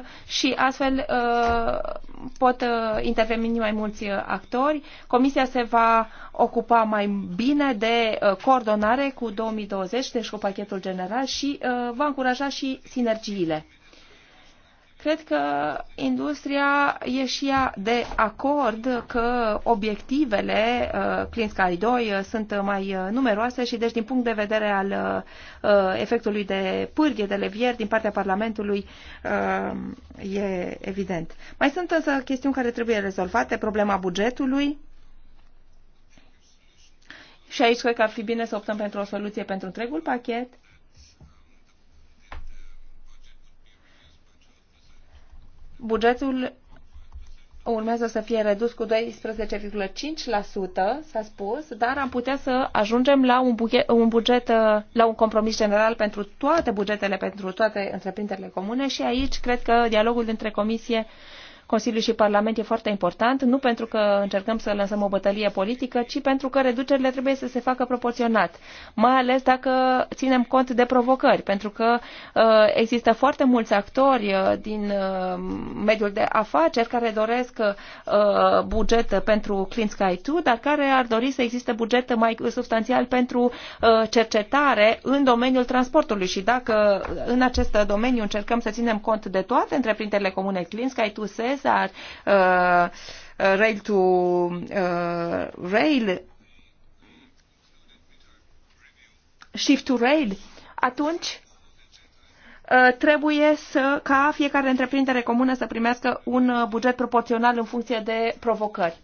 70% și astfel pot interveni mai mulți actori. Comisia se va ocupa mai bine de coordonare cu 2020, deci cu pachetul general și va încuraja și sinergiile. Cred că industria e și ea de acord că obiectivele Clean Sky 2 sunt mai uh, numeroase și deci din punct de vedere al uh, uh, efectului de pârghie, de levier din partea Parlamentului e evident. Mai sunt însă chestiuni care trebuie rezolvate, problema bugetului. Și aici cred că ar fi bine să optăm pentru o soluție pentru întregul pachet bugetul urmează să fie redus cu 12,5%, s-a spus, dar am putea să ajungem la un buget, un buget, la un compromis general pentru toate bugetele, pentru toate întreprinderile comune și aici cred că dialogul dintre Comisie Consiliul și Parlament e foarte important, nu pentru că încercăm să lansăm o bătălie politică, ci pentru că reducerile trebuie să se facă proporționat, mai ales dacă ținem cont de provocări, pentru că uh, există foarte mulți actori uh, din uh, mediul de afaceri care doresc uh, buget pentru Clean Sky 2, dar care ar dori să existe buget mai substanțial pentru uh, cercetare în domeniul transportului și dacă în acest domeniu încercăm să ținem cont de toate întreprinderile comune Clean Sky 2, SES, necesar. Uh, rail to uh, rail, shift to rail, atunci uh, trebuie să, ca fiecare întreprindere comună să primească un uh, buget proporțional în funcție de provocări.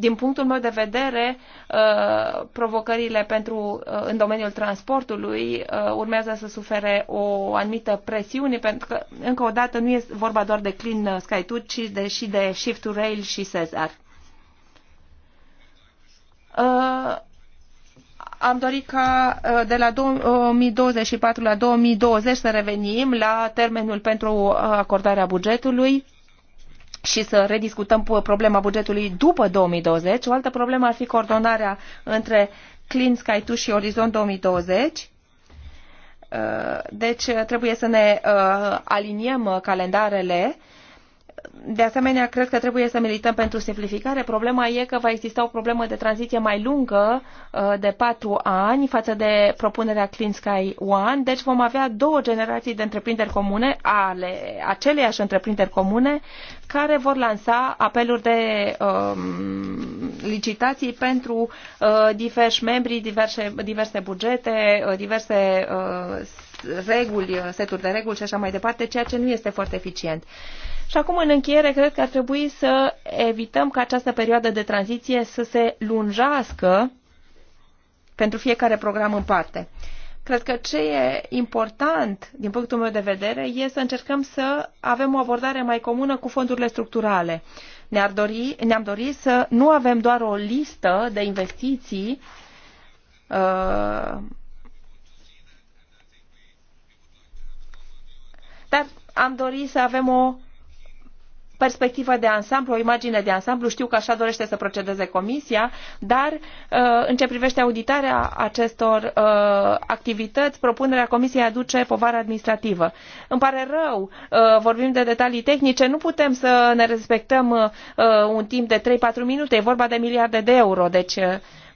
Din punctul meu de vedere, uh, provocările pentru, uh, în domeniul transportului uh, urmează să sufere o anumită presiune, pentru că, încă o dată, nu este vorba doar de Clean Sky 2, ci de, și de Shift to Rail și Cesar. Am dorit ca de la 2024 la 2020 să revenim la termenul pentru acordarea bugetului și să rediscutăm problema bugetului după 2020. O altă problemă ar fi coordonarea între Clean Sky 2 și Orizont 2020. Uh, deci trebuie să ne uh, aliniem uh, calendarele de asemenea, cred că trebuie să milităm pentru simplificare. Problema e că va exista o problemă de tranziție mai lungă, uh, de patru ani, față de propunerea Clean Sky One. Deci vom avea două generații de întreprinderi comune, ale aceleiași întreprinderi comune, care vor lansa apeluri de um, licitații pentru uh, diversi membri, diverse, diverse bugete, uh, diverse uh, reguli, uh, seturi de reguli și așa mai departe, ceea ce nu este foarte eficient. Și acum, în încheiere, cred că ar trebui să evităm ca această perioadă de tranziție să se lungească pentru fiecare program în parte. Cred că ce e important, din punctul meu de vedere, e să încercăm să avem o abordare mai comună cu fondurile structurale. Ne-am dori, ne dorit să nu avem doar o listă de investiții uh, dar am dorit să avem o perspectivă de ansamblu, o imagine de ansamblu. Știu că așa dorește să procedeze Comisia, dar uh, în ce privește auditarea acestor uh, activități, propunerea Comisiei aduce povară administrativă. Îmi pare rău, uh, vorbim de detalii tehnice, nu putem să ne respectăm un timp de 3-4 minute, e vorba de miliarde de euro, deci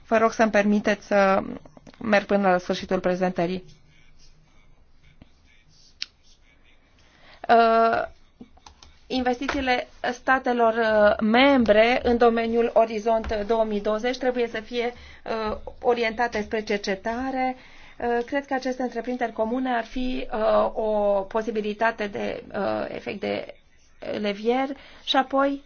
vă rog să-mi permiteți să merg până la sfârșitul prezentării investițiile statelor uh, membre în domeniul Orizont 2020 trebuie să fie uh, orientate spre cercetare. Uh, cred că aceste întreprinderi comune ar fi o posibilitate de efect de levier și apoi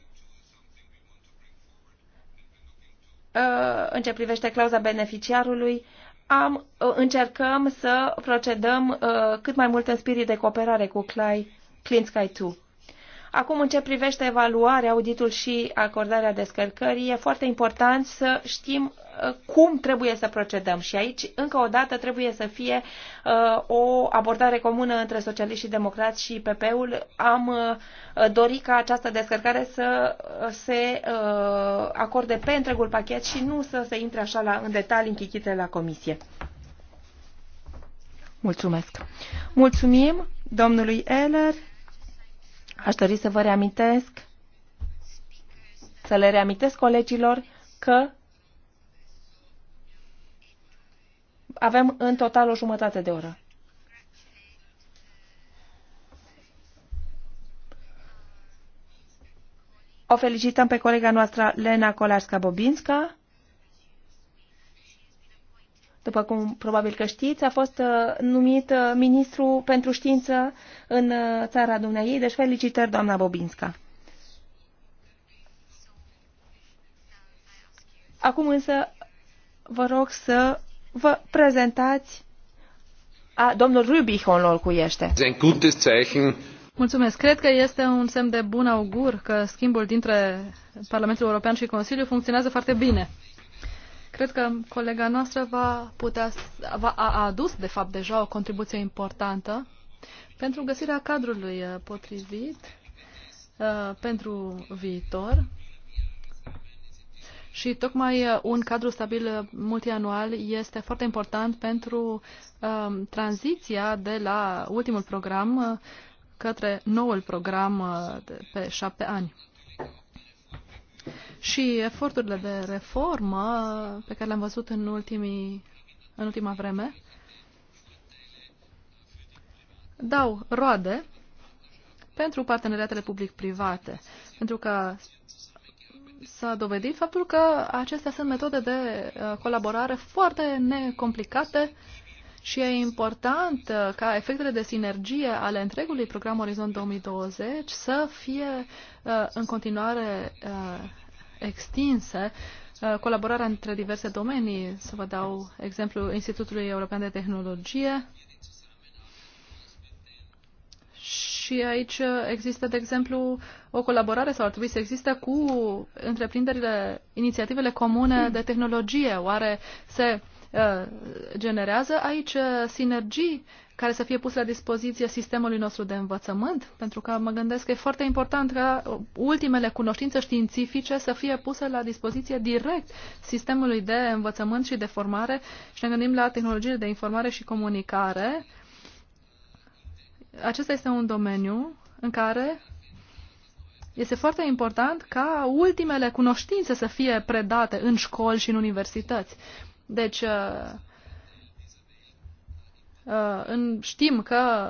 în ce privește clauza beneficiarului, am, încercăm să procedăm cât mai mult în spirit de cooperare cu Clai, Clean Sky 2. Acum, în ce privește evaluarea, auditul și acordarea descărcării, e foarte important să știm uh, cum trebuie să procedăm. Și aici, încă o dată, trebuie să fie uh, o abordare comună între socialiști și democrați și PP-ul. Am uh, dorit ca această descărcare să uh, se uh, acorde pe întregul pachet și nu să se intre așa la, în detalii închichite la comisie. Mulțumesc. Mulțumim domnului Eller. Aș dori să vă reamintesc, să le reamintesc colegilor că avem în total o jumătate de oră. O felicităm pe colega noastră Lena Kolarska-Bobinska după cum probabil că știți, a fost uh, numit uh, ministru pentru știință în uh, țara dumneai, deci felicitări, doamna Bobinska. Acum însă vă rog să vă prezentați a, domnul Rübich în locuiește. Mulțumesc. Cred că este un semn de bun augur că schimbul dintre Parlamentul European și Consiliu funcționează foarte bine. Cred că colega noastră va putea, va, a adus, de fapt, deja o contribuție importantă pentru găsirea cadrului uh, potrivit uh, pentru viitor. Și tocmai uh, un cadru stabil multianual este foarte important pentru um, tranziția de la ultimul program către noul program de pe șapte ani. Și eforturile de reformă pe care le-am văzut în, ultimii, în ultima vreme dau roade pentru parteneriatele public-private, pentru că s-a dovedit faptul că acestea sunt metode de uh, colaborare foarte necomplicate uh, și e important uh, ca efectele de sinergie ale întregului program Orizont 2020 să fie uh, în continuare uh, extinse colaborarea între diverse domenii. Să vă dau exemplu Institutului European de Tehnologie. Și aici există, de exemplu, o colaborare sau ar trebui să existe cu întreprinderile, inițiativele comune de tehnologie. Oare se uh, Uh, generează aici uh, sinergii care să fie puse la dispoziție sistemului nostru de învățământ, pentru că mă gândesc că e foarte important ca uh, ultimele cunoștințe științifice să fie puse la dispoziție direct sistemului de învățământ și de formare și ne gândim la tehnologiile de informare și comunicare. Acesta este un domeniu în care este foarte important ca ultimele cunoștințe să fie predate în școli și în universități. Deci, uh, uh, în, știm că,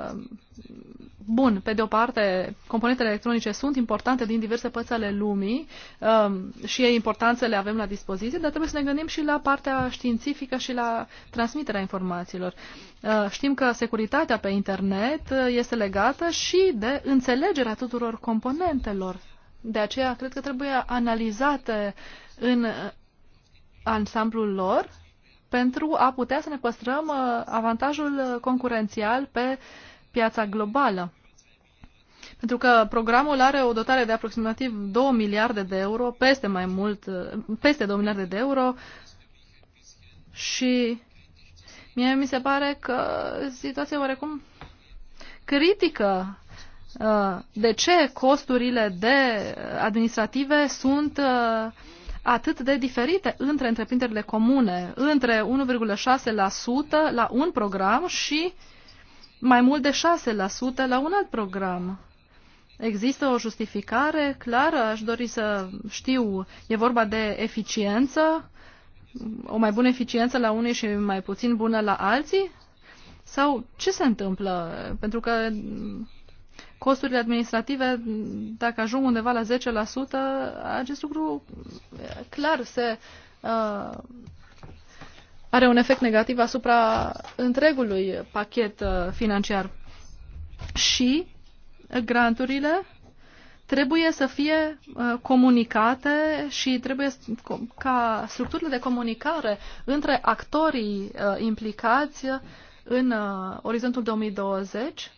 bun, pe de o parte, componentele electronice sunt importante din diverse părți ale lumii um, și e important să le avem la dispoziție, dar trebuie să ne gândim și la partea științifică și la transmiterea informațiilor. Uh, știm că securitatea pe internet uh, este legată și de înțelegerea tuturor componentelor. De aceea, cred că trebuie analizate în ansamblul lor pentru a putea să ne păstrăm uh, avantajul uh, concurențial pe piața globală. Pentru că programul are o dotare de aproximativ 2 miliarde de euro, peste mai mult, uh, peste 2 miliarde de euro și mie mi se pare că situația oarecum critică de ce costurile de administrative sunt uh, atât de diferite între întreprinderile comune, între 1,6% la un program și mai mult de 6% la un alt program. Există o justificare clară? Aș dori să știu. E vorba de eficiență? O mai bună eficiență la unii și mai puțin bună la alții? Sau ce se întâmplă? Pentru că costurile administrative, dacă ajung undeva la 10%, acest lucru clar se uh, are un efect negativ asupra întregului pachet uh, financiar. Și granturile trebuie să fie uh, comunicate și trebuie ca structurile de comunicare între actorii uh, implicați în uh, orizontul 2020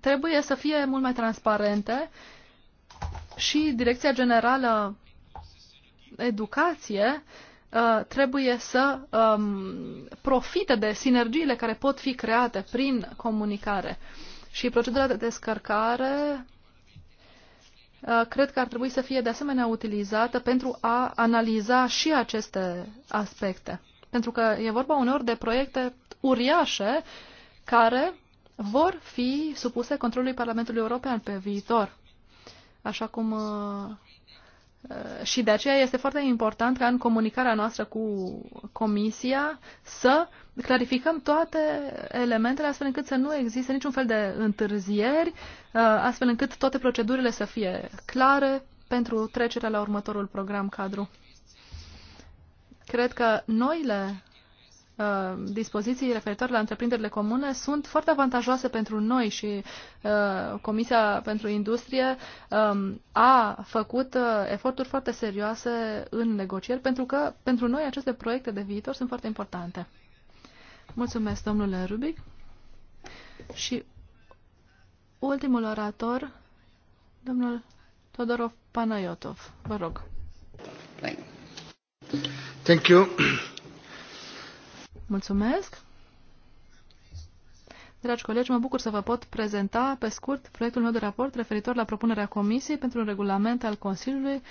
trebuie să fie mult mai transparente și Direcția Generală Educație uh, trebuie să um, profite de sinergiile care pot fi create prin comunicare. Și procedura de descărcare uh, cred că ar trebui să fie de asemenea utilizată pentru a analiza și aceste aspecte. Pentru că e vorba uneori de proiecte uriașe care vor fi supuse controlului Parlamentului European pe viitor. Așa cum uh, uh, și de aceea este foarte important ca în comunicarea noastră cu Comisia să clarificăm toate elementele astfel încât să nu existe niciun fel de întârzieri, uh, astfel încât toate procedurile să fie clare pentru trecerea la următorul program cadru. Cred că noile Uh, dispoziții referitor la întreprinderile comune sunt foarte avantajoase pentru noi și uh, Comisia pentru Industrie um, a făcut uh, eforturi foarte serioase în negocieri pentru că pentru noi aceste proiecte de viitor sunt foarte importante. Mulțumesc, domnule Rubic. Și ultimul orator, domnul Todorov Panayotov. Vă rog. Thank you. Mulțumesc! Dragi colegi, mă bucur să vă pot prezenta pe scurt proiectul meu de raport referitor la propunerea Comisiei pentru un regulament al Consiliului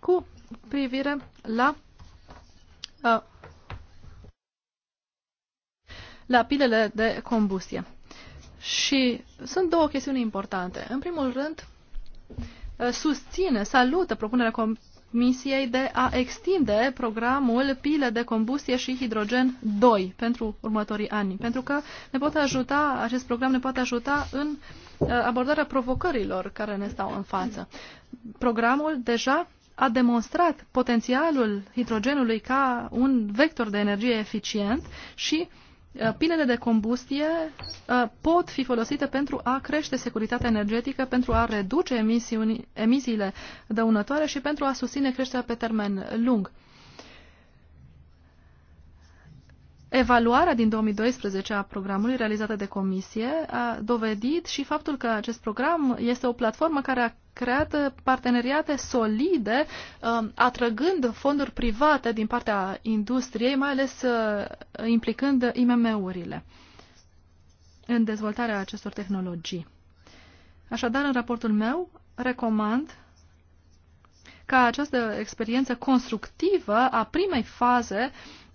cu privire la uh, la pilele de combustie. Și sunt două chestiuni importante. În primul rând, uh, susține, salută propunerea misiei de a extinde programul pile de combustie și hidrogen 2 pentru următorii ani, pentru că ne poate ajuta, acest program ne poate ajuta în uh, abordarea provocărilor care ne stau în față. Programul deja a demonstrat potențialul hidrogenului ca un vector de energie eficient și Uh, pilele de combustie uh, pot fi folosite pentru a crește securitatea energetică, pentru a reduce emisiile dăunătoare și pentru a susține creșterea pe termen lung. Evaluarea din 2012 a programului realizată de comisie a dovedit și faptul că acest program este o platformă care a creat parteneriate solide, um, atrăgând fonduri private din partea industriei, mai ales uh, implicând IMM-urile în dezvoltarea acestor tehnologii. Așadar, în raportul meu, recomand ca această experiență constructivă a primei faze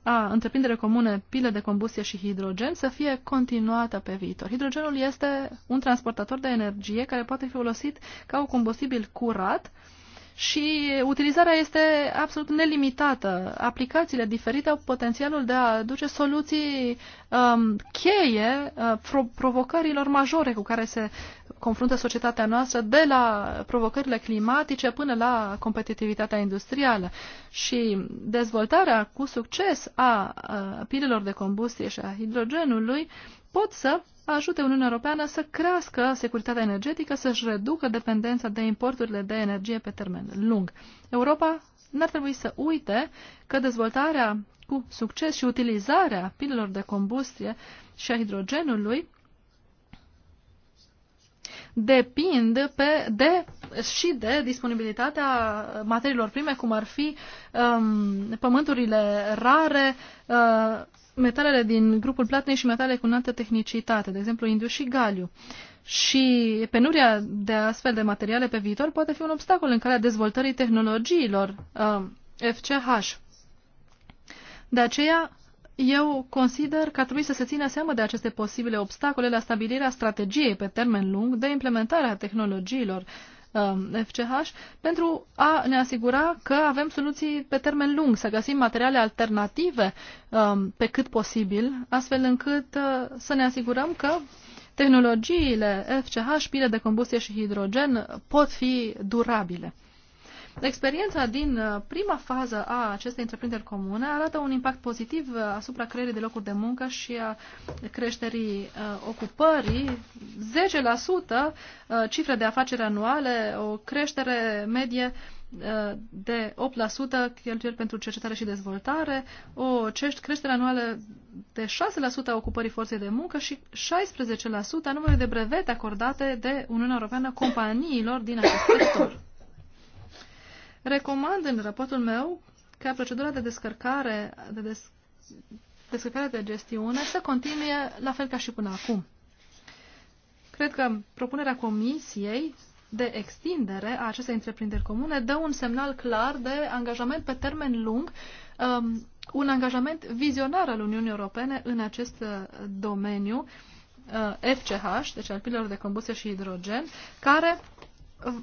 a întreprindere comune pile de combustie și hidrogen să fie continuată pe viitor. Hidrogenul este un transportator de energie care poate fi folosit ca un combustibil curat uh, și utilizarea este absolut nelimitată. Aplicațiile diferite au potențialul de a aduce soluții um, cheie uh, pro- provocărilor majore cu care se confruntă societatea noastră, de la provocările climatice până la competitivitatea industrială. Și dezvoltarea cu succes a uh, pilelor de combustie și a hidrogenului pot să ajute Uniunea Europeană să crească securitatea energetică, să-și reducă dependența de importurile de energie pe termen lung. Europa n-ar trebui să uite că dezvoltarea cu succes și utilizarea pilelor de combustie și a hidrogenului depind pe, de, și de disponibilitatea materiilor prime, cum ar fi um, pământurile rare, uh, metalele din grupul platnei și metale cu înaltă tehnicitate, de exemplu indiu și galiu. Și penuria de astfel de materiale pe viitor poate fi un obstacol în calea dezvoltării tehnologiilor uh, FCH. De aceea, eu consider că ar trebui să se țină seama de aceste posibile obstacole la stabilirea strategiei pe termen lung de implementare a tehnologiilor uh, Um, FCH pentru a ne asigura că avem soluții pe termen lung, să găsim materiale alternative um, pe cât posibil, astfel încât uh, să ne asigurăm că tehnologiile FCH, pile de combustie și hidrogen pot fi durabile. Experiența din uh, prima fază a acestei întreprinderi comune arată un impact pozitiv uh, asupra creierii de locuri de muncă și a creșterii uh, ocupării, 10% cifre de afaceri anuale, o creștere medie de 8% cheltuieli pentru cercetare și dezvoltare, o creștere anuală de 6% a ocupării forței de muncă și 16% a numărului de brevete acordate de Uniunea Europeană companiilor din acest sector. Recomand în raportul meu ca procedura de descărcare de, des, descărcare de gestiune să continue la fel ca și până acum. Cred că propunerea Comisiei de extindere a acestei întreprinderi comune dă un semnal clar de angajament pe termen lung, um, un angajament vizionar al Uniunii Europene în acest uh, domeniu, uh, FCH, deci al pilelor de combustie și hidrogen, care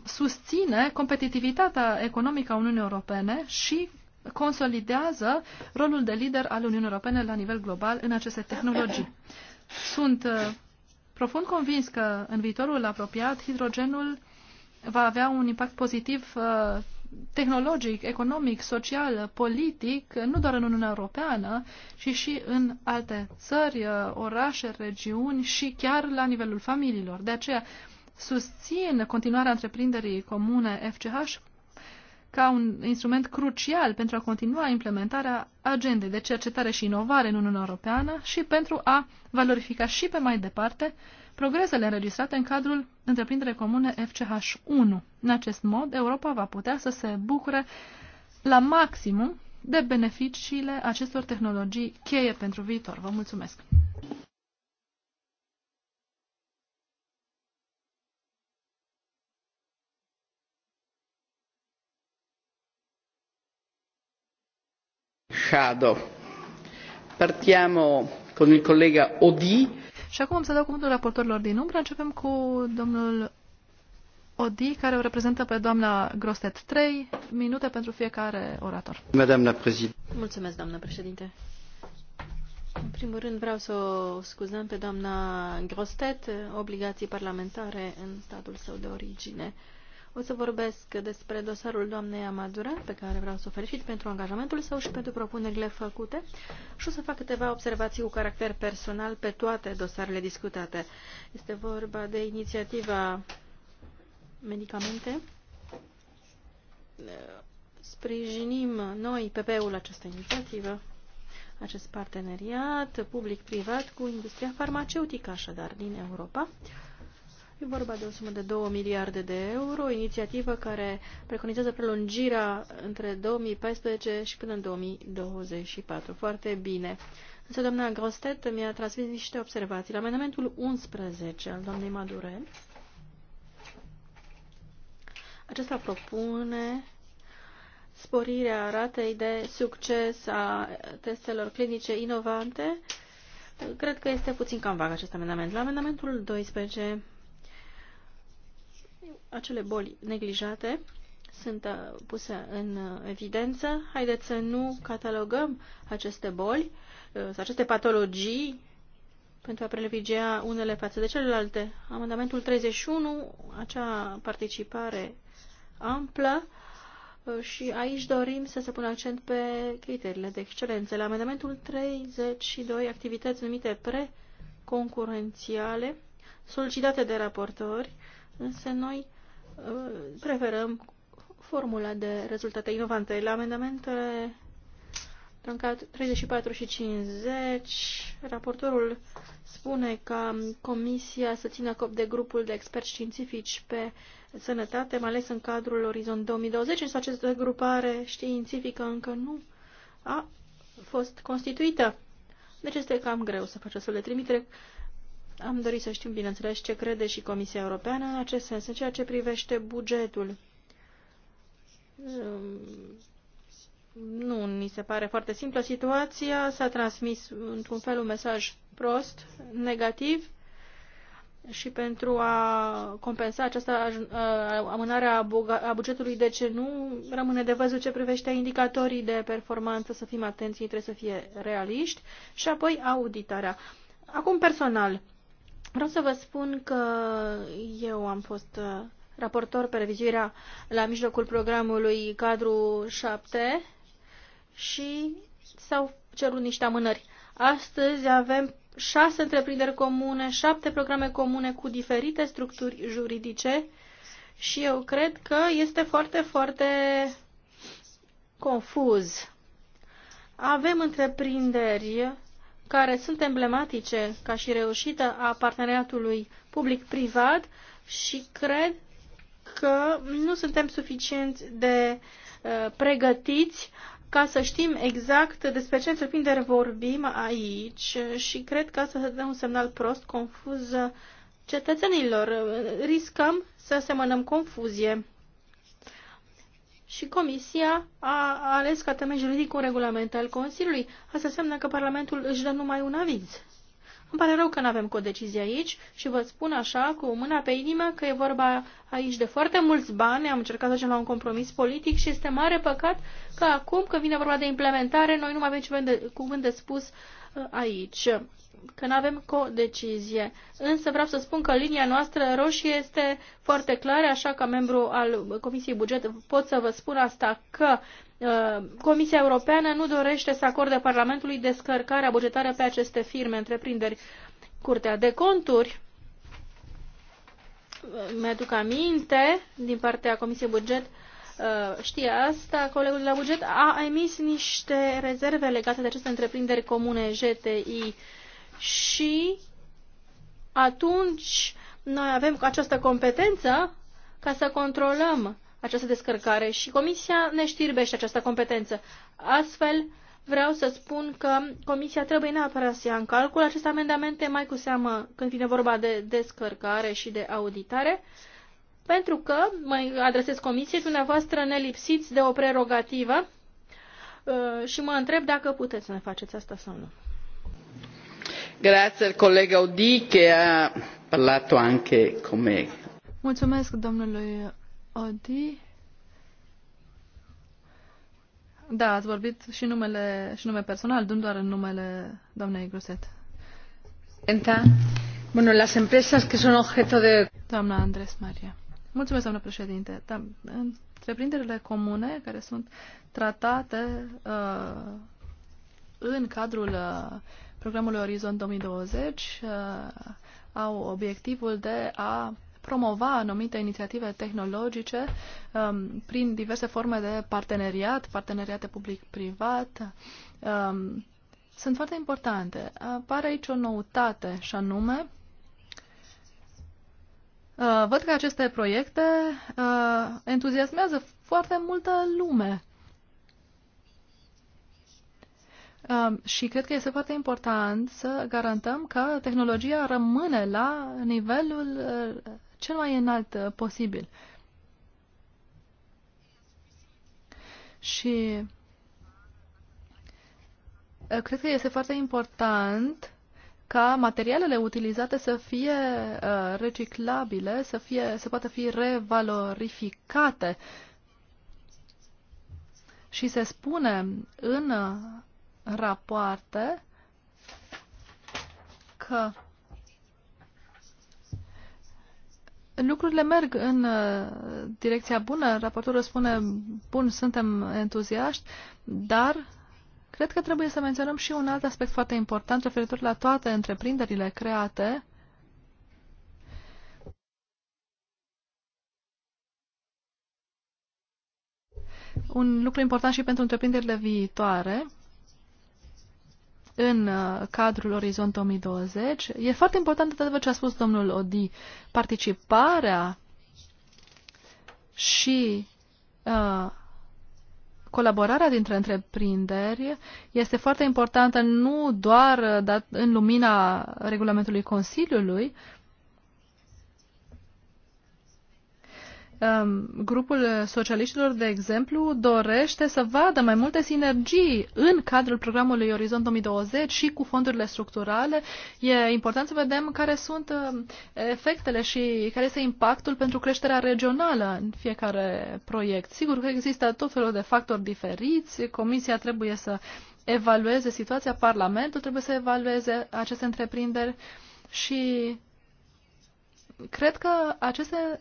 susține competitivitatea economică a Uniunii Europene și consolidează rolul de lider al Uniunii Europene la nivel global în aceste tehnologii. Sunt uh, profund convins că în viitorul apropiat hidrogenul va avea un impact pozitiv uh, tehnologic, economic, social, politic, nu doar în Uniunea Europeană, ci și în alte țări, uh, orașe, regiuni și chiar la nivelul familiilor. De aceea, susțin continuarea întreprinderii comune FCH ca un instrument crucial pentru a continua implementarea agendei de cercetare și inovare în Uniunea Europeană și pentru a valorifica și pe mai departe progresele înregistrate în cadrul întreprinderii comune FCH1. În acest mod, Europa va putea să se bucure la maximum de beneficiile acestor tehnologii cheie pentru viitor. Vă mulțumesc! Partiamo con il collega Odi. Și acum am să dau cuvântul raportorilor din umbră. Începem cu domnul Odi, care o reprezintă pe doamna Grostet. Trei minute pentru fiecare orator. Mulțumesc, doamnă președinte. În primul rând vreau să o scuzăm pe doamna Grostet, obligații parlamentare în statul său de origine. Uh, o să vorbesc despre dosarul doamnei Amadura, pe care vreau să o felicit pentru angajamentul său și pentru propunerile făcute și o să fac câteva observații cu caracter personal pe toate dosarele discutate. Este vorba de inițiativa medicamente. Sprijinim noi PP-ul această inițiativă, acest parteneriat public-privat cu industria farmaceutică, așadar, din Europa. E vorba de o sumă de 2 miliarde de euro, inițiativă care preconizează prelungirea între 2014 și până în 2024. Foarte bine. Însă doamna Grostet mi-a transmis niște observații. La amendamentul 11 al doamnei Madure, acesta propune sporirea ratei de succes a testelor clinice inovante. Cred că este puțin cam vag acest amendament. La amendamentul 12 acele boli neglijate sunt uh, puse în uh, evidență. Haideți să nu catalogăm aceste boli, uh, aceste patologii pentru a privilegia unele față de celelalte. Amendamentul 31, acea participare amplă și aici dorim să se pună accent pe criteriile de excelență. La amendamentul 32, activități numite preconcurențiale solicitate de raportori, însă noi uh, preferăm formula de rezultate inovante. La amendamentele 34 și 50, raportorul spune că Comisia să țină cop de grupul de experți științifici pe sănătate, mai ales în cadrul Orizont 2020, însă această grupare științifică încă nu a fost constituită. Deci este cam greu să faci o de trimitere. Am dorit să știm, bineînțeles, ce crede și Comisia Europeană în acest sens, în ceea ce privește bugetul. Ehm, nu, ni se pare foarte simplă situația. S-a transmis, într-un fel, un mesaj prost, negativ și pentru a compensa această amânare a bugetului, de ce nu, rămâne de văzut ce privește indicatorii de performanță, să fim atenți, trebuie să fie realiști, și apoi auditarea. Acum personal, Vreau să vă spun că eu am fost uh, raportor pe revizuirea la mijlocul programului cadru 7 și s-au cerut niște amânări. Astăzi avem șase întreprinderi comune, șapte programe comune cu diferite structuri juridice și eu cred că este foarte, foarte confuz. Avem întreprinderi care sunt emblematice ca și reușită a parteneriatului public-privat și cred că nu suntem suficient de uh, pregătiți ca să știm exact despre ce întreprindere vorbim aici și cred că asta dă un semnal prost, confuz cetățenilor. Riscăm să semănăm confuzie și Comisia a ales ca temei juridic un regulament al Consiliului. Asta înseamnă că Parlamentul își dă numai un aviz. Îmi pare rău că nu avem codecizie aici și vă spun așa, cu mâna pe inimă, că e vorba aici de foarte mulți bani, am încercat să ajungem la un compromis politic și este mare păcat că acum, când vine vorba de implementare, noi nu mai avem cuvânt de spus uh, aici, că nu avem co-decizie. Însă vreau să spun că linia noastră roșie este foarte clară, așa ca membru al Comisiei Buget pot să vă spun asta, că uh, Comisia Europeană nu dorește să acorde Parlamentului descărcarea bugetară pe aceste firme, întreprinderi. Curtea de conturi uh, mi-aduc aminte din partea Comisiei Buget Uh, știe asta, colegul de la buget a emis niște rezerve legate de aceste întreprinderi comune GTI și atunci noi avem această competență ca să controlăm această descărcare și Comisia ne știrbește această competență. Astfel, vreau să spun că Comisia trebuie neapărat să ia în calcul aceste amendamente, mai cu seamă când vine vorba de descărcare și de auditare. Uh, pentru că, mă adresez comisiei, dumneavoastră ne lipsiți de o prerogativă uh, și mă întreb dacă puteți să ne faceți asta sau nu. Grazie colega Odi che ha parlato anche con me. Mulțumesc domnului Odi. Da, ați vorbit și numele și nume personal, nu doar în numele doamnei Groset. Bueno, las empresas que son objeto de... Doamna Andres Maria. Mulțumesc, doamnă președinte. Da, întreprinderile comune care sunt tratate uh, în cadrul uh, programului Orizont 2020 uh, au obiectivul de a promova anumite inițiative tehnologice um, prin diverse forme de parteneriat, parteneriate public-privat. Um, sunt foarte importante. Apare aici o noutate și anume Uh, văd că aceste proiecte uh, entuziasmează foarte multă lume. Uh, și cred că este foarte important să garantăm că tehnologia rămâne la nivelul cel mai înalt posibil. Și cred că este foarte important ca materialele utilizate să fie uh, reciclabile, să, fie, să poată fi revalorificate. Și se spune în uh, rapoarte că lucrurile merg în uh, direcția bună. Raportorul spune, bun, suntem entuziaști, dar Cred că trebuie să menționăm și un alt aspect foarte important referitor la toate întreprinderile create. Un lucru important și pentru întreprinderile viitoare în uh, cadrul Orizont 2020. E foarte important, de ce a spus domnul Odi, participarea și uh, colaborarea dintre întreprinderi este foarte importantă nu doar în lumina regulamentului Consiliului, Ehm, grupul socialiștilor, de exemplu, dorește să vadă mai multe sinergii în cadrul programului Orizont 2020 și cu fondurile structurale. E important să vedem care sunt ehm, efectele și care este impactul pentru creșterea regională în fiecare proiect. Sigur că există tot felul de factori diferiți. Comisia trebuie să evalueze situația, Parlamentul trebuie să evalueze aceste întreprinderi și cred că aceste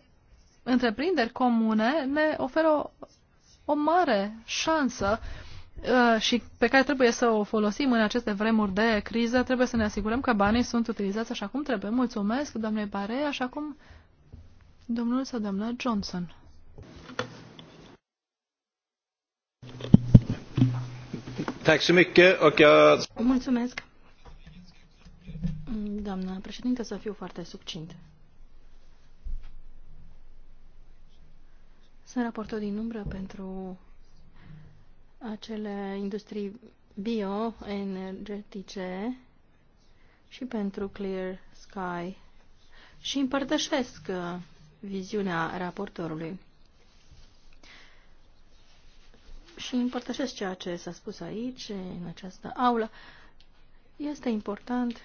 întreprinderi comune ne oferă o, o mare șansă uh, și pe care trebuie să o folosim în aceste vremuri de criză, trebuie să ne asigurăm că banii sunt utilizați așa cum trebuie. Mulțumesc, domnule Pare, așa cum domnul sau doamna Johnson. Mulțumesc. Doamna președinte, să fiu foarte succint. Sunt raportor din umbră pentru acele industrii bioenergetice și pentru Clear Sky și împărtășesc uh, viziunea raportorului și împărtășesc ceea ce s-a spus aici, în această aulă. Este important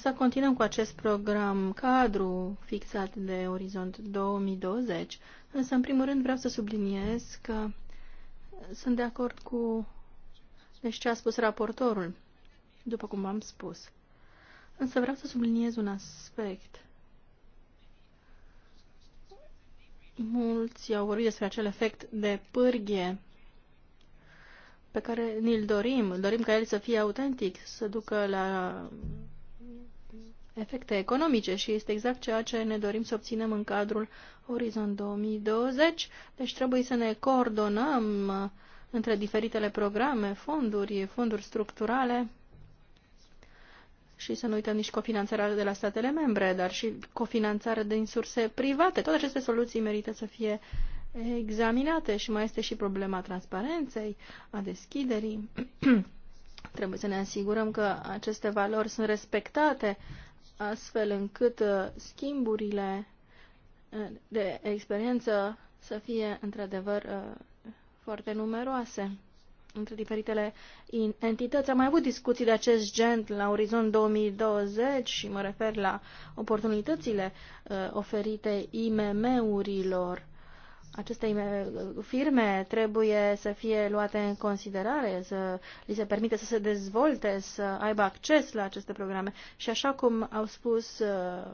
să continuăm cu acest program cadru fixat de Orizont 2020, însă în primul rând vreau să subliniez că sunt de acord cu deci ce a spus raportorul, după cum am spus. Însă vreau să subliniez un aspect. Mulți au vorbit despre acel efect de pârghie pe care ni-l dorim. Dorim ca el să fie autentic, să ducă la efecte economice și este exact ceea ce ne dorim să obținem în cadrul Horizon 2020. Deci trebuie să ne coordonăm uh, între diferitele programe, fonduri, fonduri structurale și să nu uităm nici cofinanțarea de la statele membre, dar și cofinanțarea din surse private. Toate aceste soluții merită să fie examinate și mai este și problema transparenței, a deschiderii. trebuie să ne asigurăm că aceste valori sunt respectate astfel încât uh, schimburile uh, de experiență să fie într-adevăr uh, foarte numeroase între diferitele entități. Am mai avut discuții de acest gen la Orizont 2020 și mă refer la oportunitățile oferite IMM-urilor aceste firme trebuie să fie luate în considerare, să li se permite să se dezvolte, să aibă acces la aceste programe. Și așa cum au spus uh,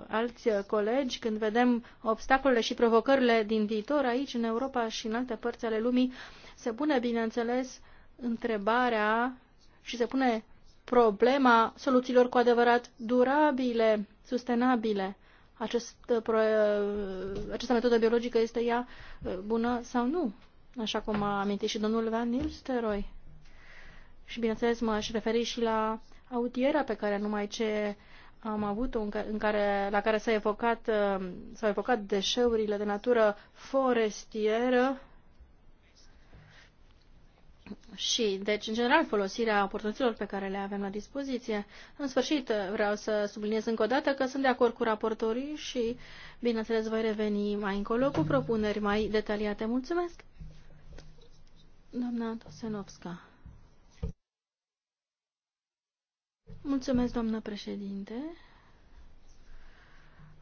alți colegi, când vedem obstacolele și provocările din viitor aici, în Europa și în alte părți ale lumii, se pune, bineînțeles, întrebarea și se pune problema soluțiilor cu adevărat durabile, sustenabile acest, uh, uh, această metodă biologică este ea uh, bună sau nu, așa cum a amintit și domnul Van Nilsteroy. Și bineînțeles m-aș referi și la autiera pe care numai ce am avut-o, în care, la care s-au evocat, s evocat deșeurile de natură forestieră, și, deci, în general, folosirea oportunităților pe care le avem la dispoziție. În sfârșit, vreau să subliniez încă o dată că sunt de acord cu raportorii și, bineînțeles, voi reveni mai încolo cu propuneri mai detaliate. Mulțumesc! Doamna Tosenovska. Mulțumesc, doamnă președinte.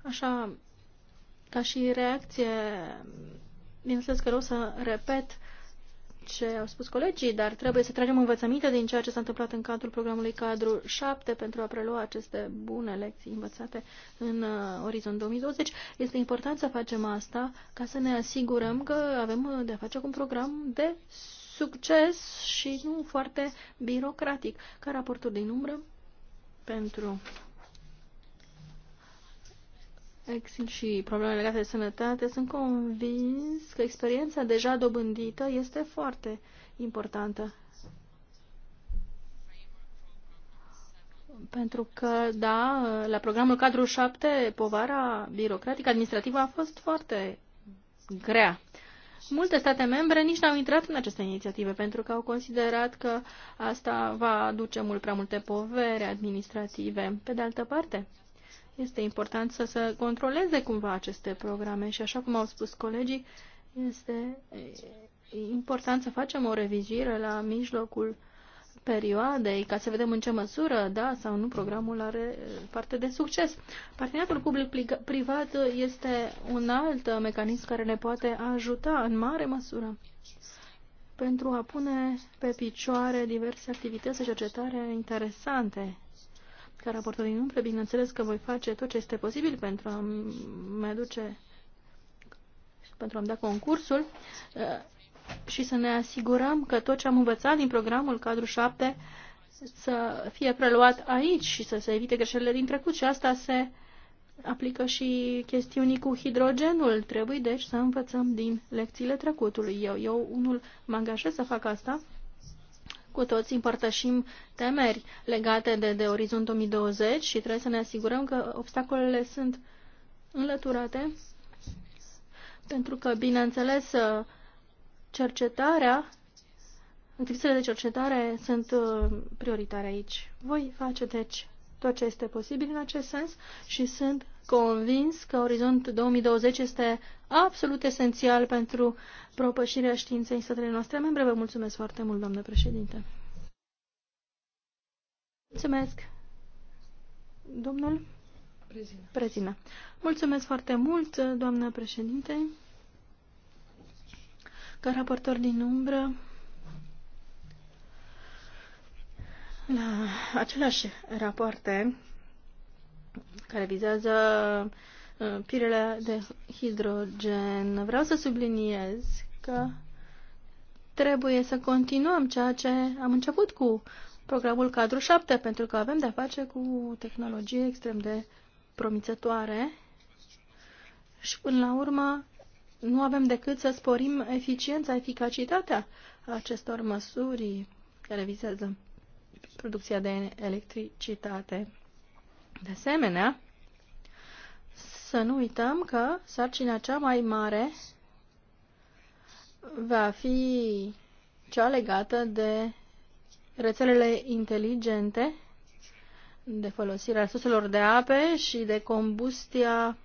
Așa, ca și reacție, bineînțeles că vreau să repet uh, ce au spus colegii, dar trebuie să tragem învățăminte din ceea ce s-a întâmplat în cadrul programului cadru 7 pentru a prelua aceste bune lecții învățate în uh, orizont 2020. Este important să facem asta ca să ne asigurăm că avem uh, de a face cu un program de succes și nu foarte birocratic. Ca raportul din umbră pentru Exil și probleme legate de sănătate, sunt convins că experiența deja dobândită este foarte importantă. Pentru că, da, la programul cadru 7, povara birocratică administrativă a fost foarte grea. Multe state membre nici n-au intrat în aceste inițiative pentru că au considerat că asta va aduce mult prea multe povere administrative. Pe de altă parte, este important să se controleze cumva aceste programe și așa cum au spus colegii, este important să facem o revizuire la mijlocul perioadei ca să vedem în ce măsură, da sau nu, programul are parte de succes. Parteneriatul public-privat este un alt mecanism care ne poate ajuta în mare măsură pentru a pune pe picioare diverse activități de cercetare interesante ca raportor din umplă, bineînțeles că voi face tot ce este posibil pentru a-mi aduce pentru a-mi da concursul uh, și să ne asigurăm că tot ce am învățat din programul cadru 7 să fie preluat aici și să se evite greșelile din trecut și asta se aplică și chestiunii cu hidrogenul. Trebuie deci să învățăm din lecțiile trecutului. Eu, eu unul mă angajez să fac asta cu toți împărtășim temeri legate de, de Orizont 2020 și trebuie să ne asigurăm că obstacolele sunt înlăturate, pentru că, bineînțeles, cercetarea, activitățile de cercetare sunt uh, prioritare aici. Voi face, deci, tot ce este posibil în acest sens și sunt convins că Orizont 2020 este absolut esențial pentru propășirea științei în statele noastre membre. Vă mulțumesc foarte mult, doamnă președinte. Mulțumesc. Domnul? Prezina. Prezina. Mulțumesc foarte mult, doamnă președinte. Ca raportor din umbră, la aceleași rapoarte care vizează uh, pirele de hidrogen. Vreau să subliniez că trebuie să continuăm ceea ce am început cu programul cadru 7, pentru că avem de-a face cu tehnologie extrem de promițătoare și până la urmă nu avem decât să sporim eficiența, eficacitatea acestor măsuri care vizează producția de electricitate. De asemenea, să nu uităm că sarcina cea mai mare va fi cea legată de rețelele inteligente, de folosirea resurselor de ape și de combustia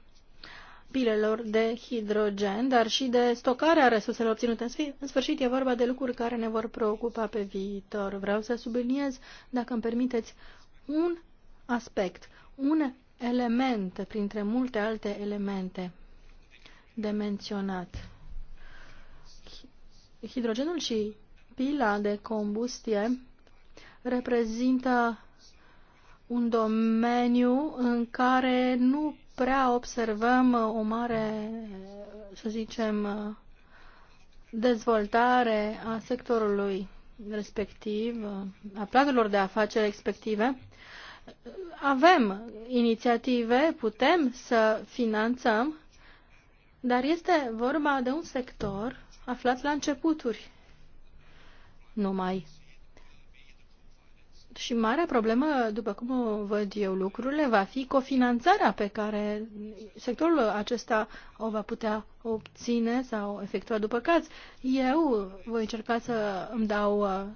pilelor de hidrogen, dar și de stocarea resurselor obținute. În sfârșit, e vorba de lucruri care ne vor preocupa pe viitor. Vreau să subliniez, dacă îmi permiteți, un aspect un element printre multe alte elemente de menționat. Hidrogenul și pila de combustie reprezintă un domeniu în care nu prea observăm o mare, să zicem, dezvoltare a sectorului respectiv, a planurilor de afaceri respective avem inițiative, putem să finanțăm, dar este vorba de un sector aflat la începuturi numai. Și marea problemă, după cum văd eu lucrurile, va fi cofinanțarea pe care sectorul acesta o va putea obține sau efectua după caz. Eu voi încerca să îmi dau uh,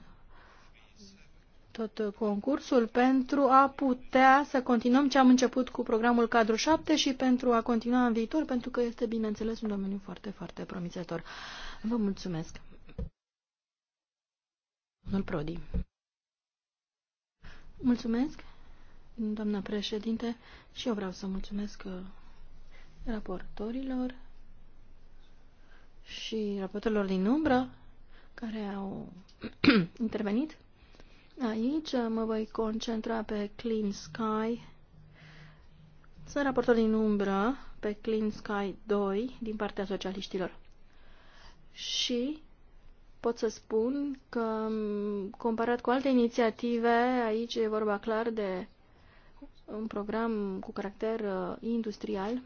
tot concursul pentru a putea să continuăm ce am început cu programul cadru 7 și pentru a continua în viitor, pentru că este, bineînțeles, un domeniu foarte, foarte promițător. Vă mulțumesc. Domnul Prodi. Mulțumesc, doamna președinte, și eu vreau să mulțumesc uh, raportorilor și raportorilor din umbră care au intervenit Aici mă voi concentra pe Clean Sky. Sunt raportor din umbră pe Clean Sky 2 din partea socialiștilor. Și pot să spun că, comparat cu alte inițiative, aici e vorba clar de un program cu caracter uh, industrial,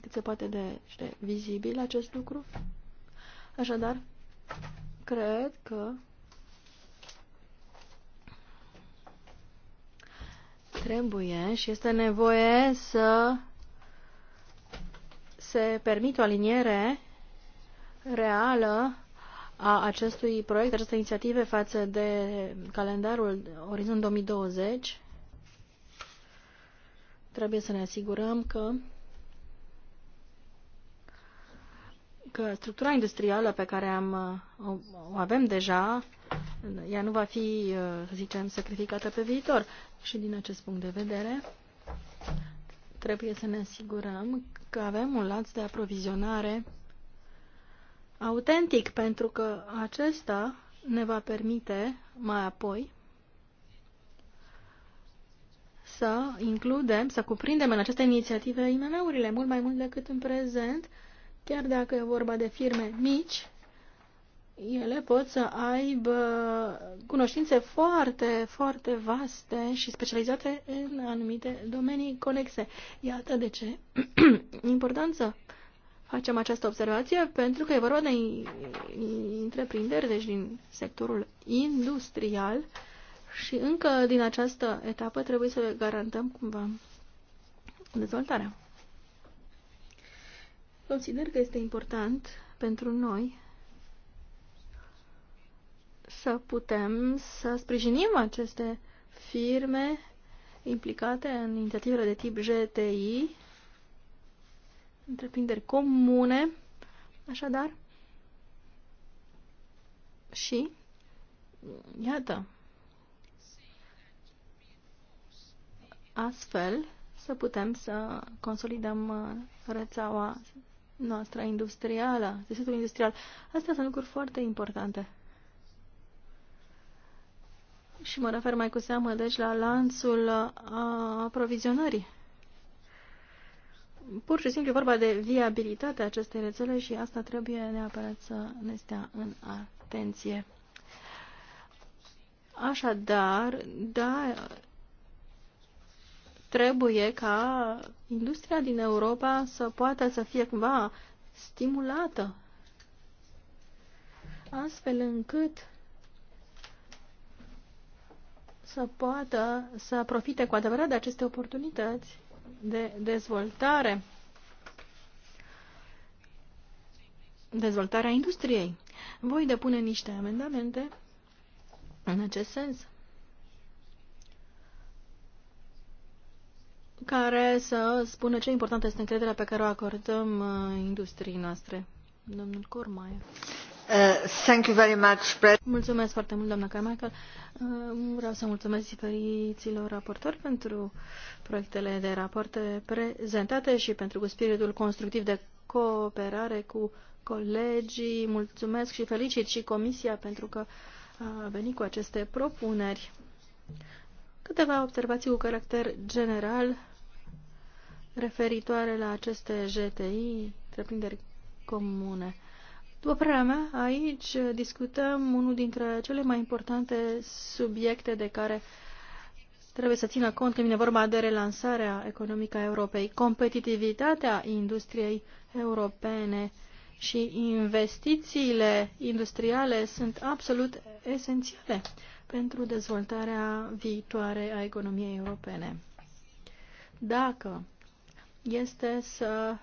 cât se poate de, de vizibil acest lucru. Așadar, cred că Trebuie și este nevoie să se permită o aliniere reală a acestui proiect, această inițiative față de calendarul Orizont 2020. Trebuie să ne asigurăm că că structura industrială pe care am, o avem deja ea nu va fi, uh, să zicem, sacrificată pe viitor. Și din acest punct de vedere, trebuie să ne asigurăm că avem un lanț de aprovizionare autentic, pentru că acesta ne va permite mai apoi să includem, să cuprindem în aceste inițiative IMM-urile mult mai mult decât în prezent, chiar dacă e vorba de firme mici ele pot să aibă cunoștințe foarte, foarte vaste și specializate în anumite domenii conexe. Iată de ce importanță facem această observație, pentru că e vorba de întreprinderi, deci din sectorul industrial și încă din această etapă trebuie să garantăm cumva dezvoltarea. Consider că este important pentru noi să putem să sprijinim aceste firme implicate în inițiativele de tip GTI, întreprinderi comune, așadar. Și, iată, astfel să putem să consolidăm uh, rețeaua noastră industrială, desetul industrial. Astea sunt lucruri foarte importante și mă refer mai cu seamă deci la lanțul uh, aprovizionării. Pur și simplu vorba de viabilitatea acestei rețele și asta trebuie neapărat să ne stea în atenție. Așadar, da, trebuie ca industria din Europa să poată să fie cumva stimulată astfel încât să poată să profite cu adevărat de aceste oportunități de dezvoltare, dezvoltarea industriei. Voi depune niște amendamente în acest sens. care să spună ce importantă este încrederea pe care o acordăm uh, industriei noastre. Domnul Cormaia. Uh, thank you very much, Mulțumesc foarte mult, doamna Carmichael. Vreau să mulțumesc diferiților raportori pentru proiectele de rapoarte prezentate și pentru spiritul constructiv de cooperare cu colegii. Mulțumesc și felicit și Comisia pentru că a venit cu aceste propuneri. Câteva observații cu caracter general referitoare la aceste GTI, întreprinderi comune. După părerea mea, aici discutăm unul dintre cele mai importante subiecte de care trebuie să țină cont când vine vorba de relansarea economică a Europei, competitivitatea industriei europene și investițiile industriale sunt absolut esențiale pentru dezvoltarea viitoare a economiei europene. Dacă este să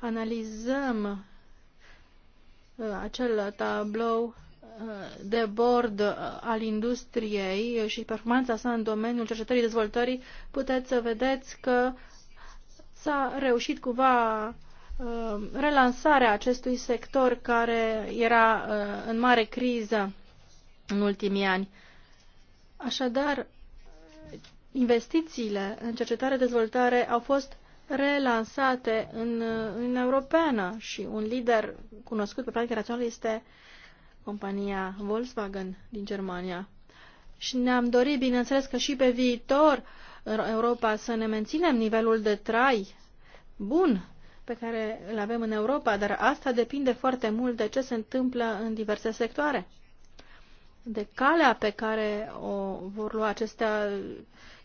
analizăm Uh, acel tablou uh, de bord uh, al industriei și performanța sa în domeniul cercetării dezvoltării, puteți să vedeți că s-a reușit cumva relansarea acestui sector care era în mare criză în ultimii ani. Așadar, investițiile în cercetare-dezvoltare au fost relansate în Uniunea Europeană și un lider cunoscut pe plan internațional este compania Volkswagen din Germania. Și ne-am dorit, bineînțeles, că și pe viitor în Europa să ne menținem nivelul de trai bun pe care îl avem în Europa, dar asta depinde foarte mult de ce se întâmplă în diverse sectoare, de calea pe care o vor lua acestea,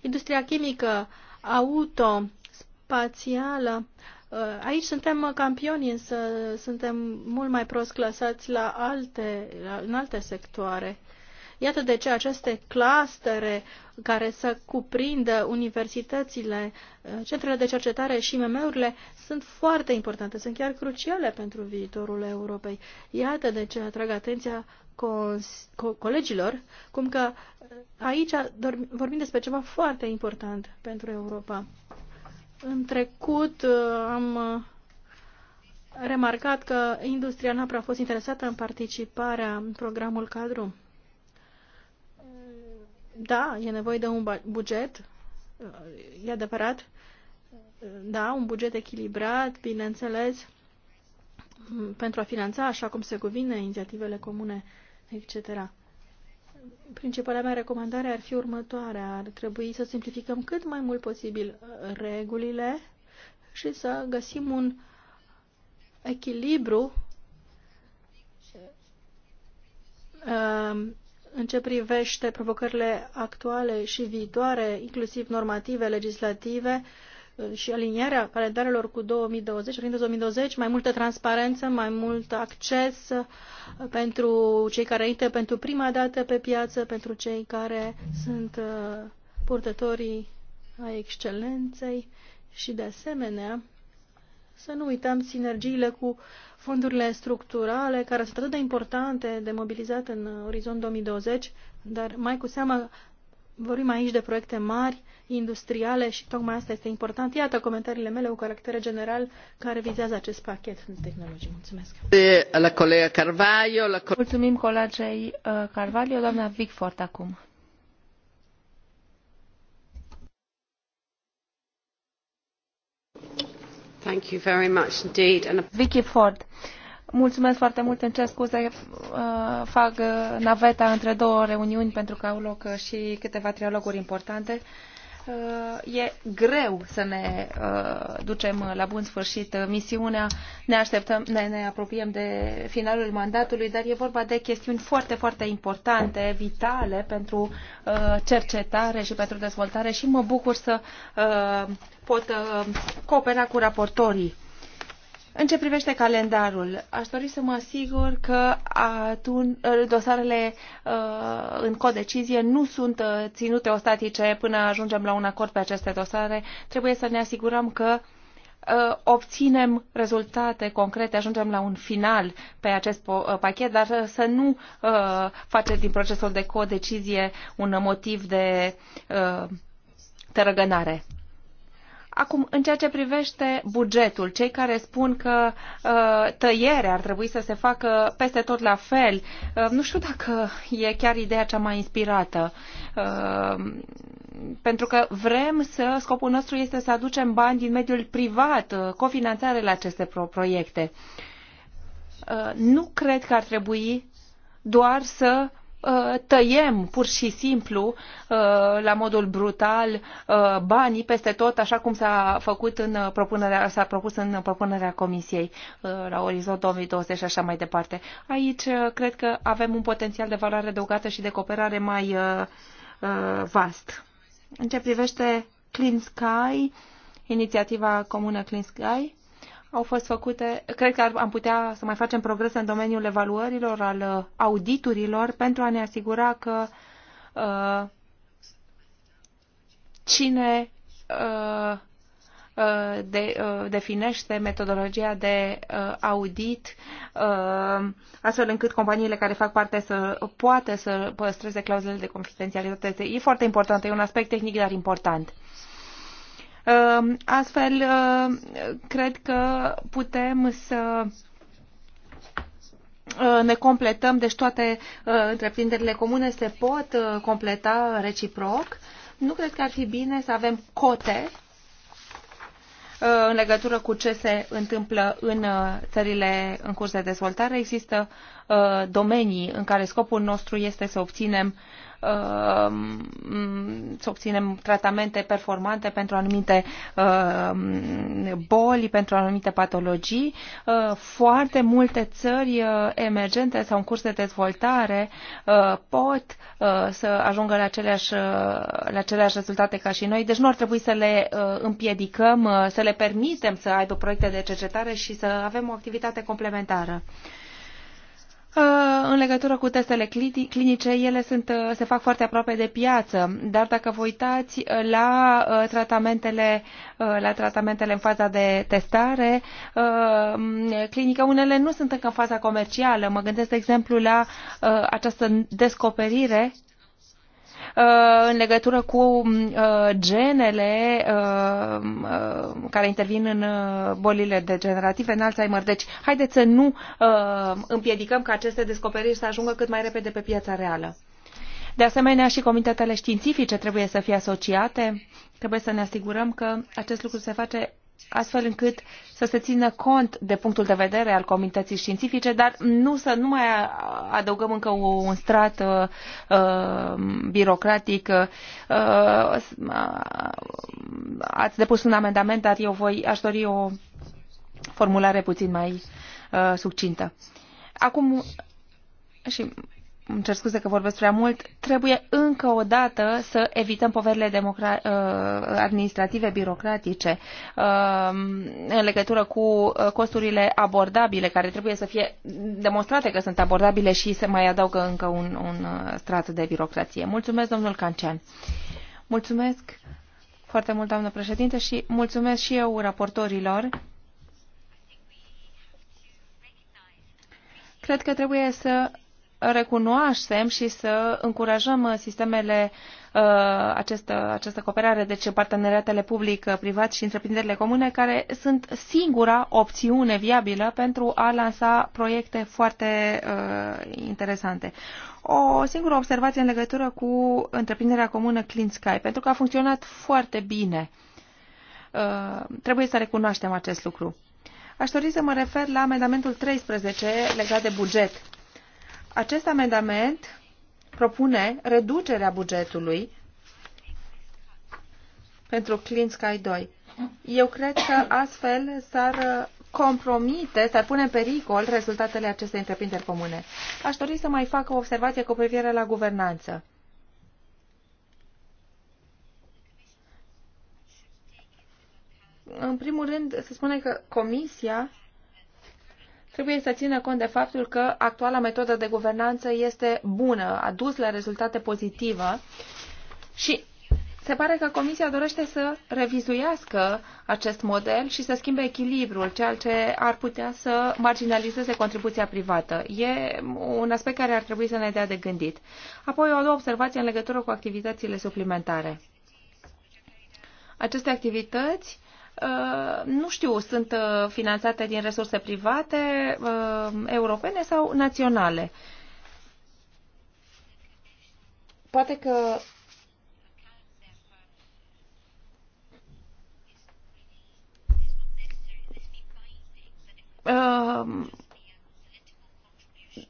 industria chimică, auto, spațială. Uh, aici suntem campioni, însă suntem mult mai prost clasați la alte, în alte sectoare. Iată de ce aceste clastere care să cuprindă universitățile, uh, centrele de cercetare și MM-urile sunt foarte importante, sunt chiar cruciale pentru viitorul Europei. Iată de ce atrag atenția co co colegilor, cum că uh, aici vorbim despre ceva foarte important pentru Europa. În trecut uh, am uh, remarcat că industria n-a prea fost interesată în participarea în programul cadru. Da, e nevoie de un buget, uh, e adevărat. Da, un buget echilibrat, bineînțeles, pentru a finanța așa cum se cuvine inițiativele comune, etc. Principala mea recomandare ar fi următoarea. Ar trebui să simplificăm cât mai mult posibil uh, regulile și să găsim un echilibru uh, în ce privește provocările actuale și viitoare, inclusiv normative, legislative, Uh, și alinierea calendarelor cu 2020, în 2020, mai multă transparență, mai mult acces uh, pentru cei care intră pentru prima dată pe piață, pentru cei care sunt uh, purtătorii ai excelenței și, de asemenea, să nu uităm sinergiile cu fondurile structurale, care sunt atât de importante, de mobilizat în orizont 2020, dar mai cu seamă Vorbim aici de proiecte mari, industriale și tocmai asta este important. Iată comentariile mele cu caracter general care vizează acest pachet de tehnologii. Mulțumesc. La colega Carvalho, la co Mulțumim colegei uh, Carvalho, doamna Vicfort acum. Thank you very much indeed. And... Vicky Ford. Mulțumesc foarte mult, îmi cer scuze, uh, fac uh, naveta între două reuniuni pentru că au loc uh, și câteva trialoguri importante. E greu să ne ducem la bun sfârșit misiunea, ne așteptăm, ne, ne apropiem de finalul mandatului, dar e vorba de chestiuni foarte, foarte importante, vitale pentru cercetare și pentru dezvoltare și mă bucur să pot coopera cu raportorii în ce privește calendarul, aș dori să mă asigur că atun, dosarele uh, în codecizie nu sunt uh, ținute ostatice până ajungem la un acord pe aceste dosare. Trebuie să ne asigurăm că uh, obținem rezultate concrete, ajungem la un final pe acest uh, pachet, dar uh, să nu uh, face din procesul de codecizie un motiv de uh, tărăgănare. Acum, în ceea ce privește bugetul, cei care spun că uh, tăiere ar trebui să se facă peste tot la fel, uh, nu știu dacă e chiar ideea cea mai inspirată. Uh, pentru că vrem să, scopul nostru este să aducem bani din mediul privat, uh, cofinanțare la aceste pro proiecte. Uh, nu cred că ar trebui doar să Uh, tăiem pur și simplu uh, la modul brutal uh, banii peste tot, așa cum s-a făcut în propunerea, s-a propus în propunerea Comisiei la orizont 2020 și așa mai departe. Aici cred că avem un potențial de valoare adăugată și de cooperare mai vast. În ce privește Clean Sky, inițiativa comună Clean Sky, au fost făcute, cred că am putea să mai facem progrese în domeniul evaluărilor, al uh, auditurilor, pentru a ne asigura că uh, cine uh, uh de, uh, definește metodologia de audit astfel încât companiile care fac parte să poată să păstreze clauzele de confidențialitate. E foarte important, e un aspect tehnic, dar important. Ehm, astfel, ehm, cred că putem să ehm, ne completăm, deci toate întreprinderile comune se pot completa reciproc. Nu cred că ar fi bine să avem cote în legătură cu ce se întâmplă în țările în curs de dezvoltare. Există domenii în care scopul nostru este să obținem Uh, să obținem tratamente performante pentru anumite uh, boli, pentru anumite patologii. Uh, foarte multe țări emergente sau în curs de dezvoltare pot să ajungă la aceleași, la aceleași rezultate ca și noi, deci nu ar trebui să le împiedicăm, să le permitem să aibă proiecte de cercetare și să avem o activitate complementară. Uh, în legătură cu testele clinice, ele sunt, uh, se fac foarte aproape de piață, dar dacă vă uitați uh, la tratamentele, la tratamentele în faza de testare clinică, unele nu sunt încă în faza comercială. Mă gândesc, de exemplu, la această descoperire Uh, în legătură cu uh, genele uh, care intervin în bolile degenerative, în Alzheimer. Deci, haideți să nu împiedicăm ca aceste descoperiri să ajungă cât mai repede pe piața reală. De asemenea, și comitetele științifice trebuie să fie asociate. Trebuie să ne asigurăm că acest lucru se face astfel încât să se țină cont de punctul de vedere al comunității științifice, dar nu să nu mai adăugăm încă un strat uh, uh birocratic. Uh, uh, ați depus un amendament, dar eu voi, aș dori o formulare puțin mai uh, succintă. Acum, și îmi cer scuze că vorbesc prea mult, trebuie încă o dată să evităm poverile uh, administrative, birocratice, uh, în legătură cu uh, costurile abordabile, care trebuie să fie demonstrate că sunt abordabile și se mai adaugă încă un, un strat de birocrație. Mulțumesc, domnul Cancean. Mulțumesc foarte mult, doamnă președinte, și mulțumesc și eu raportorilor. Cred că trebuie să recunoaștem și să încurajăm sistemele uh, această, această cooperare, deci parteneriatele public-privat și întreprinderile comune, care sunt singura opțiune viabilă pentru a lansa proiecte foarte uh, interesante. O singură observație în legătură cu întreprinderea comună Clean Sky, pentru că a funcționat foarte bine. Uh, trebuie să recunoaștem acest lucru. Aș dori să mă refer la amendamentul 13 legat de buget acest amendament propune reducerea bugetului pentru Clean Sky 2. Eu cred că astfel s-ar uh, compromite, s-ar pune în pericol rezultatele acestei întreprinderi comune. Aș dori să mai fac o observație cu privire la guvernanță. În primul rând, se spune că Comisia trebuie să țină cont de faptul că actuala metodă de guvernanță este bună, a dus la rezultate pozitive și se pare că Comisia dorește să revizuiască acest model și să schimbe echilibrul, ceea ce ar putea să marginalizeze contribuția privată. E un aspect care ar trebui să ne dea de gândit. Apoi o altă observație în legătură cu activitățile suplimentare. Aceste activități Uh, nu știu, sunt uh, finanțate din resurse private, uh, europene sau naționale. Poate că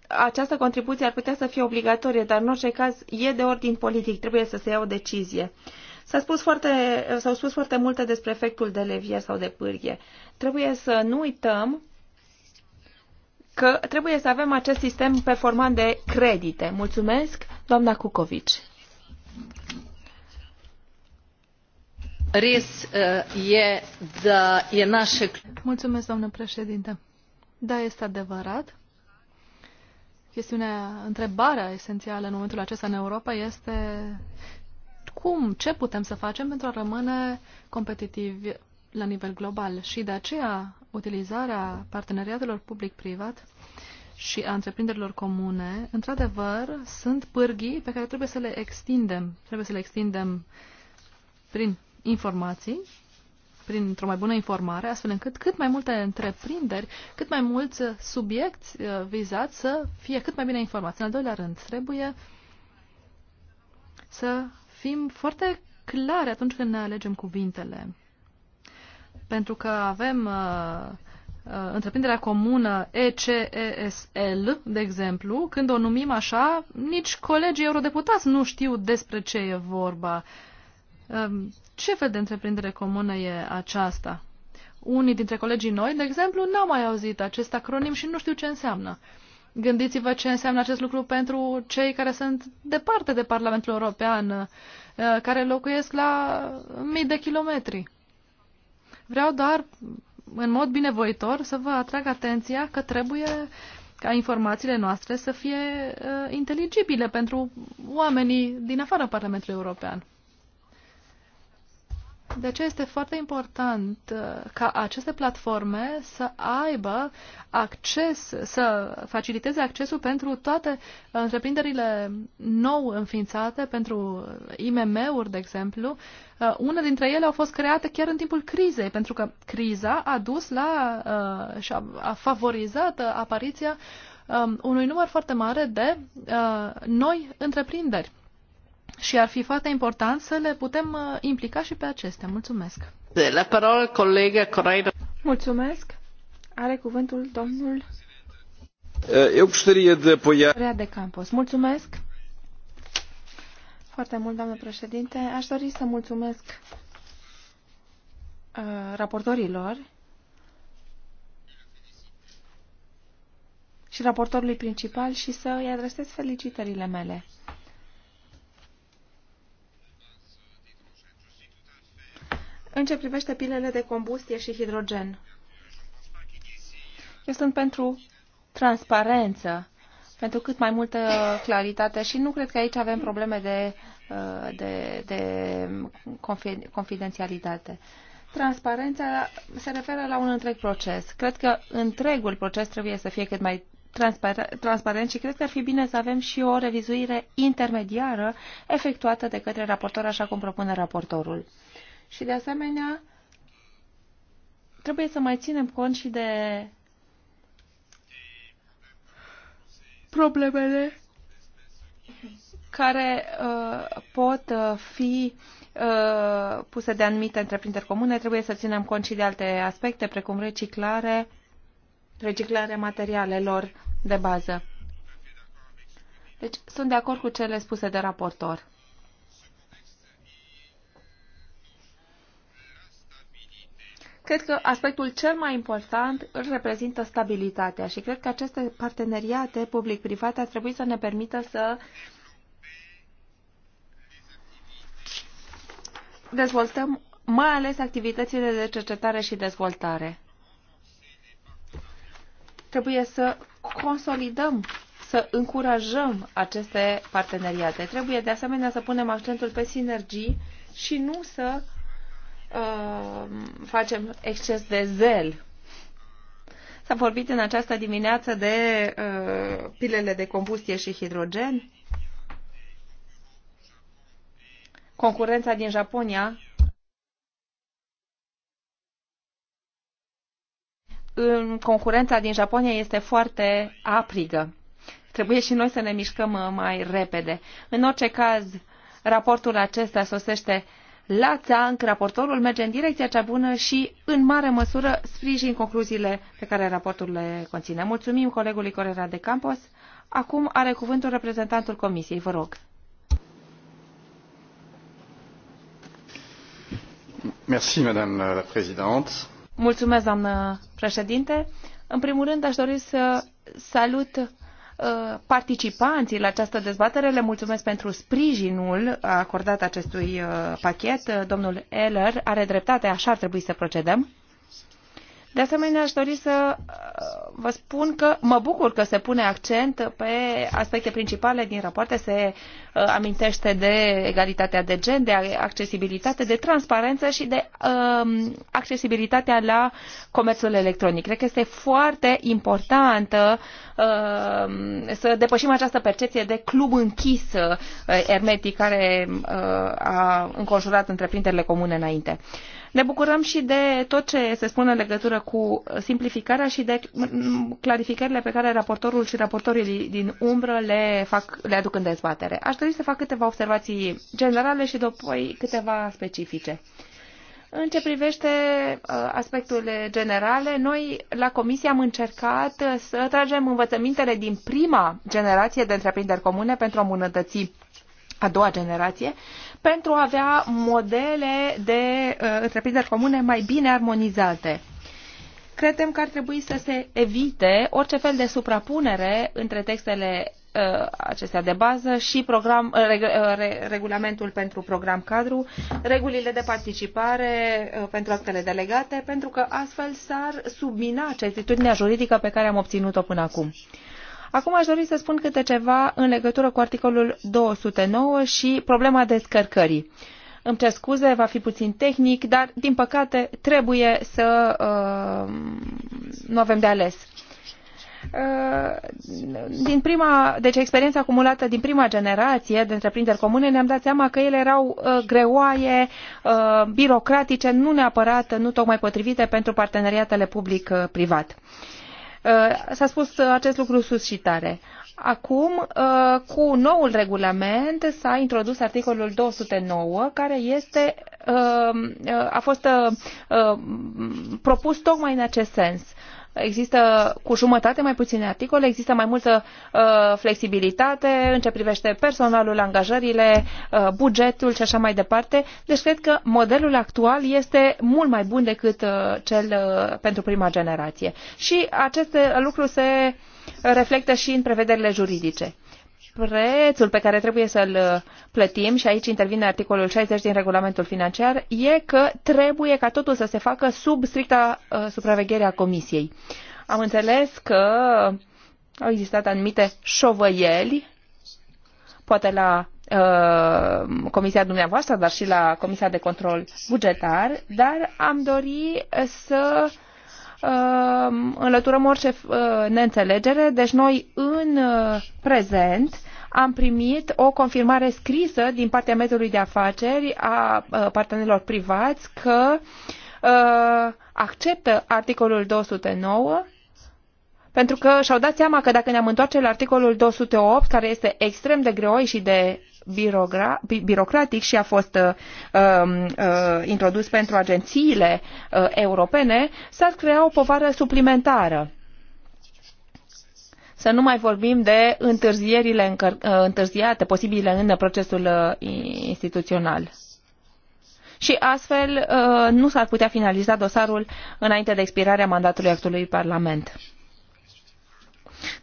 această contribuție ar putea să fie obligatorie, dar în orice caz e de ordin politic, trebuie să se ia o decizie. Uh, S-a spus foarte, s-au spus foarte multe despre efectul de levie sau de pârghie. Trebuie să nu uităm că trebuie să avem acest sistem performant de credite. Mulțumesc, doamna Cucovici. RIS e, eh, da, e nașe... Mulțumesc, doamnă președinte. Da, este adevărat. Chestiunea, întrebarea esențială în momentul acesta în Europa este cum, ce putem să facem pentru a rămâne competitivi la nivel global. Și de aceea, utilizarea parteneriatelor public-privat și a întreprinderilor comune, într-adevăr, sunt pârghii pe care trebuie să le extindem. Trebuie să le extindem prin informații, printr-o mai bună informare, astfel încât cât mai multe întreprinderi, cât mai mulți subiecti uh, vizați să fie cât mai bine informați. În al doilea rând, trebuie să fim foarte clare atunci când ne alegem cuvintele. Pentru că avem uh, uh întreprinderea comună ECESL, de exemplu, când o numim așa, nici colegii eurodeputați nu știu despre ce e vorba. Uh, ce fel de întreprindere comună e aceasta? Unii dintre colegii noi, de exemplu, n-au mai auzit acest acronim și nu știu ce înseamnă. Uh, Gândiți-vă ce înseamnă acest lucru pentru cei care sunt departe de Parlamentul European, uh, care locuiesc la mii de kilometri. Vreau doar, în mod binevoitor, să vă atrag atenția că trebuie ca informațiile noastre să fie uh, inteligibile pentru oamenii din afara Parlamentului European. De aceea este foarte important uh, ca aceste platforme să aibă acces, să faciliteze accesul pentru toate uh, întreprinderile nou înființate, pentru IMM-uri, de exemplu. Uh, una dintre ele au fost create chiar în timpul crizei, pentru că criza a dus la și a favorizat apariția um, unui număr foarte mare de noi întreprinderi și ar fi foarte important să le putem uh, implica și pe acestea. Mulțumesc. De la parola colega Correia. Mulțumesc. Are cuvântul domnul eh, Eu gostaria de apoiar... Rea de Campos. Mulțumesc. Foarte mult, doamnă președinte. Aș dori să mulțumesc uh, raportorilor și raportorului principal și să îi adresez felicitările mele. În ce privește pilele de combustie și hidrogen, eu sunt pentru transparență, pentru cât mai multă claritate și nu cred că aici avem probleme de, uh, de, de confidențialitate. Transparența se referă la un întreg proces. Cred că întregul proces trebuie să fie cât mai transparent și cred că ar fi bine să avem și o revizuire intermediară efectuată de către raportor, așa cum propune raportorul. Și de asemenea, trebuie să mai ținem cont și de problemele care uh, pot uh, fi uh, puse de anumite întreprinderi comune. Trebuie să ținem cont și de alte aspecte, precum reciclare, reciclarea materialelor de bază. Deci sunt de acord cu cele spuse de raportor. Cred că aspectul cel mai important îl reprezintă stabilitatea și cred că aceste parteneriate public-private ar trebui să ne permită să dezvoltăm mai ales activitățile de cercetare și dezvoltare. Trebuie să consolidăm, să încurajăm aceste parteneriate. Trebuie de asemenea să punem accentul pe sinergii și nu să Ehm, facem exces de zel. S-a vorbit în această dimineață de uh, pilele de combustie și hidrogen. Concurența din Japonia concurența din Japonia este foarte aprigă. Trebuie și noi să ne mișcăm uh, mai repede. În orice caz, raportul acesta sosește la țanc, raportorul merge în direcția cea bună și, în mare măsură, sprijin concluziile pe care raportul le conține. Mulțumim colegului Corera de Campos. Acum are cuvântul reprezentantul Comisiei. Vă rog. Merci, Madame la Présidente. Mulțumesc, doamnă președinte. În primul rând, aș dori să salut Uh, participanții la această dezbatere. Le mulțumesc pentru sprijinul acordat acestui uh, pachet. Domnul Eller are dreptate, așa ar trebui să procedăm. De asemenea, aș dori să uh, vă spun că mă bucur că se pune accent pe aspecte principale din rapoarte. Se uh, amintește de egalitatea de gen, de accesibilitate, de transparență și de um, accesibilitatea la comerțul electronic. Cred că este foarte importantă um, să depășim această percepție de club închis uh, ermetic care uh, a înconjurat întreprinderile comune înainte. Uh, ne bucurăm și de tot ce se spune în legătură cu simplificarea și de clarificările pe care raportorul și raportorii din umbră le, fac, le aduc în dezbatere. Aș dori să fac câteva observații generale și după câteva specifice. În ce privește ă, aspectele generale, noi la Comisie am încercat să tragem învățămintele din prima generație de întreprinderi comune pentru a îmbunătăți a doua generație pentru a avea modele de uh, întreprinderi comune mai bine armonizate. Credem că ar trebui să se evite orice fel de suprapunere între textele uh, acestea de bază și program, uh, reg, uh, regulamentul pentru program cadru, regulile de participare pentru actele delegate, pentru că astfel s-ar submina certitudinea juridică pe care am obținut-o până acum. Acum aș dori să spun câte ceva în legătură cu articolul 209 și problema descărcării. Îmi cer scuze, va fi puțin tehnic, dar, din păcate, trebuie să uh, nu avem de ales uh, din prima, deci experiența acumulată din prima generație de întreprinderi comune, ne-am dat seama că ele erau uh, greoaie, uh, birocratice, nu neapărat, nu tocmai potrivite pentru parteneriatele public-privat. Uh, Uh, s-a spus uh, acest lucru sus și tare. Acum, uh, cu noul regulament, s-a introdus articolul 209, care este, a fost propus tocmai în acest sens există cu jumătate mai puține articole, există mai multă uh, flexibilitate în ce privește personalul, angajările, uh, bugetul și așa mai departe. Deci cred că modelul actual este mult mai bun decât uh, cel uh, pentru prima generație. Și acest lucru se reflectă și în prevederile juridice prețul pe care trebuie să-l uh, plătim, și aici intervine articolul 60 din regulamentul financiar, e că trebuie ca totul să se facă sub stricta uh, supraveghere a Comisiei. Am înțeles că au existat anumite șovăieli, poate la uh, comisia dumneavoastră, dar și la Comisia de Control Bugetar, dar am dori să Ehm, înlăturăm orice eh, neînțelegere. Deci noi în eh, prezent am primit o confirmare scrisă din partea mediului de afaceri a eh, partenerilor privați că acceptă articolul 209 pentru că și-au dat seama că dacă ne-am întoarce la articolul 208, care este extrem de greoi și de birocratic și a fost uh, um, uh, introdus pentru agențiile uh, europene, s-ar crea o povară suplimentară. Să nu mai vorbim de întârzierile uh, întârziate, posibile în procesul uh, instituțional. Și astfel uh, nu s-ar putea finaliza dosarul înainte de expirarea mandatului actului Parlament.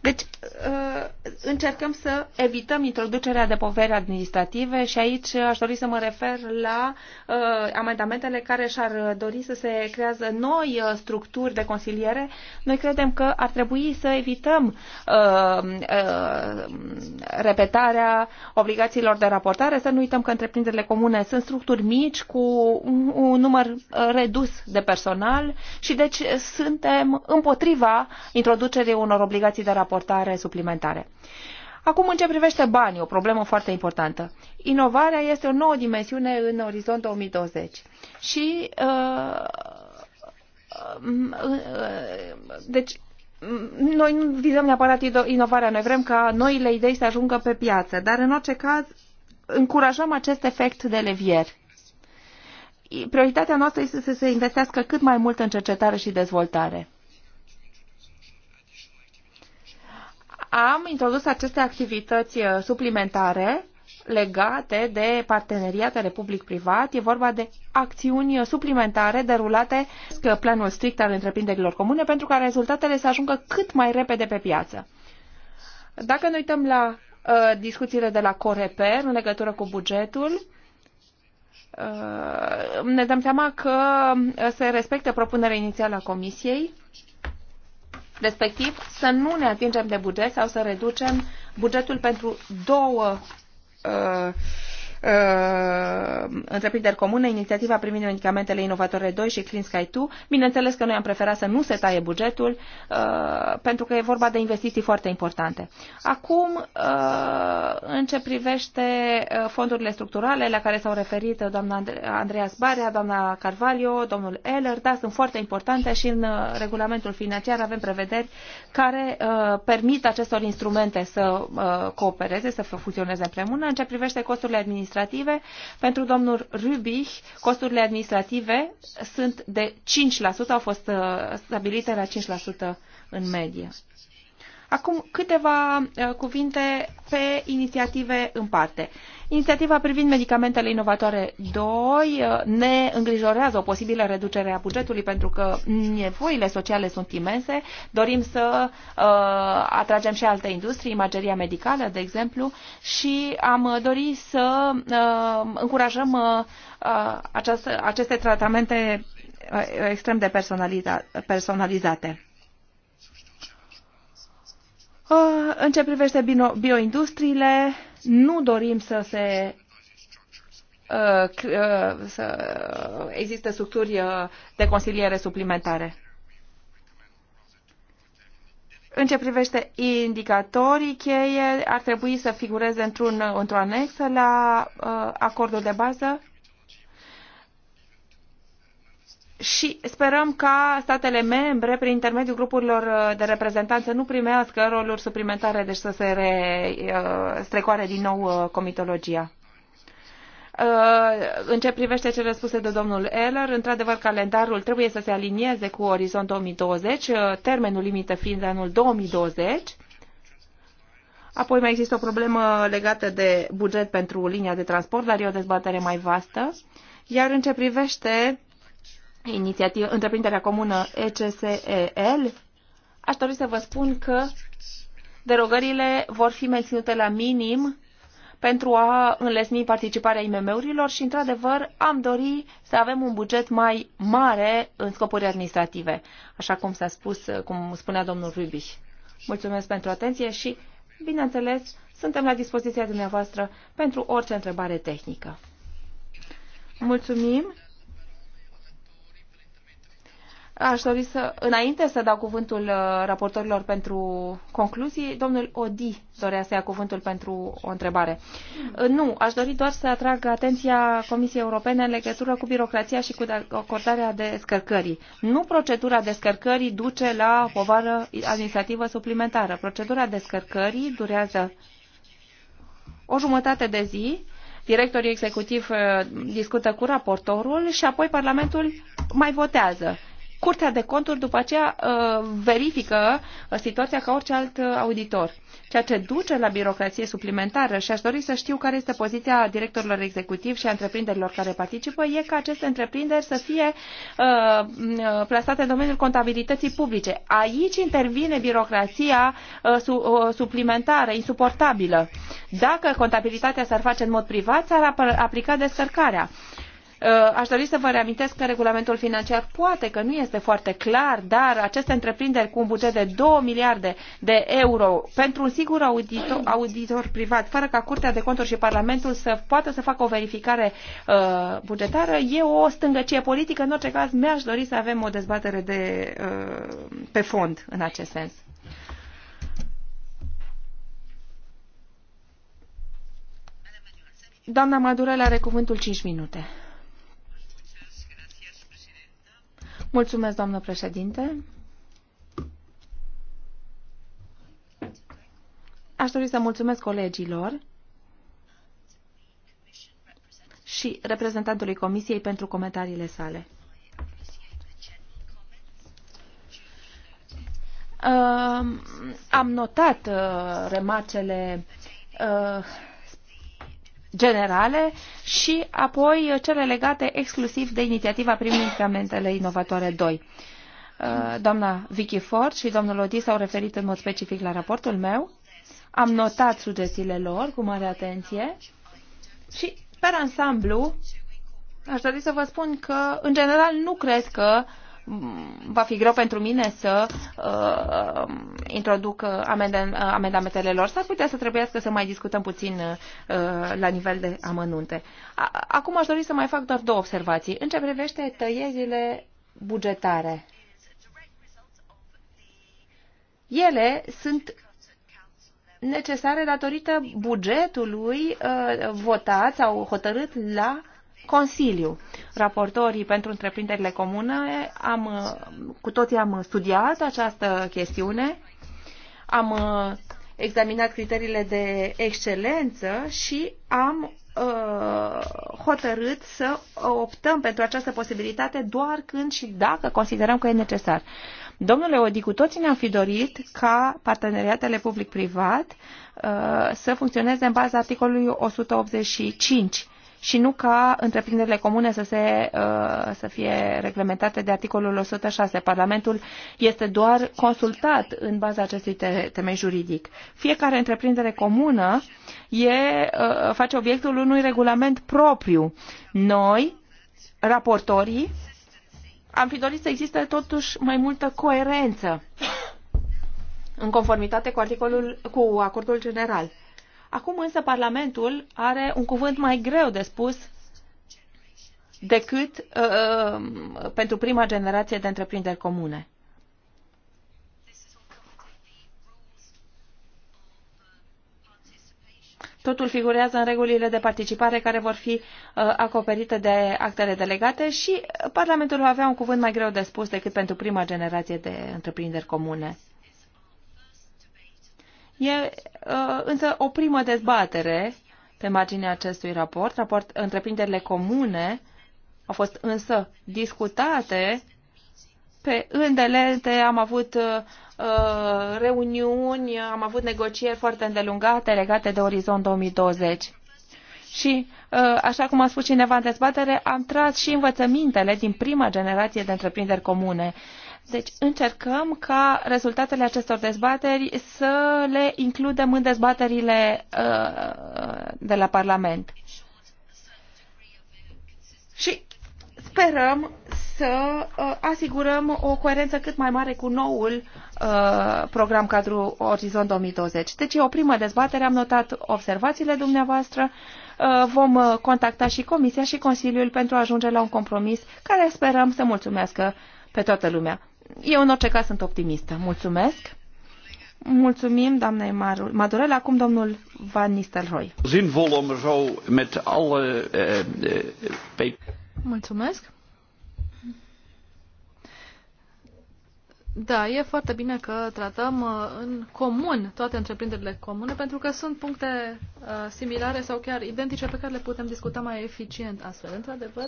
Deci, uh, încercăm să evităm introducerea de poveri administrative și aici aș dori să mă refer la uh, amendamentele care și-ar dori să se creează noi uh, structuri de consiliere. Noi credem că ar trebui să evităm repetarea obligațiilor de raportare, să nu uităm că întreprinderile comune sunt structuri mici cu un număr redus de personal și deci suntem împotriva introducerii unor obligații de raportare suplimentare. Acum, în ce privește banii, o problemă foarte importantă. Inovarea este o nouă dimensiune în orizont 2020 și uh, uh, deci noi nu vizăm neapărat inovarea, noi vrem ca noile idei să ajungă pe piață, dar în orice caz încurajăm acest efect de levier. Prioritatea noastră este să se investească cât mai mult în cercetare și dezvoltare. am introdus aceste activități uh, suplimentare legate de parteneriate public-privat. E vorba de acțiuni uh, suplimentare derulate uh, planul strict al întreprinderilor comune pentru ca rezultatele să ajungă cât mai repede pe piață. Dacă ne uităm la uh, discuțiile de la Coreper în legătură cu bugetul, uh, ne dăm seama că se respectă propunerea inițială a Comisiei respectiv să nu ne atingem de buget sau să reducem bugetul pentru două uh, Uh, întreprinderi comune, inițiativa privind medicamentele inovatoare 2 și Clean Sky 2. Bineînțeles că noi am preferat să nu se taie bugetul, uh, pentru că e vorba de investiții foarte importante. Acum, uh, în ce privește fondurile structurale la care s-au referit doamna Andreas Barea, doamna Carvalho, domnul Eller, da, sunt foarte importante și în regulamentul financiar avem prevederi care permit acestor instrumente să coopereze, să funcționeze împreună. În ce privește costurile administrative, administrative. Pentru domnul Rubich, costurile administrative sunt de 5%, au fost uh, stabilite la 5% în medie. Acum câteva uh, cuvinte pe inițiative în parte. Inițiativa privind medicamentele inovatoare 2 uh, ne îngrijorează o posibilă reducere a bugetului pentru că nevoile sociale sunt imense. Dorim să uh, atragem și alte industrii, imageria medicală, de exemplu, și am uh, dorit să uh, încurajăm uh, această, aceste tratamente extrem de personalizate Uh, în ce privește bioindustriile, nu dorim să se uh, uh, să existe structuri de consiliere suplimentare. În ce privește indicatorii cheie, ar trebui să figureze într-un, într-o anexă la acordul de bază și sperăm ca statele membre, prin intermediul grupurilor uh, de reprezentanță, nu primească roluri suplimentare, deci să se re, uh, strecoare din nou uh, comitologia. În ce privește cele spuse de domnul Eller, într-adevăr, calendarul trebuie să se alinieze cu Orizont 2020, termenul limită fiind anul 2020. Apoi mai există o problemă legată de buget pentru linia de transport, dar e o dezbatere mai vastă. Iar în ce privește inițiativă, întreprinderea comună ECSEL, aș dori să vă spun că derogările vor fi menținute la minim pentru a înlesni participarea IMM-urilor și, într-adevăr, am dori să avem un buget mai mare în scopuri administrative, așa cum s-a spus, cum spunea domnul Rubiș. Mulțumesc pentru atenție și, bineînțeles, suntem la dispoziția dumneavoastră pentru orice întrebare tehnică. Mulțumim! Aș dori să, înainte să dau cuvântul uh, raportorilor pentru concluzii, domnul Odi dorea să ia cuvântul pentru o întrebare. Uh, nu, aș dori doar să atrag atenția Comisiei Europene în legătură cu birocrația și cu acordarea de descărcării. Nu procedura descărcării duce la povară administrativă suplimentară. Procedura descărcării durează o jumătate de zi, directorii executiv uh, discută cu raportorul și apoi Parlamentul mai votează. Curtea de conturi după aceea uh, verifică uh, situația ca orice alt uh, auditor, ceea ce duce la birocrație suplimentară și aș dori să știu care este poziția directorilor executivi și a întreprinderilor care participă, e ca aceste întreprinderi să fie plasate în domeniul contabilității publice. Aici intervine birocrația suplimentară, insuportabilă. Dacă contabilitatea s-ar face în mod privat, s-ar aplica descărcarea. Uh, aș dori să vă reamintesc că regulamentul financiar poate că nu este foarte clar, dar aceste întreprinderi cu un buget de 2 miliarde de euro pentru un singur auditor, auditor privat, fără ca Curtea de Conturi și Parlamentul să poată să facă o verificare uh, bugetară, e o stângăcie politică. În orice caz, mi-aș dori să avem o dezbatere de, uh, pe fond în acest sens. Doamna Madurel are cuvântul 5 minute. Mulțumesc, doamnă președinte. Aș dori să mulțumesc colegilor și reprezentantului Comisiei pentru comentariile sale. Uh, am notat uh, remarcele uh, generale și apoi cele legate exclusiv de inițiativa primului medicamentele inovatoare 2. Uh, doamna Vicky Ford și domnul Odi s-au referit în mod specific la raportul meu. Am notat sugestiile lor cu mare atenție și, per ansamblu, aș dori să vă spun că, în general, nu cred că uh, Mm, va fi greu pentru mine să uh, introduc uh, uh, amendamentele lor. S-ar putea să trebuiască să mai discutăm puțin uh, la nivel de amănunte. acum aș dori să mai fac doar două observații. În ce privește tăierile bugetare. Ele sunt necesare datorită bugetului uh, votat sau hotărât la uh, Consiliu. Raportorii pentru întreprinderile comune, am, uh, cu toții am studiat această chestiune, am uh, examinat criteriile de excelență și am uh, hotărât să optăm pentru această posibilitate doar când și dacă considerăm că e necesar. Domnule Odi, cu toții ne-am fi dorit ca parteneriatele public-privat să funcționeze în baza articolului 185 și nu ca întreprinderile comune să, se, uh, să fie reglementate de articolul 106. Parlamentul este doar consultat în baza acestui temei juridic. Fiecare întreprindere comună e, uh, face obiectul unui regulament propriu. Noi, raportorii, am fi dorit să existe totuși mai multă coerență în conformitate cu, articolul, cu acordul general. Acum însă Parlamentul are un cuvânt mai greu de spus decât uh, uh, pentru prima generație de întreprinderi comune. Totul figurează în regulile de participare care vor fi uh, acoperite de actele delegate și Parlamentul va avea un cuvânt mai greu de spus decât pentru prima generație de întreprinderi comune. E uh, însă o primă dezbatere pe marginea acestui raport. raport. Întreprinderile comune au fost însă discutate pe îndelete, am avut uh, uh, reuniuni, am avut negocieri foarte îndelungate legate de Orizont 2020. Și, uh, așa cum a spus cineva în dezbatere, am tras și învățămintele din prima generație de întreprinderi comune. Uh, deci încercăm ca rezultatele acestor dezbateri să le includem în dezbaterile uh, de la Parlament. Și sperăm să uh, asigurăm o coerență cât mai mare cu noul uh, program cadru Orizont 2020. Deci e o primă dezbatere, am notat observațiile dumneavoastră, uh, vom uh, contacta și Comisia și Consiliul pentru a ajunge la un compromis care sperăm să mulțumească pe toată lumea eu în orice caz sunt optimistă. Mulțumesc. Mulțumim, doamnei Madurel. Acum domnul Van Nistelrooy. Zinvol om er met alle... Eh, eh, eh, Mulțumesc. Da, e foarte bine că tratăm uh, în comun toate întreprinderile comune, pentru că sunt puncte uh, similare sau chiar identice pe care le putem discuta mai eficient astfel. Într-adevăr,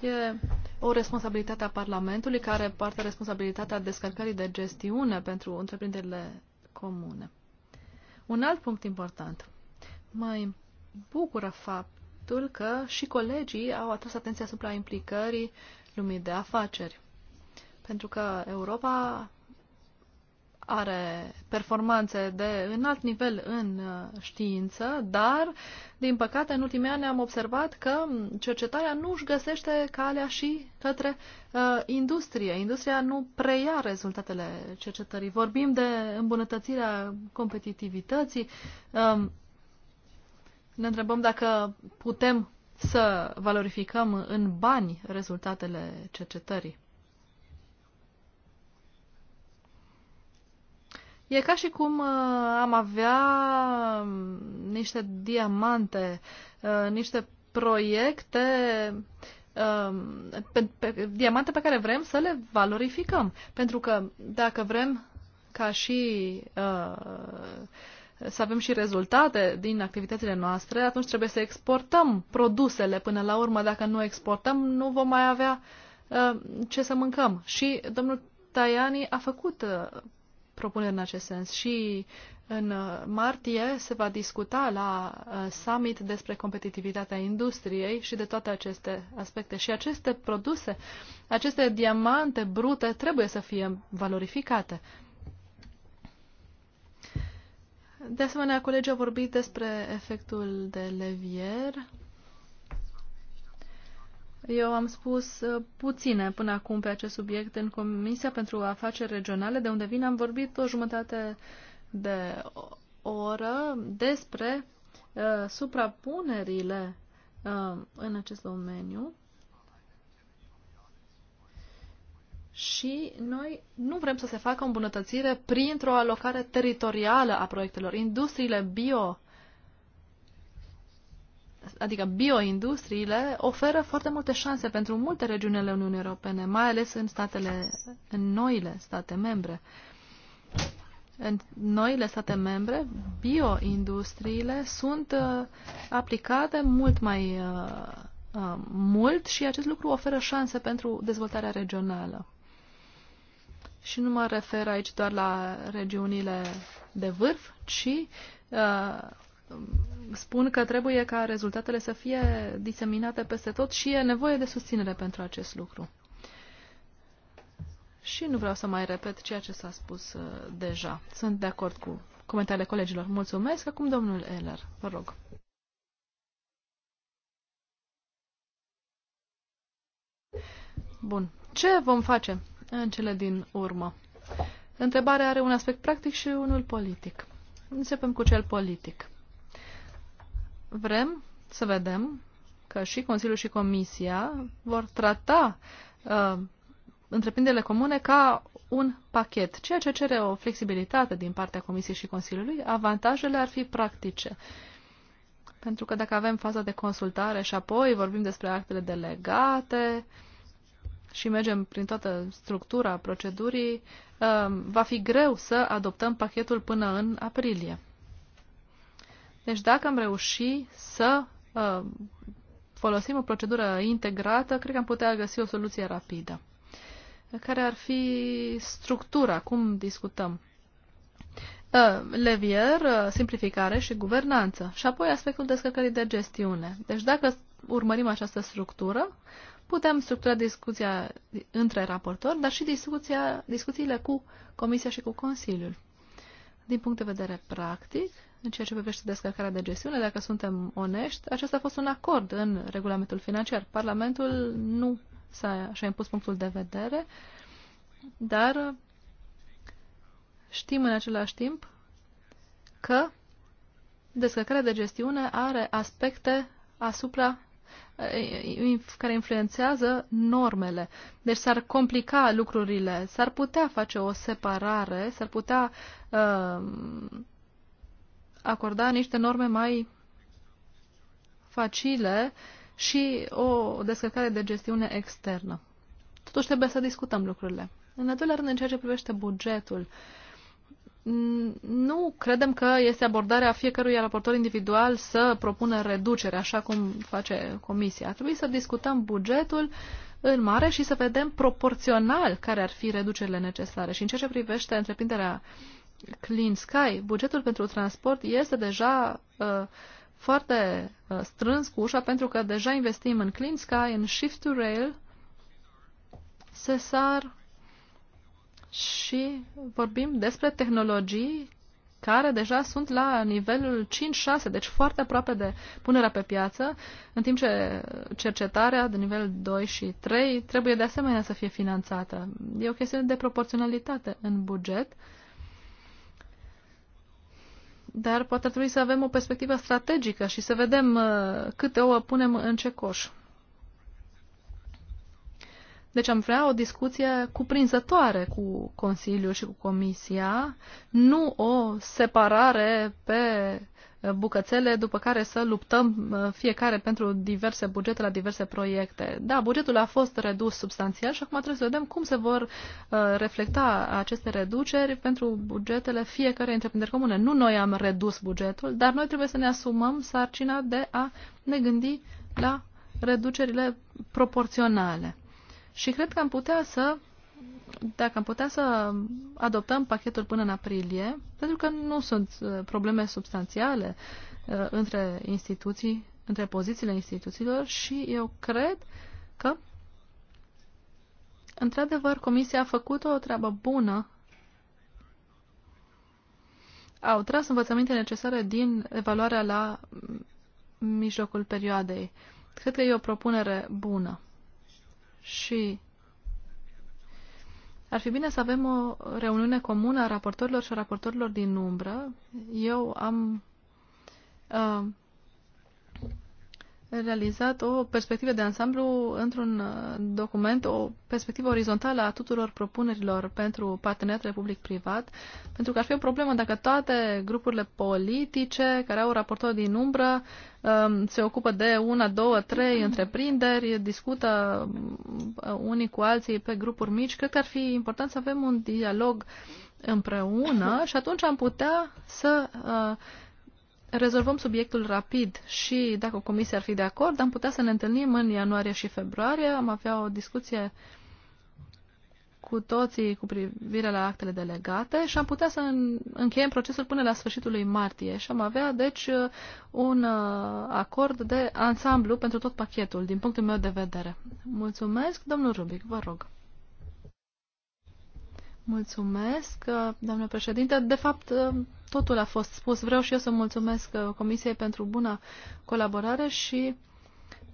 e o responsabilitate a Parlamentului care parte responsabilitatea descărcării de gestiune pentru întreprinderile comune. Un alt punct important. Mă bucură faptul că și colegii au atras atenția asupra implicării lumii de afaceri pentru că Europa are performanțe de înalt nivel în uh, știință, dar, din păcate, în ultimii ani am observat că cercetarea nu își găsește calea și către uh, industrie. Industria nu preia rezultatele cercetării. Vorbim de îmbunătățirea competitivității. Uh, ne întrebăm dacă putem să valorificăm în bani rezultatele cercetării. E ca și cum uh, am avea um, niște diamante, uh, niște proiecte, um, pe, pe, diamante pe care vrem să le valorificăm. Pentru că dacă vrem ca și uh, să avem și rezultate din activitățile noastre, atunci trebuie să exportăm produsele până la urmă. Dacă nu exportăm, nu vom mai avea ce să mâncăm. Și domnul Tajani a făcut propuneri în acest sens. Și în martie se va discuta la uh, summit despre competitivitatea industriei și de toate aceste aspecte. Și aceste produse, aceste diamante brute trebuie să fie valorificate. De asemenea, colegii au vorbit despre efectul de levier. Eu am spus uh, puține până acum pe acest subiect în Comisia pentru Afaceri Regionale, de unde vin, am vorbit o jumătate de oră despre uh, suprapunerile uh, în acest domeniu și noi nu vrem să se facă o îmbunătățire printr-o alocare teritorială a proiectelor. Industriile bio adică bioindustriile, oferă foarte multe șanse pentru multe regiuni ale Uniunii Europene, mai ales în statele, în noile state membre. În noile state membre, bioindustriile sunt uh, aplicate mult mai uh, uh, mult și acest lucru oferă șanse pentru dezvoltarea regională. Și nu mă refer aici doar la regiunile de vârf, ci uh, spun că trebuie ca rezultatele să fie diseminate peste tot și e nevoie de susținere pentru acest lucru. Și nu vreau să mai repet ceea ce s-a spus uh, deja. Sunt de acord cu comentariile colegilor. Mulțumesc. Acum domnul Eller, vă rog. Bun. Ce vom face în cele din urmă? Întrebarea are un aspect practic și unul politic. Începem cu cel politic vrem să vedem că și Consiliul și Comisia vor trata uh, întreprinderile comune ca un pachet, ceea ce cere o flexibilitate din partea Comisiei și Consiliului. Avantajele ar fi practice. Pentru că dacă avem faza de consultare și apoi vorbim despre actele delegate și mergem prin toată structura procedurii, uh, va fi greu să adoptăm pachetul până în aprilie. Deci dacă am reușit să uh, folosim o procedură integrată, cred că am putea găsi o soluție rapidă. Care ar fi structura, cum discutăm? Uh, levier, uh, simplificare și guvernanță. Și apoi aspectul descărcării de gestiune. Deci dacă urmărim această structură, putem structura discuția între raportori, dar și discuția, discuțiile cu Comisia și cu Consiliul. Din punct de vedere practic, în ceea ce privește descărcarea de gestiune, dacă suntem onești, acesta a fost un acord în regulamentul financiar. Parlamentul nu s-a, și-a impus punctul de vedere, dar știm în același timp că descărcarea de gestiune are aspecte asupra care influențează normele. Deci s-ar complica lucrurile, s-ar putea face o separare, s-ar putea uh, acorda niște norme mai facile și o descărcare de gestiune externă. Totuși trebuie să discutăm lucrurile. În al doilea rând, în ceea ce privește bugetul, nu credem că este abordarea fiecărui raportor individual să propună reducere, așa cum face Comisia. Ar trebui să discutăm bugetul în mare și să vedem proporțional care ar fi reducerile necesare. Și în ceea ce privește întreprinderea Clean Sky, bugetul pentru transport este deja uh, foarte uh, strâns cu ușa pentru că deja investim în Clean Sky, în Shift to Rail, SESAR și vorbim despre tehnologii care deja sunt la nivelul 5-6, deci foarte aproape de punerea pe piață, în timp ce cercetarea de nivel 2 și 3 trebuie de asemenea să fie finanțată. E o chestiune de proporționalitate în buget. Uh, dar poate ar trebui să avem o perspectivă strategică și să vedem uh, câte ouă punem în ce coș. Deci am vrea o discuție cuprinzătoare cu Consiliul și cu Comisia, nu o separare pe bucățele, după care să luptăm uh, fiecare pentru diverse bugete la diverse proiecte. Da, bugetul a fost redus substanțial și acum trebuie să vedem cum se vor uh, reflecta aceste reduceri pentru bugetele fiecare întreprinderi comune. Nu noi am redus bugetul, dar noi trebuie să ne asumăm sarcina de a ne gândi la reducerile proporționale. Și cred că am putea să dacă am putea să adoptăm pachetul până în aprilie, pentru că nu sunt uh, probleme substanțiale uh, între instituții, între pozițiile instituțiilor și eu cred că, într-adevăr, Comisia a făcut o treabă bună. Au tras învățăminte necesare din evaluarea la mm, mijlocul perioadei. Cred că e o propunere bună. Și ar fi bine să avem o reuniune comună a raportorilor și a raportorilor din umbră. Eu am uh, realizat o perspectivă de ansamblu într-un uh, document, o perspectivă orizontală a tuturor propunerilor pentru parteneriatele public-privat, pentru că ar fi o problemă dacă toate grupurile politice care au raportor din umbră um, se ocupă de una, două, trei întreprinderi, discută uh, unii cu alții pe grupuri mici. Cred că ar fi important să avem un dialog împreună și atunci am putea să uh, rezolvăm subiectul rapid și dacă comisia ar fi de acord, am putea să ne întâlnim în ianuarie și februarie. Am avea o discuție cu toții cu privire la actele delegate și am putea să încheiem procesul până la sfârșitul lui martie și am avea, deci, un uh, acord de ansamblu pentru tot pachetul, din punctul meu de vedere. Mulțumesc, domnul Rubic, vă rog. Mulțumesc, uh, doamnă președinte. De fapt, uh, totul a fost spus. Vreau și eu să mulțumesc uh, Comisiei pentru bună colaborare și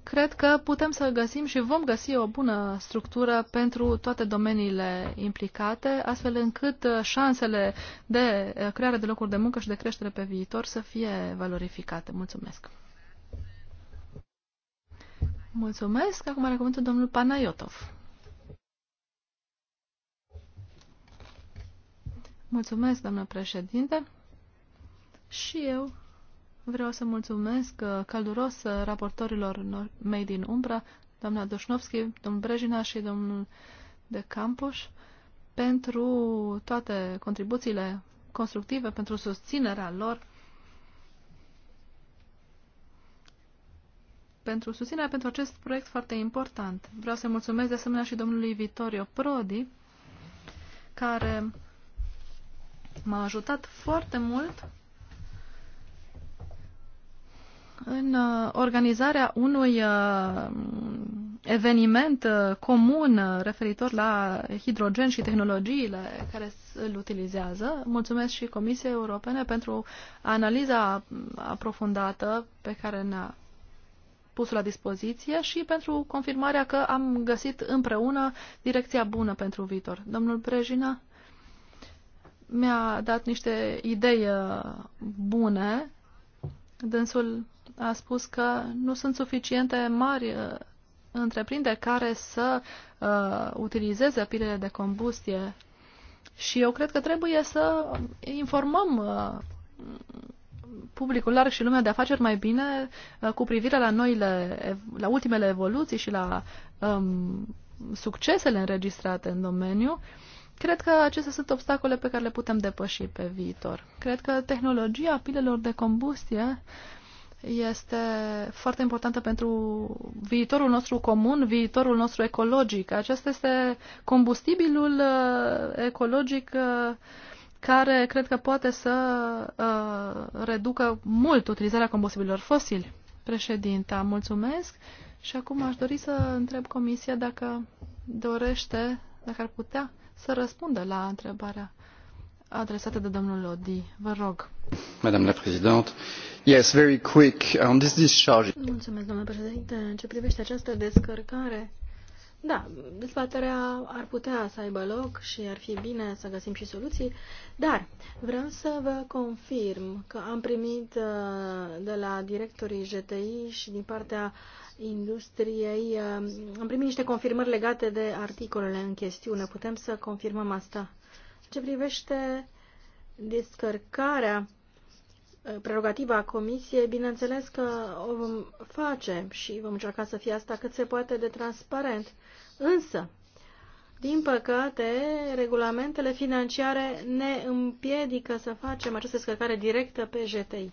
cred că putem să găsim și vom găsi o bună structură pentru toate domeniile implicate, astfel încât uh, șansele de uh, creare de locuri de muncă și de creștere pe viitor să fie valorificate. Mulțumesc! Mulțumesc! Acum are cuvântul domnul Panayotov. Mulțumesc, doamnă președinte. Și eu vreau să mulțumesc uh, calduros uh, raportorilor mei din Umbra, doamna Dușnovski, domnul Brejina și domnul de Campos, pentru toate contribuțiile constructive, pentru susținerea lor, pentru susținerea pentru acest proiect foarte important. Vreau să mulțumesc de asemenea și domnului Vittorio Prodi, care m-a ajutat foarte mult în uh, organizarea unui uh, eveniment uh, comun referitor la hidrogen și tehnologiile care îl utilizează. Mulțumesc și Comisiei Europene pentru analiza aprofundată pe care ne-a pus la dispoziție și pentru confirmarea că am găsit împreună direcția bună pentru viitor. Domnul Brejina mi-a dat niște idei bune. Dânsul a spus că nu sunt suficiente mari uh, întreprinderi care să uh, utilizeze pilele de combustie și eu cred că trebuie să informăm uh, publicul larg și lumea de afaceri mai bine uh, cu privire la noile, la ultimele evoluții și la um, succesele înregistrate în domeniu. Cred că acestea sunt obstacole pe care le putem depăși pe viitor. Cred că tehnologia pilelor de combustie uh, este foarte importantă pentru viitorul nostru comun, viitorul nostru ecologic. Acesta este combustibilul uh, ecologic uh, care cred că poate să uh, reducă mult utilizarea combustibilor fosili. Președinta, mulțumesc. Și acum aș dori să întreb Comisia dacă dorește, dacă ar putea să răspundă la întrebarea Adresată de domnul Lodi. Vă rog. Madame la Présidente, yes, very quick on um, this discharge. Mulțumesc, domnule președinte. În ce privește această descărcare, da, dezbaterea ar putea să aibă loc și ar fi bine să găsim și soluții, dar vreau să vă confirm că am primit uh, de la directorii JTI și din partea industriei, uh, am primit niște confirmări legate de articolele în chestiune. Putem să confirmăm asta? Ce privește descărcarea ă, prerogativa Comisiei, bineînțeles că o vom face și vom încerca să fie asta cât se poate de transparent. Însă, din păcate, regulamentele financiare ne împiedică să facem această descărcare directă pe JTI.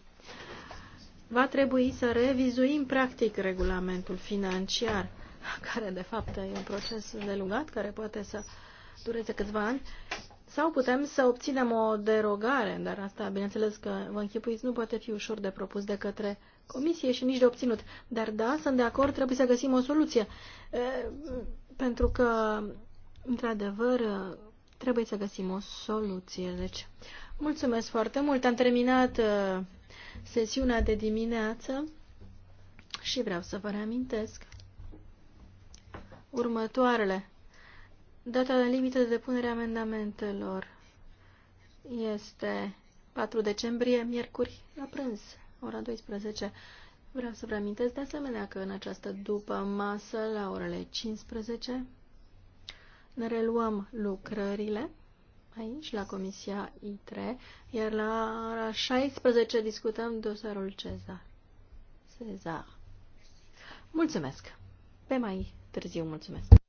Va trebui să revizuim practic regulamentul financiar, care de fapt e un proces îndelugat, care poate să dureze câțiva ani sau putem să obținem o derogare, dar asta, bineînțeles că vă închipuiți, nu poate fi ușor de propus de către comisie și nici de obținut. Dar da, sunt de acord, trebuie să găsim o soluție. Pentru că, într-adevăr, trebuie să găsim o soluție. Deci, mulțumesc foarte mult. Am terminat sesiunea de dimineață și vreau să vă reamintesc următoarele. Data de limită de depunere a amendamentelor este 4 decembrie, miercuri, la prânz, ora 12. Vreau să vă amintesc de asemenea că în această după masă, la orele 15, ne reluăm lucrările aici, la Comisia I3, iar la ora 16 discutăm dosarul Cezar. Cezar. Mulțumesc! Pe mai târziu, mulțumesc!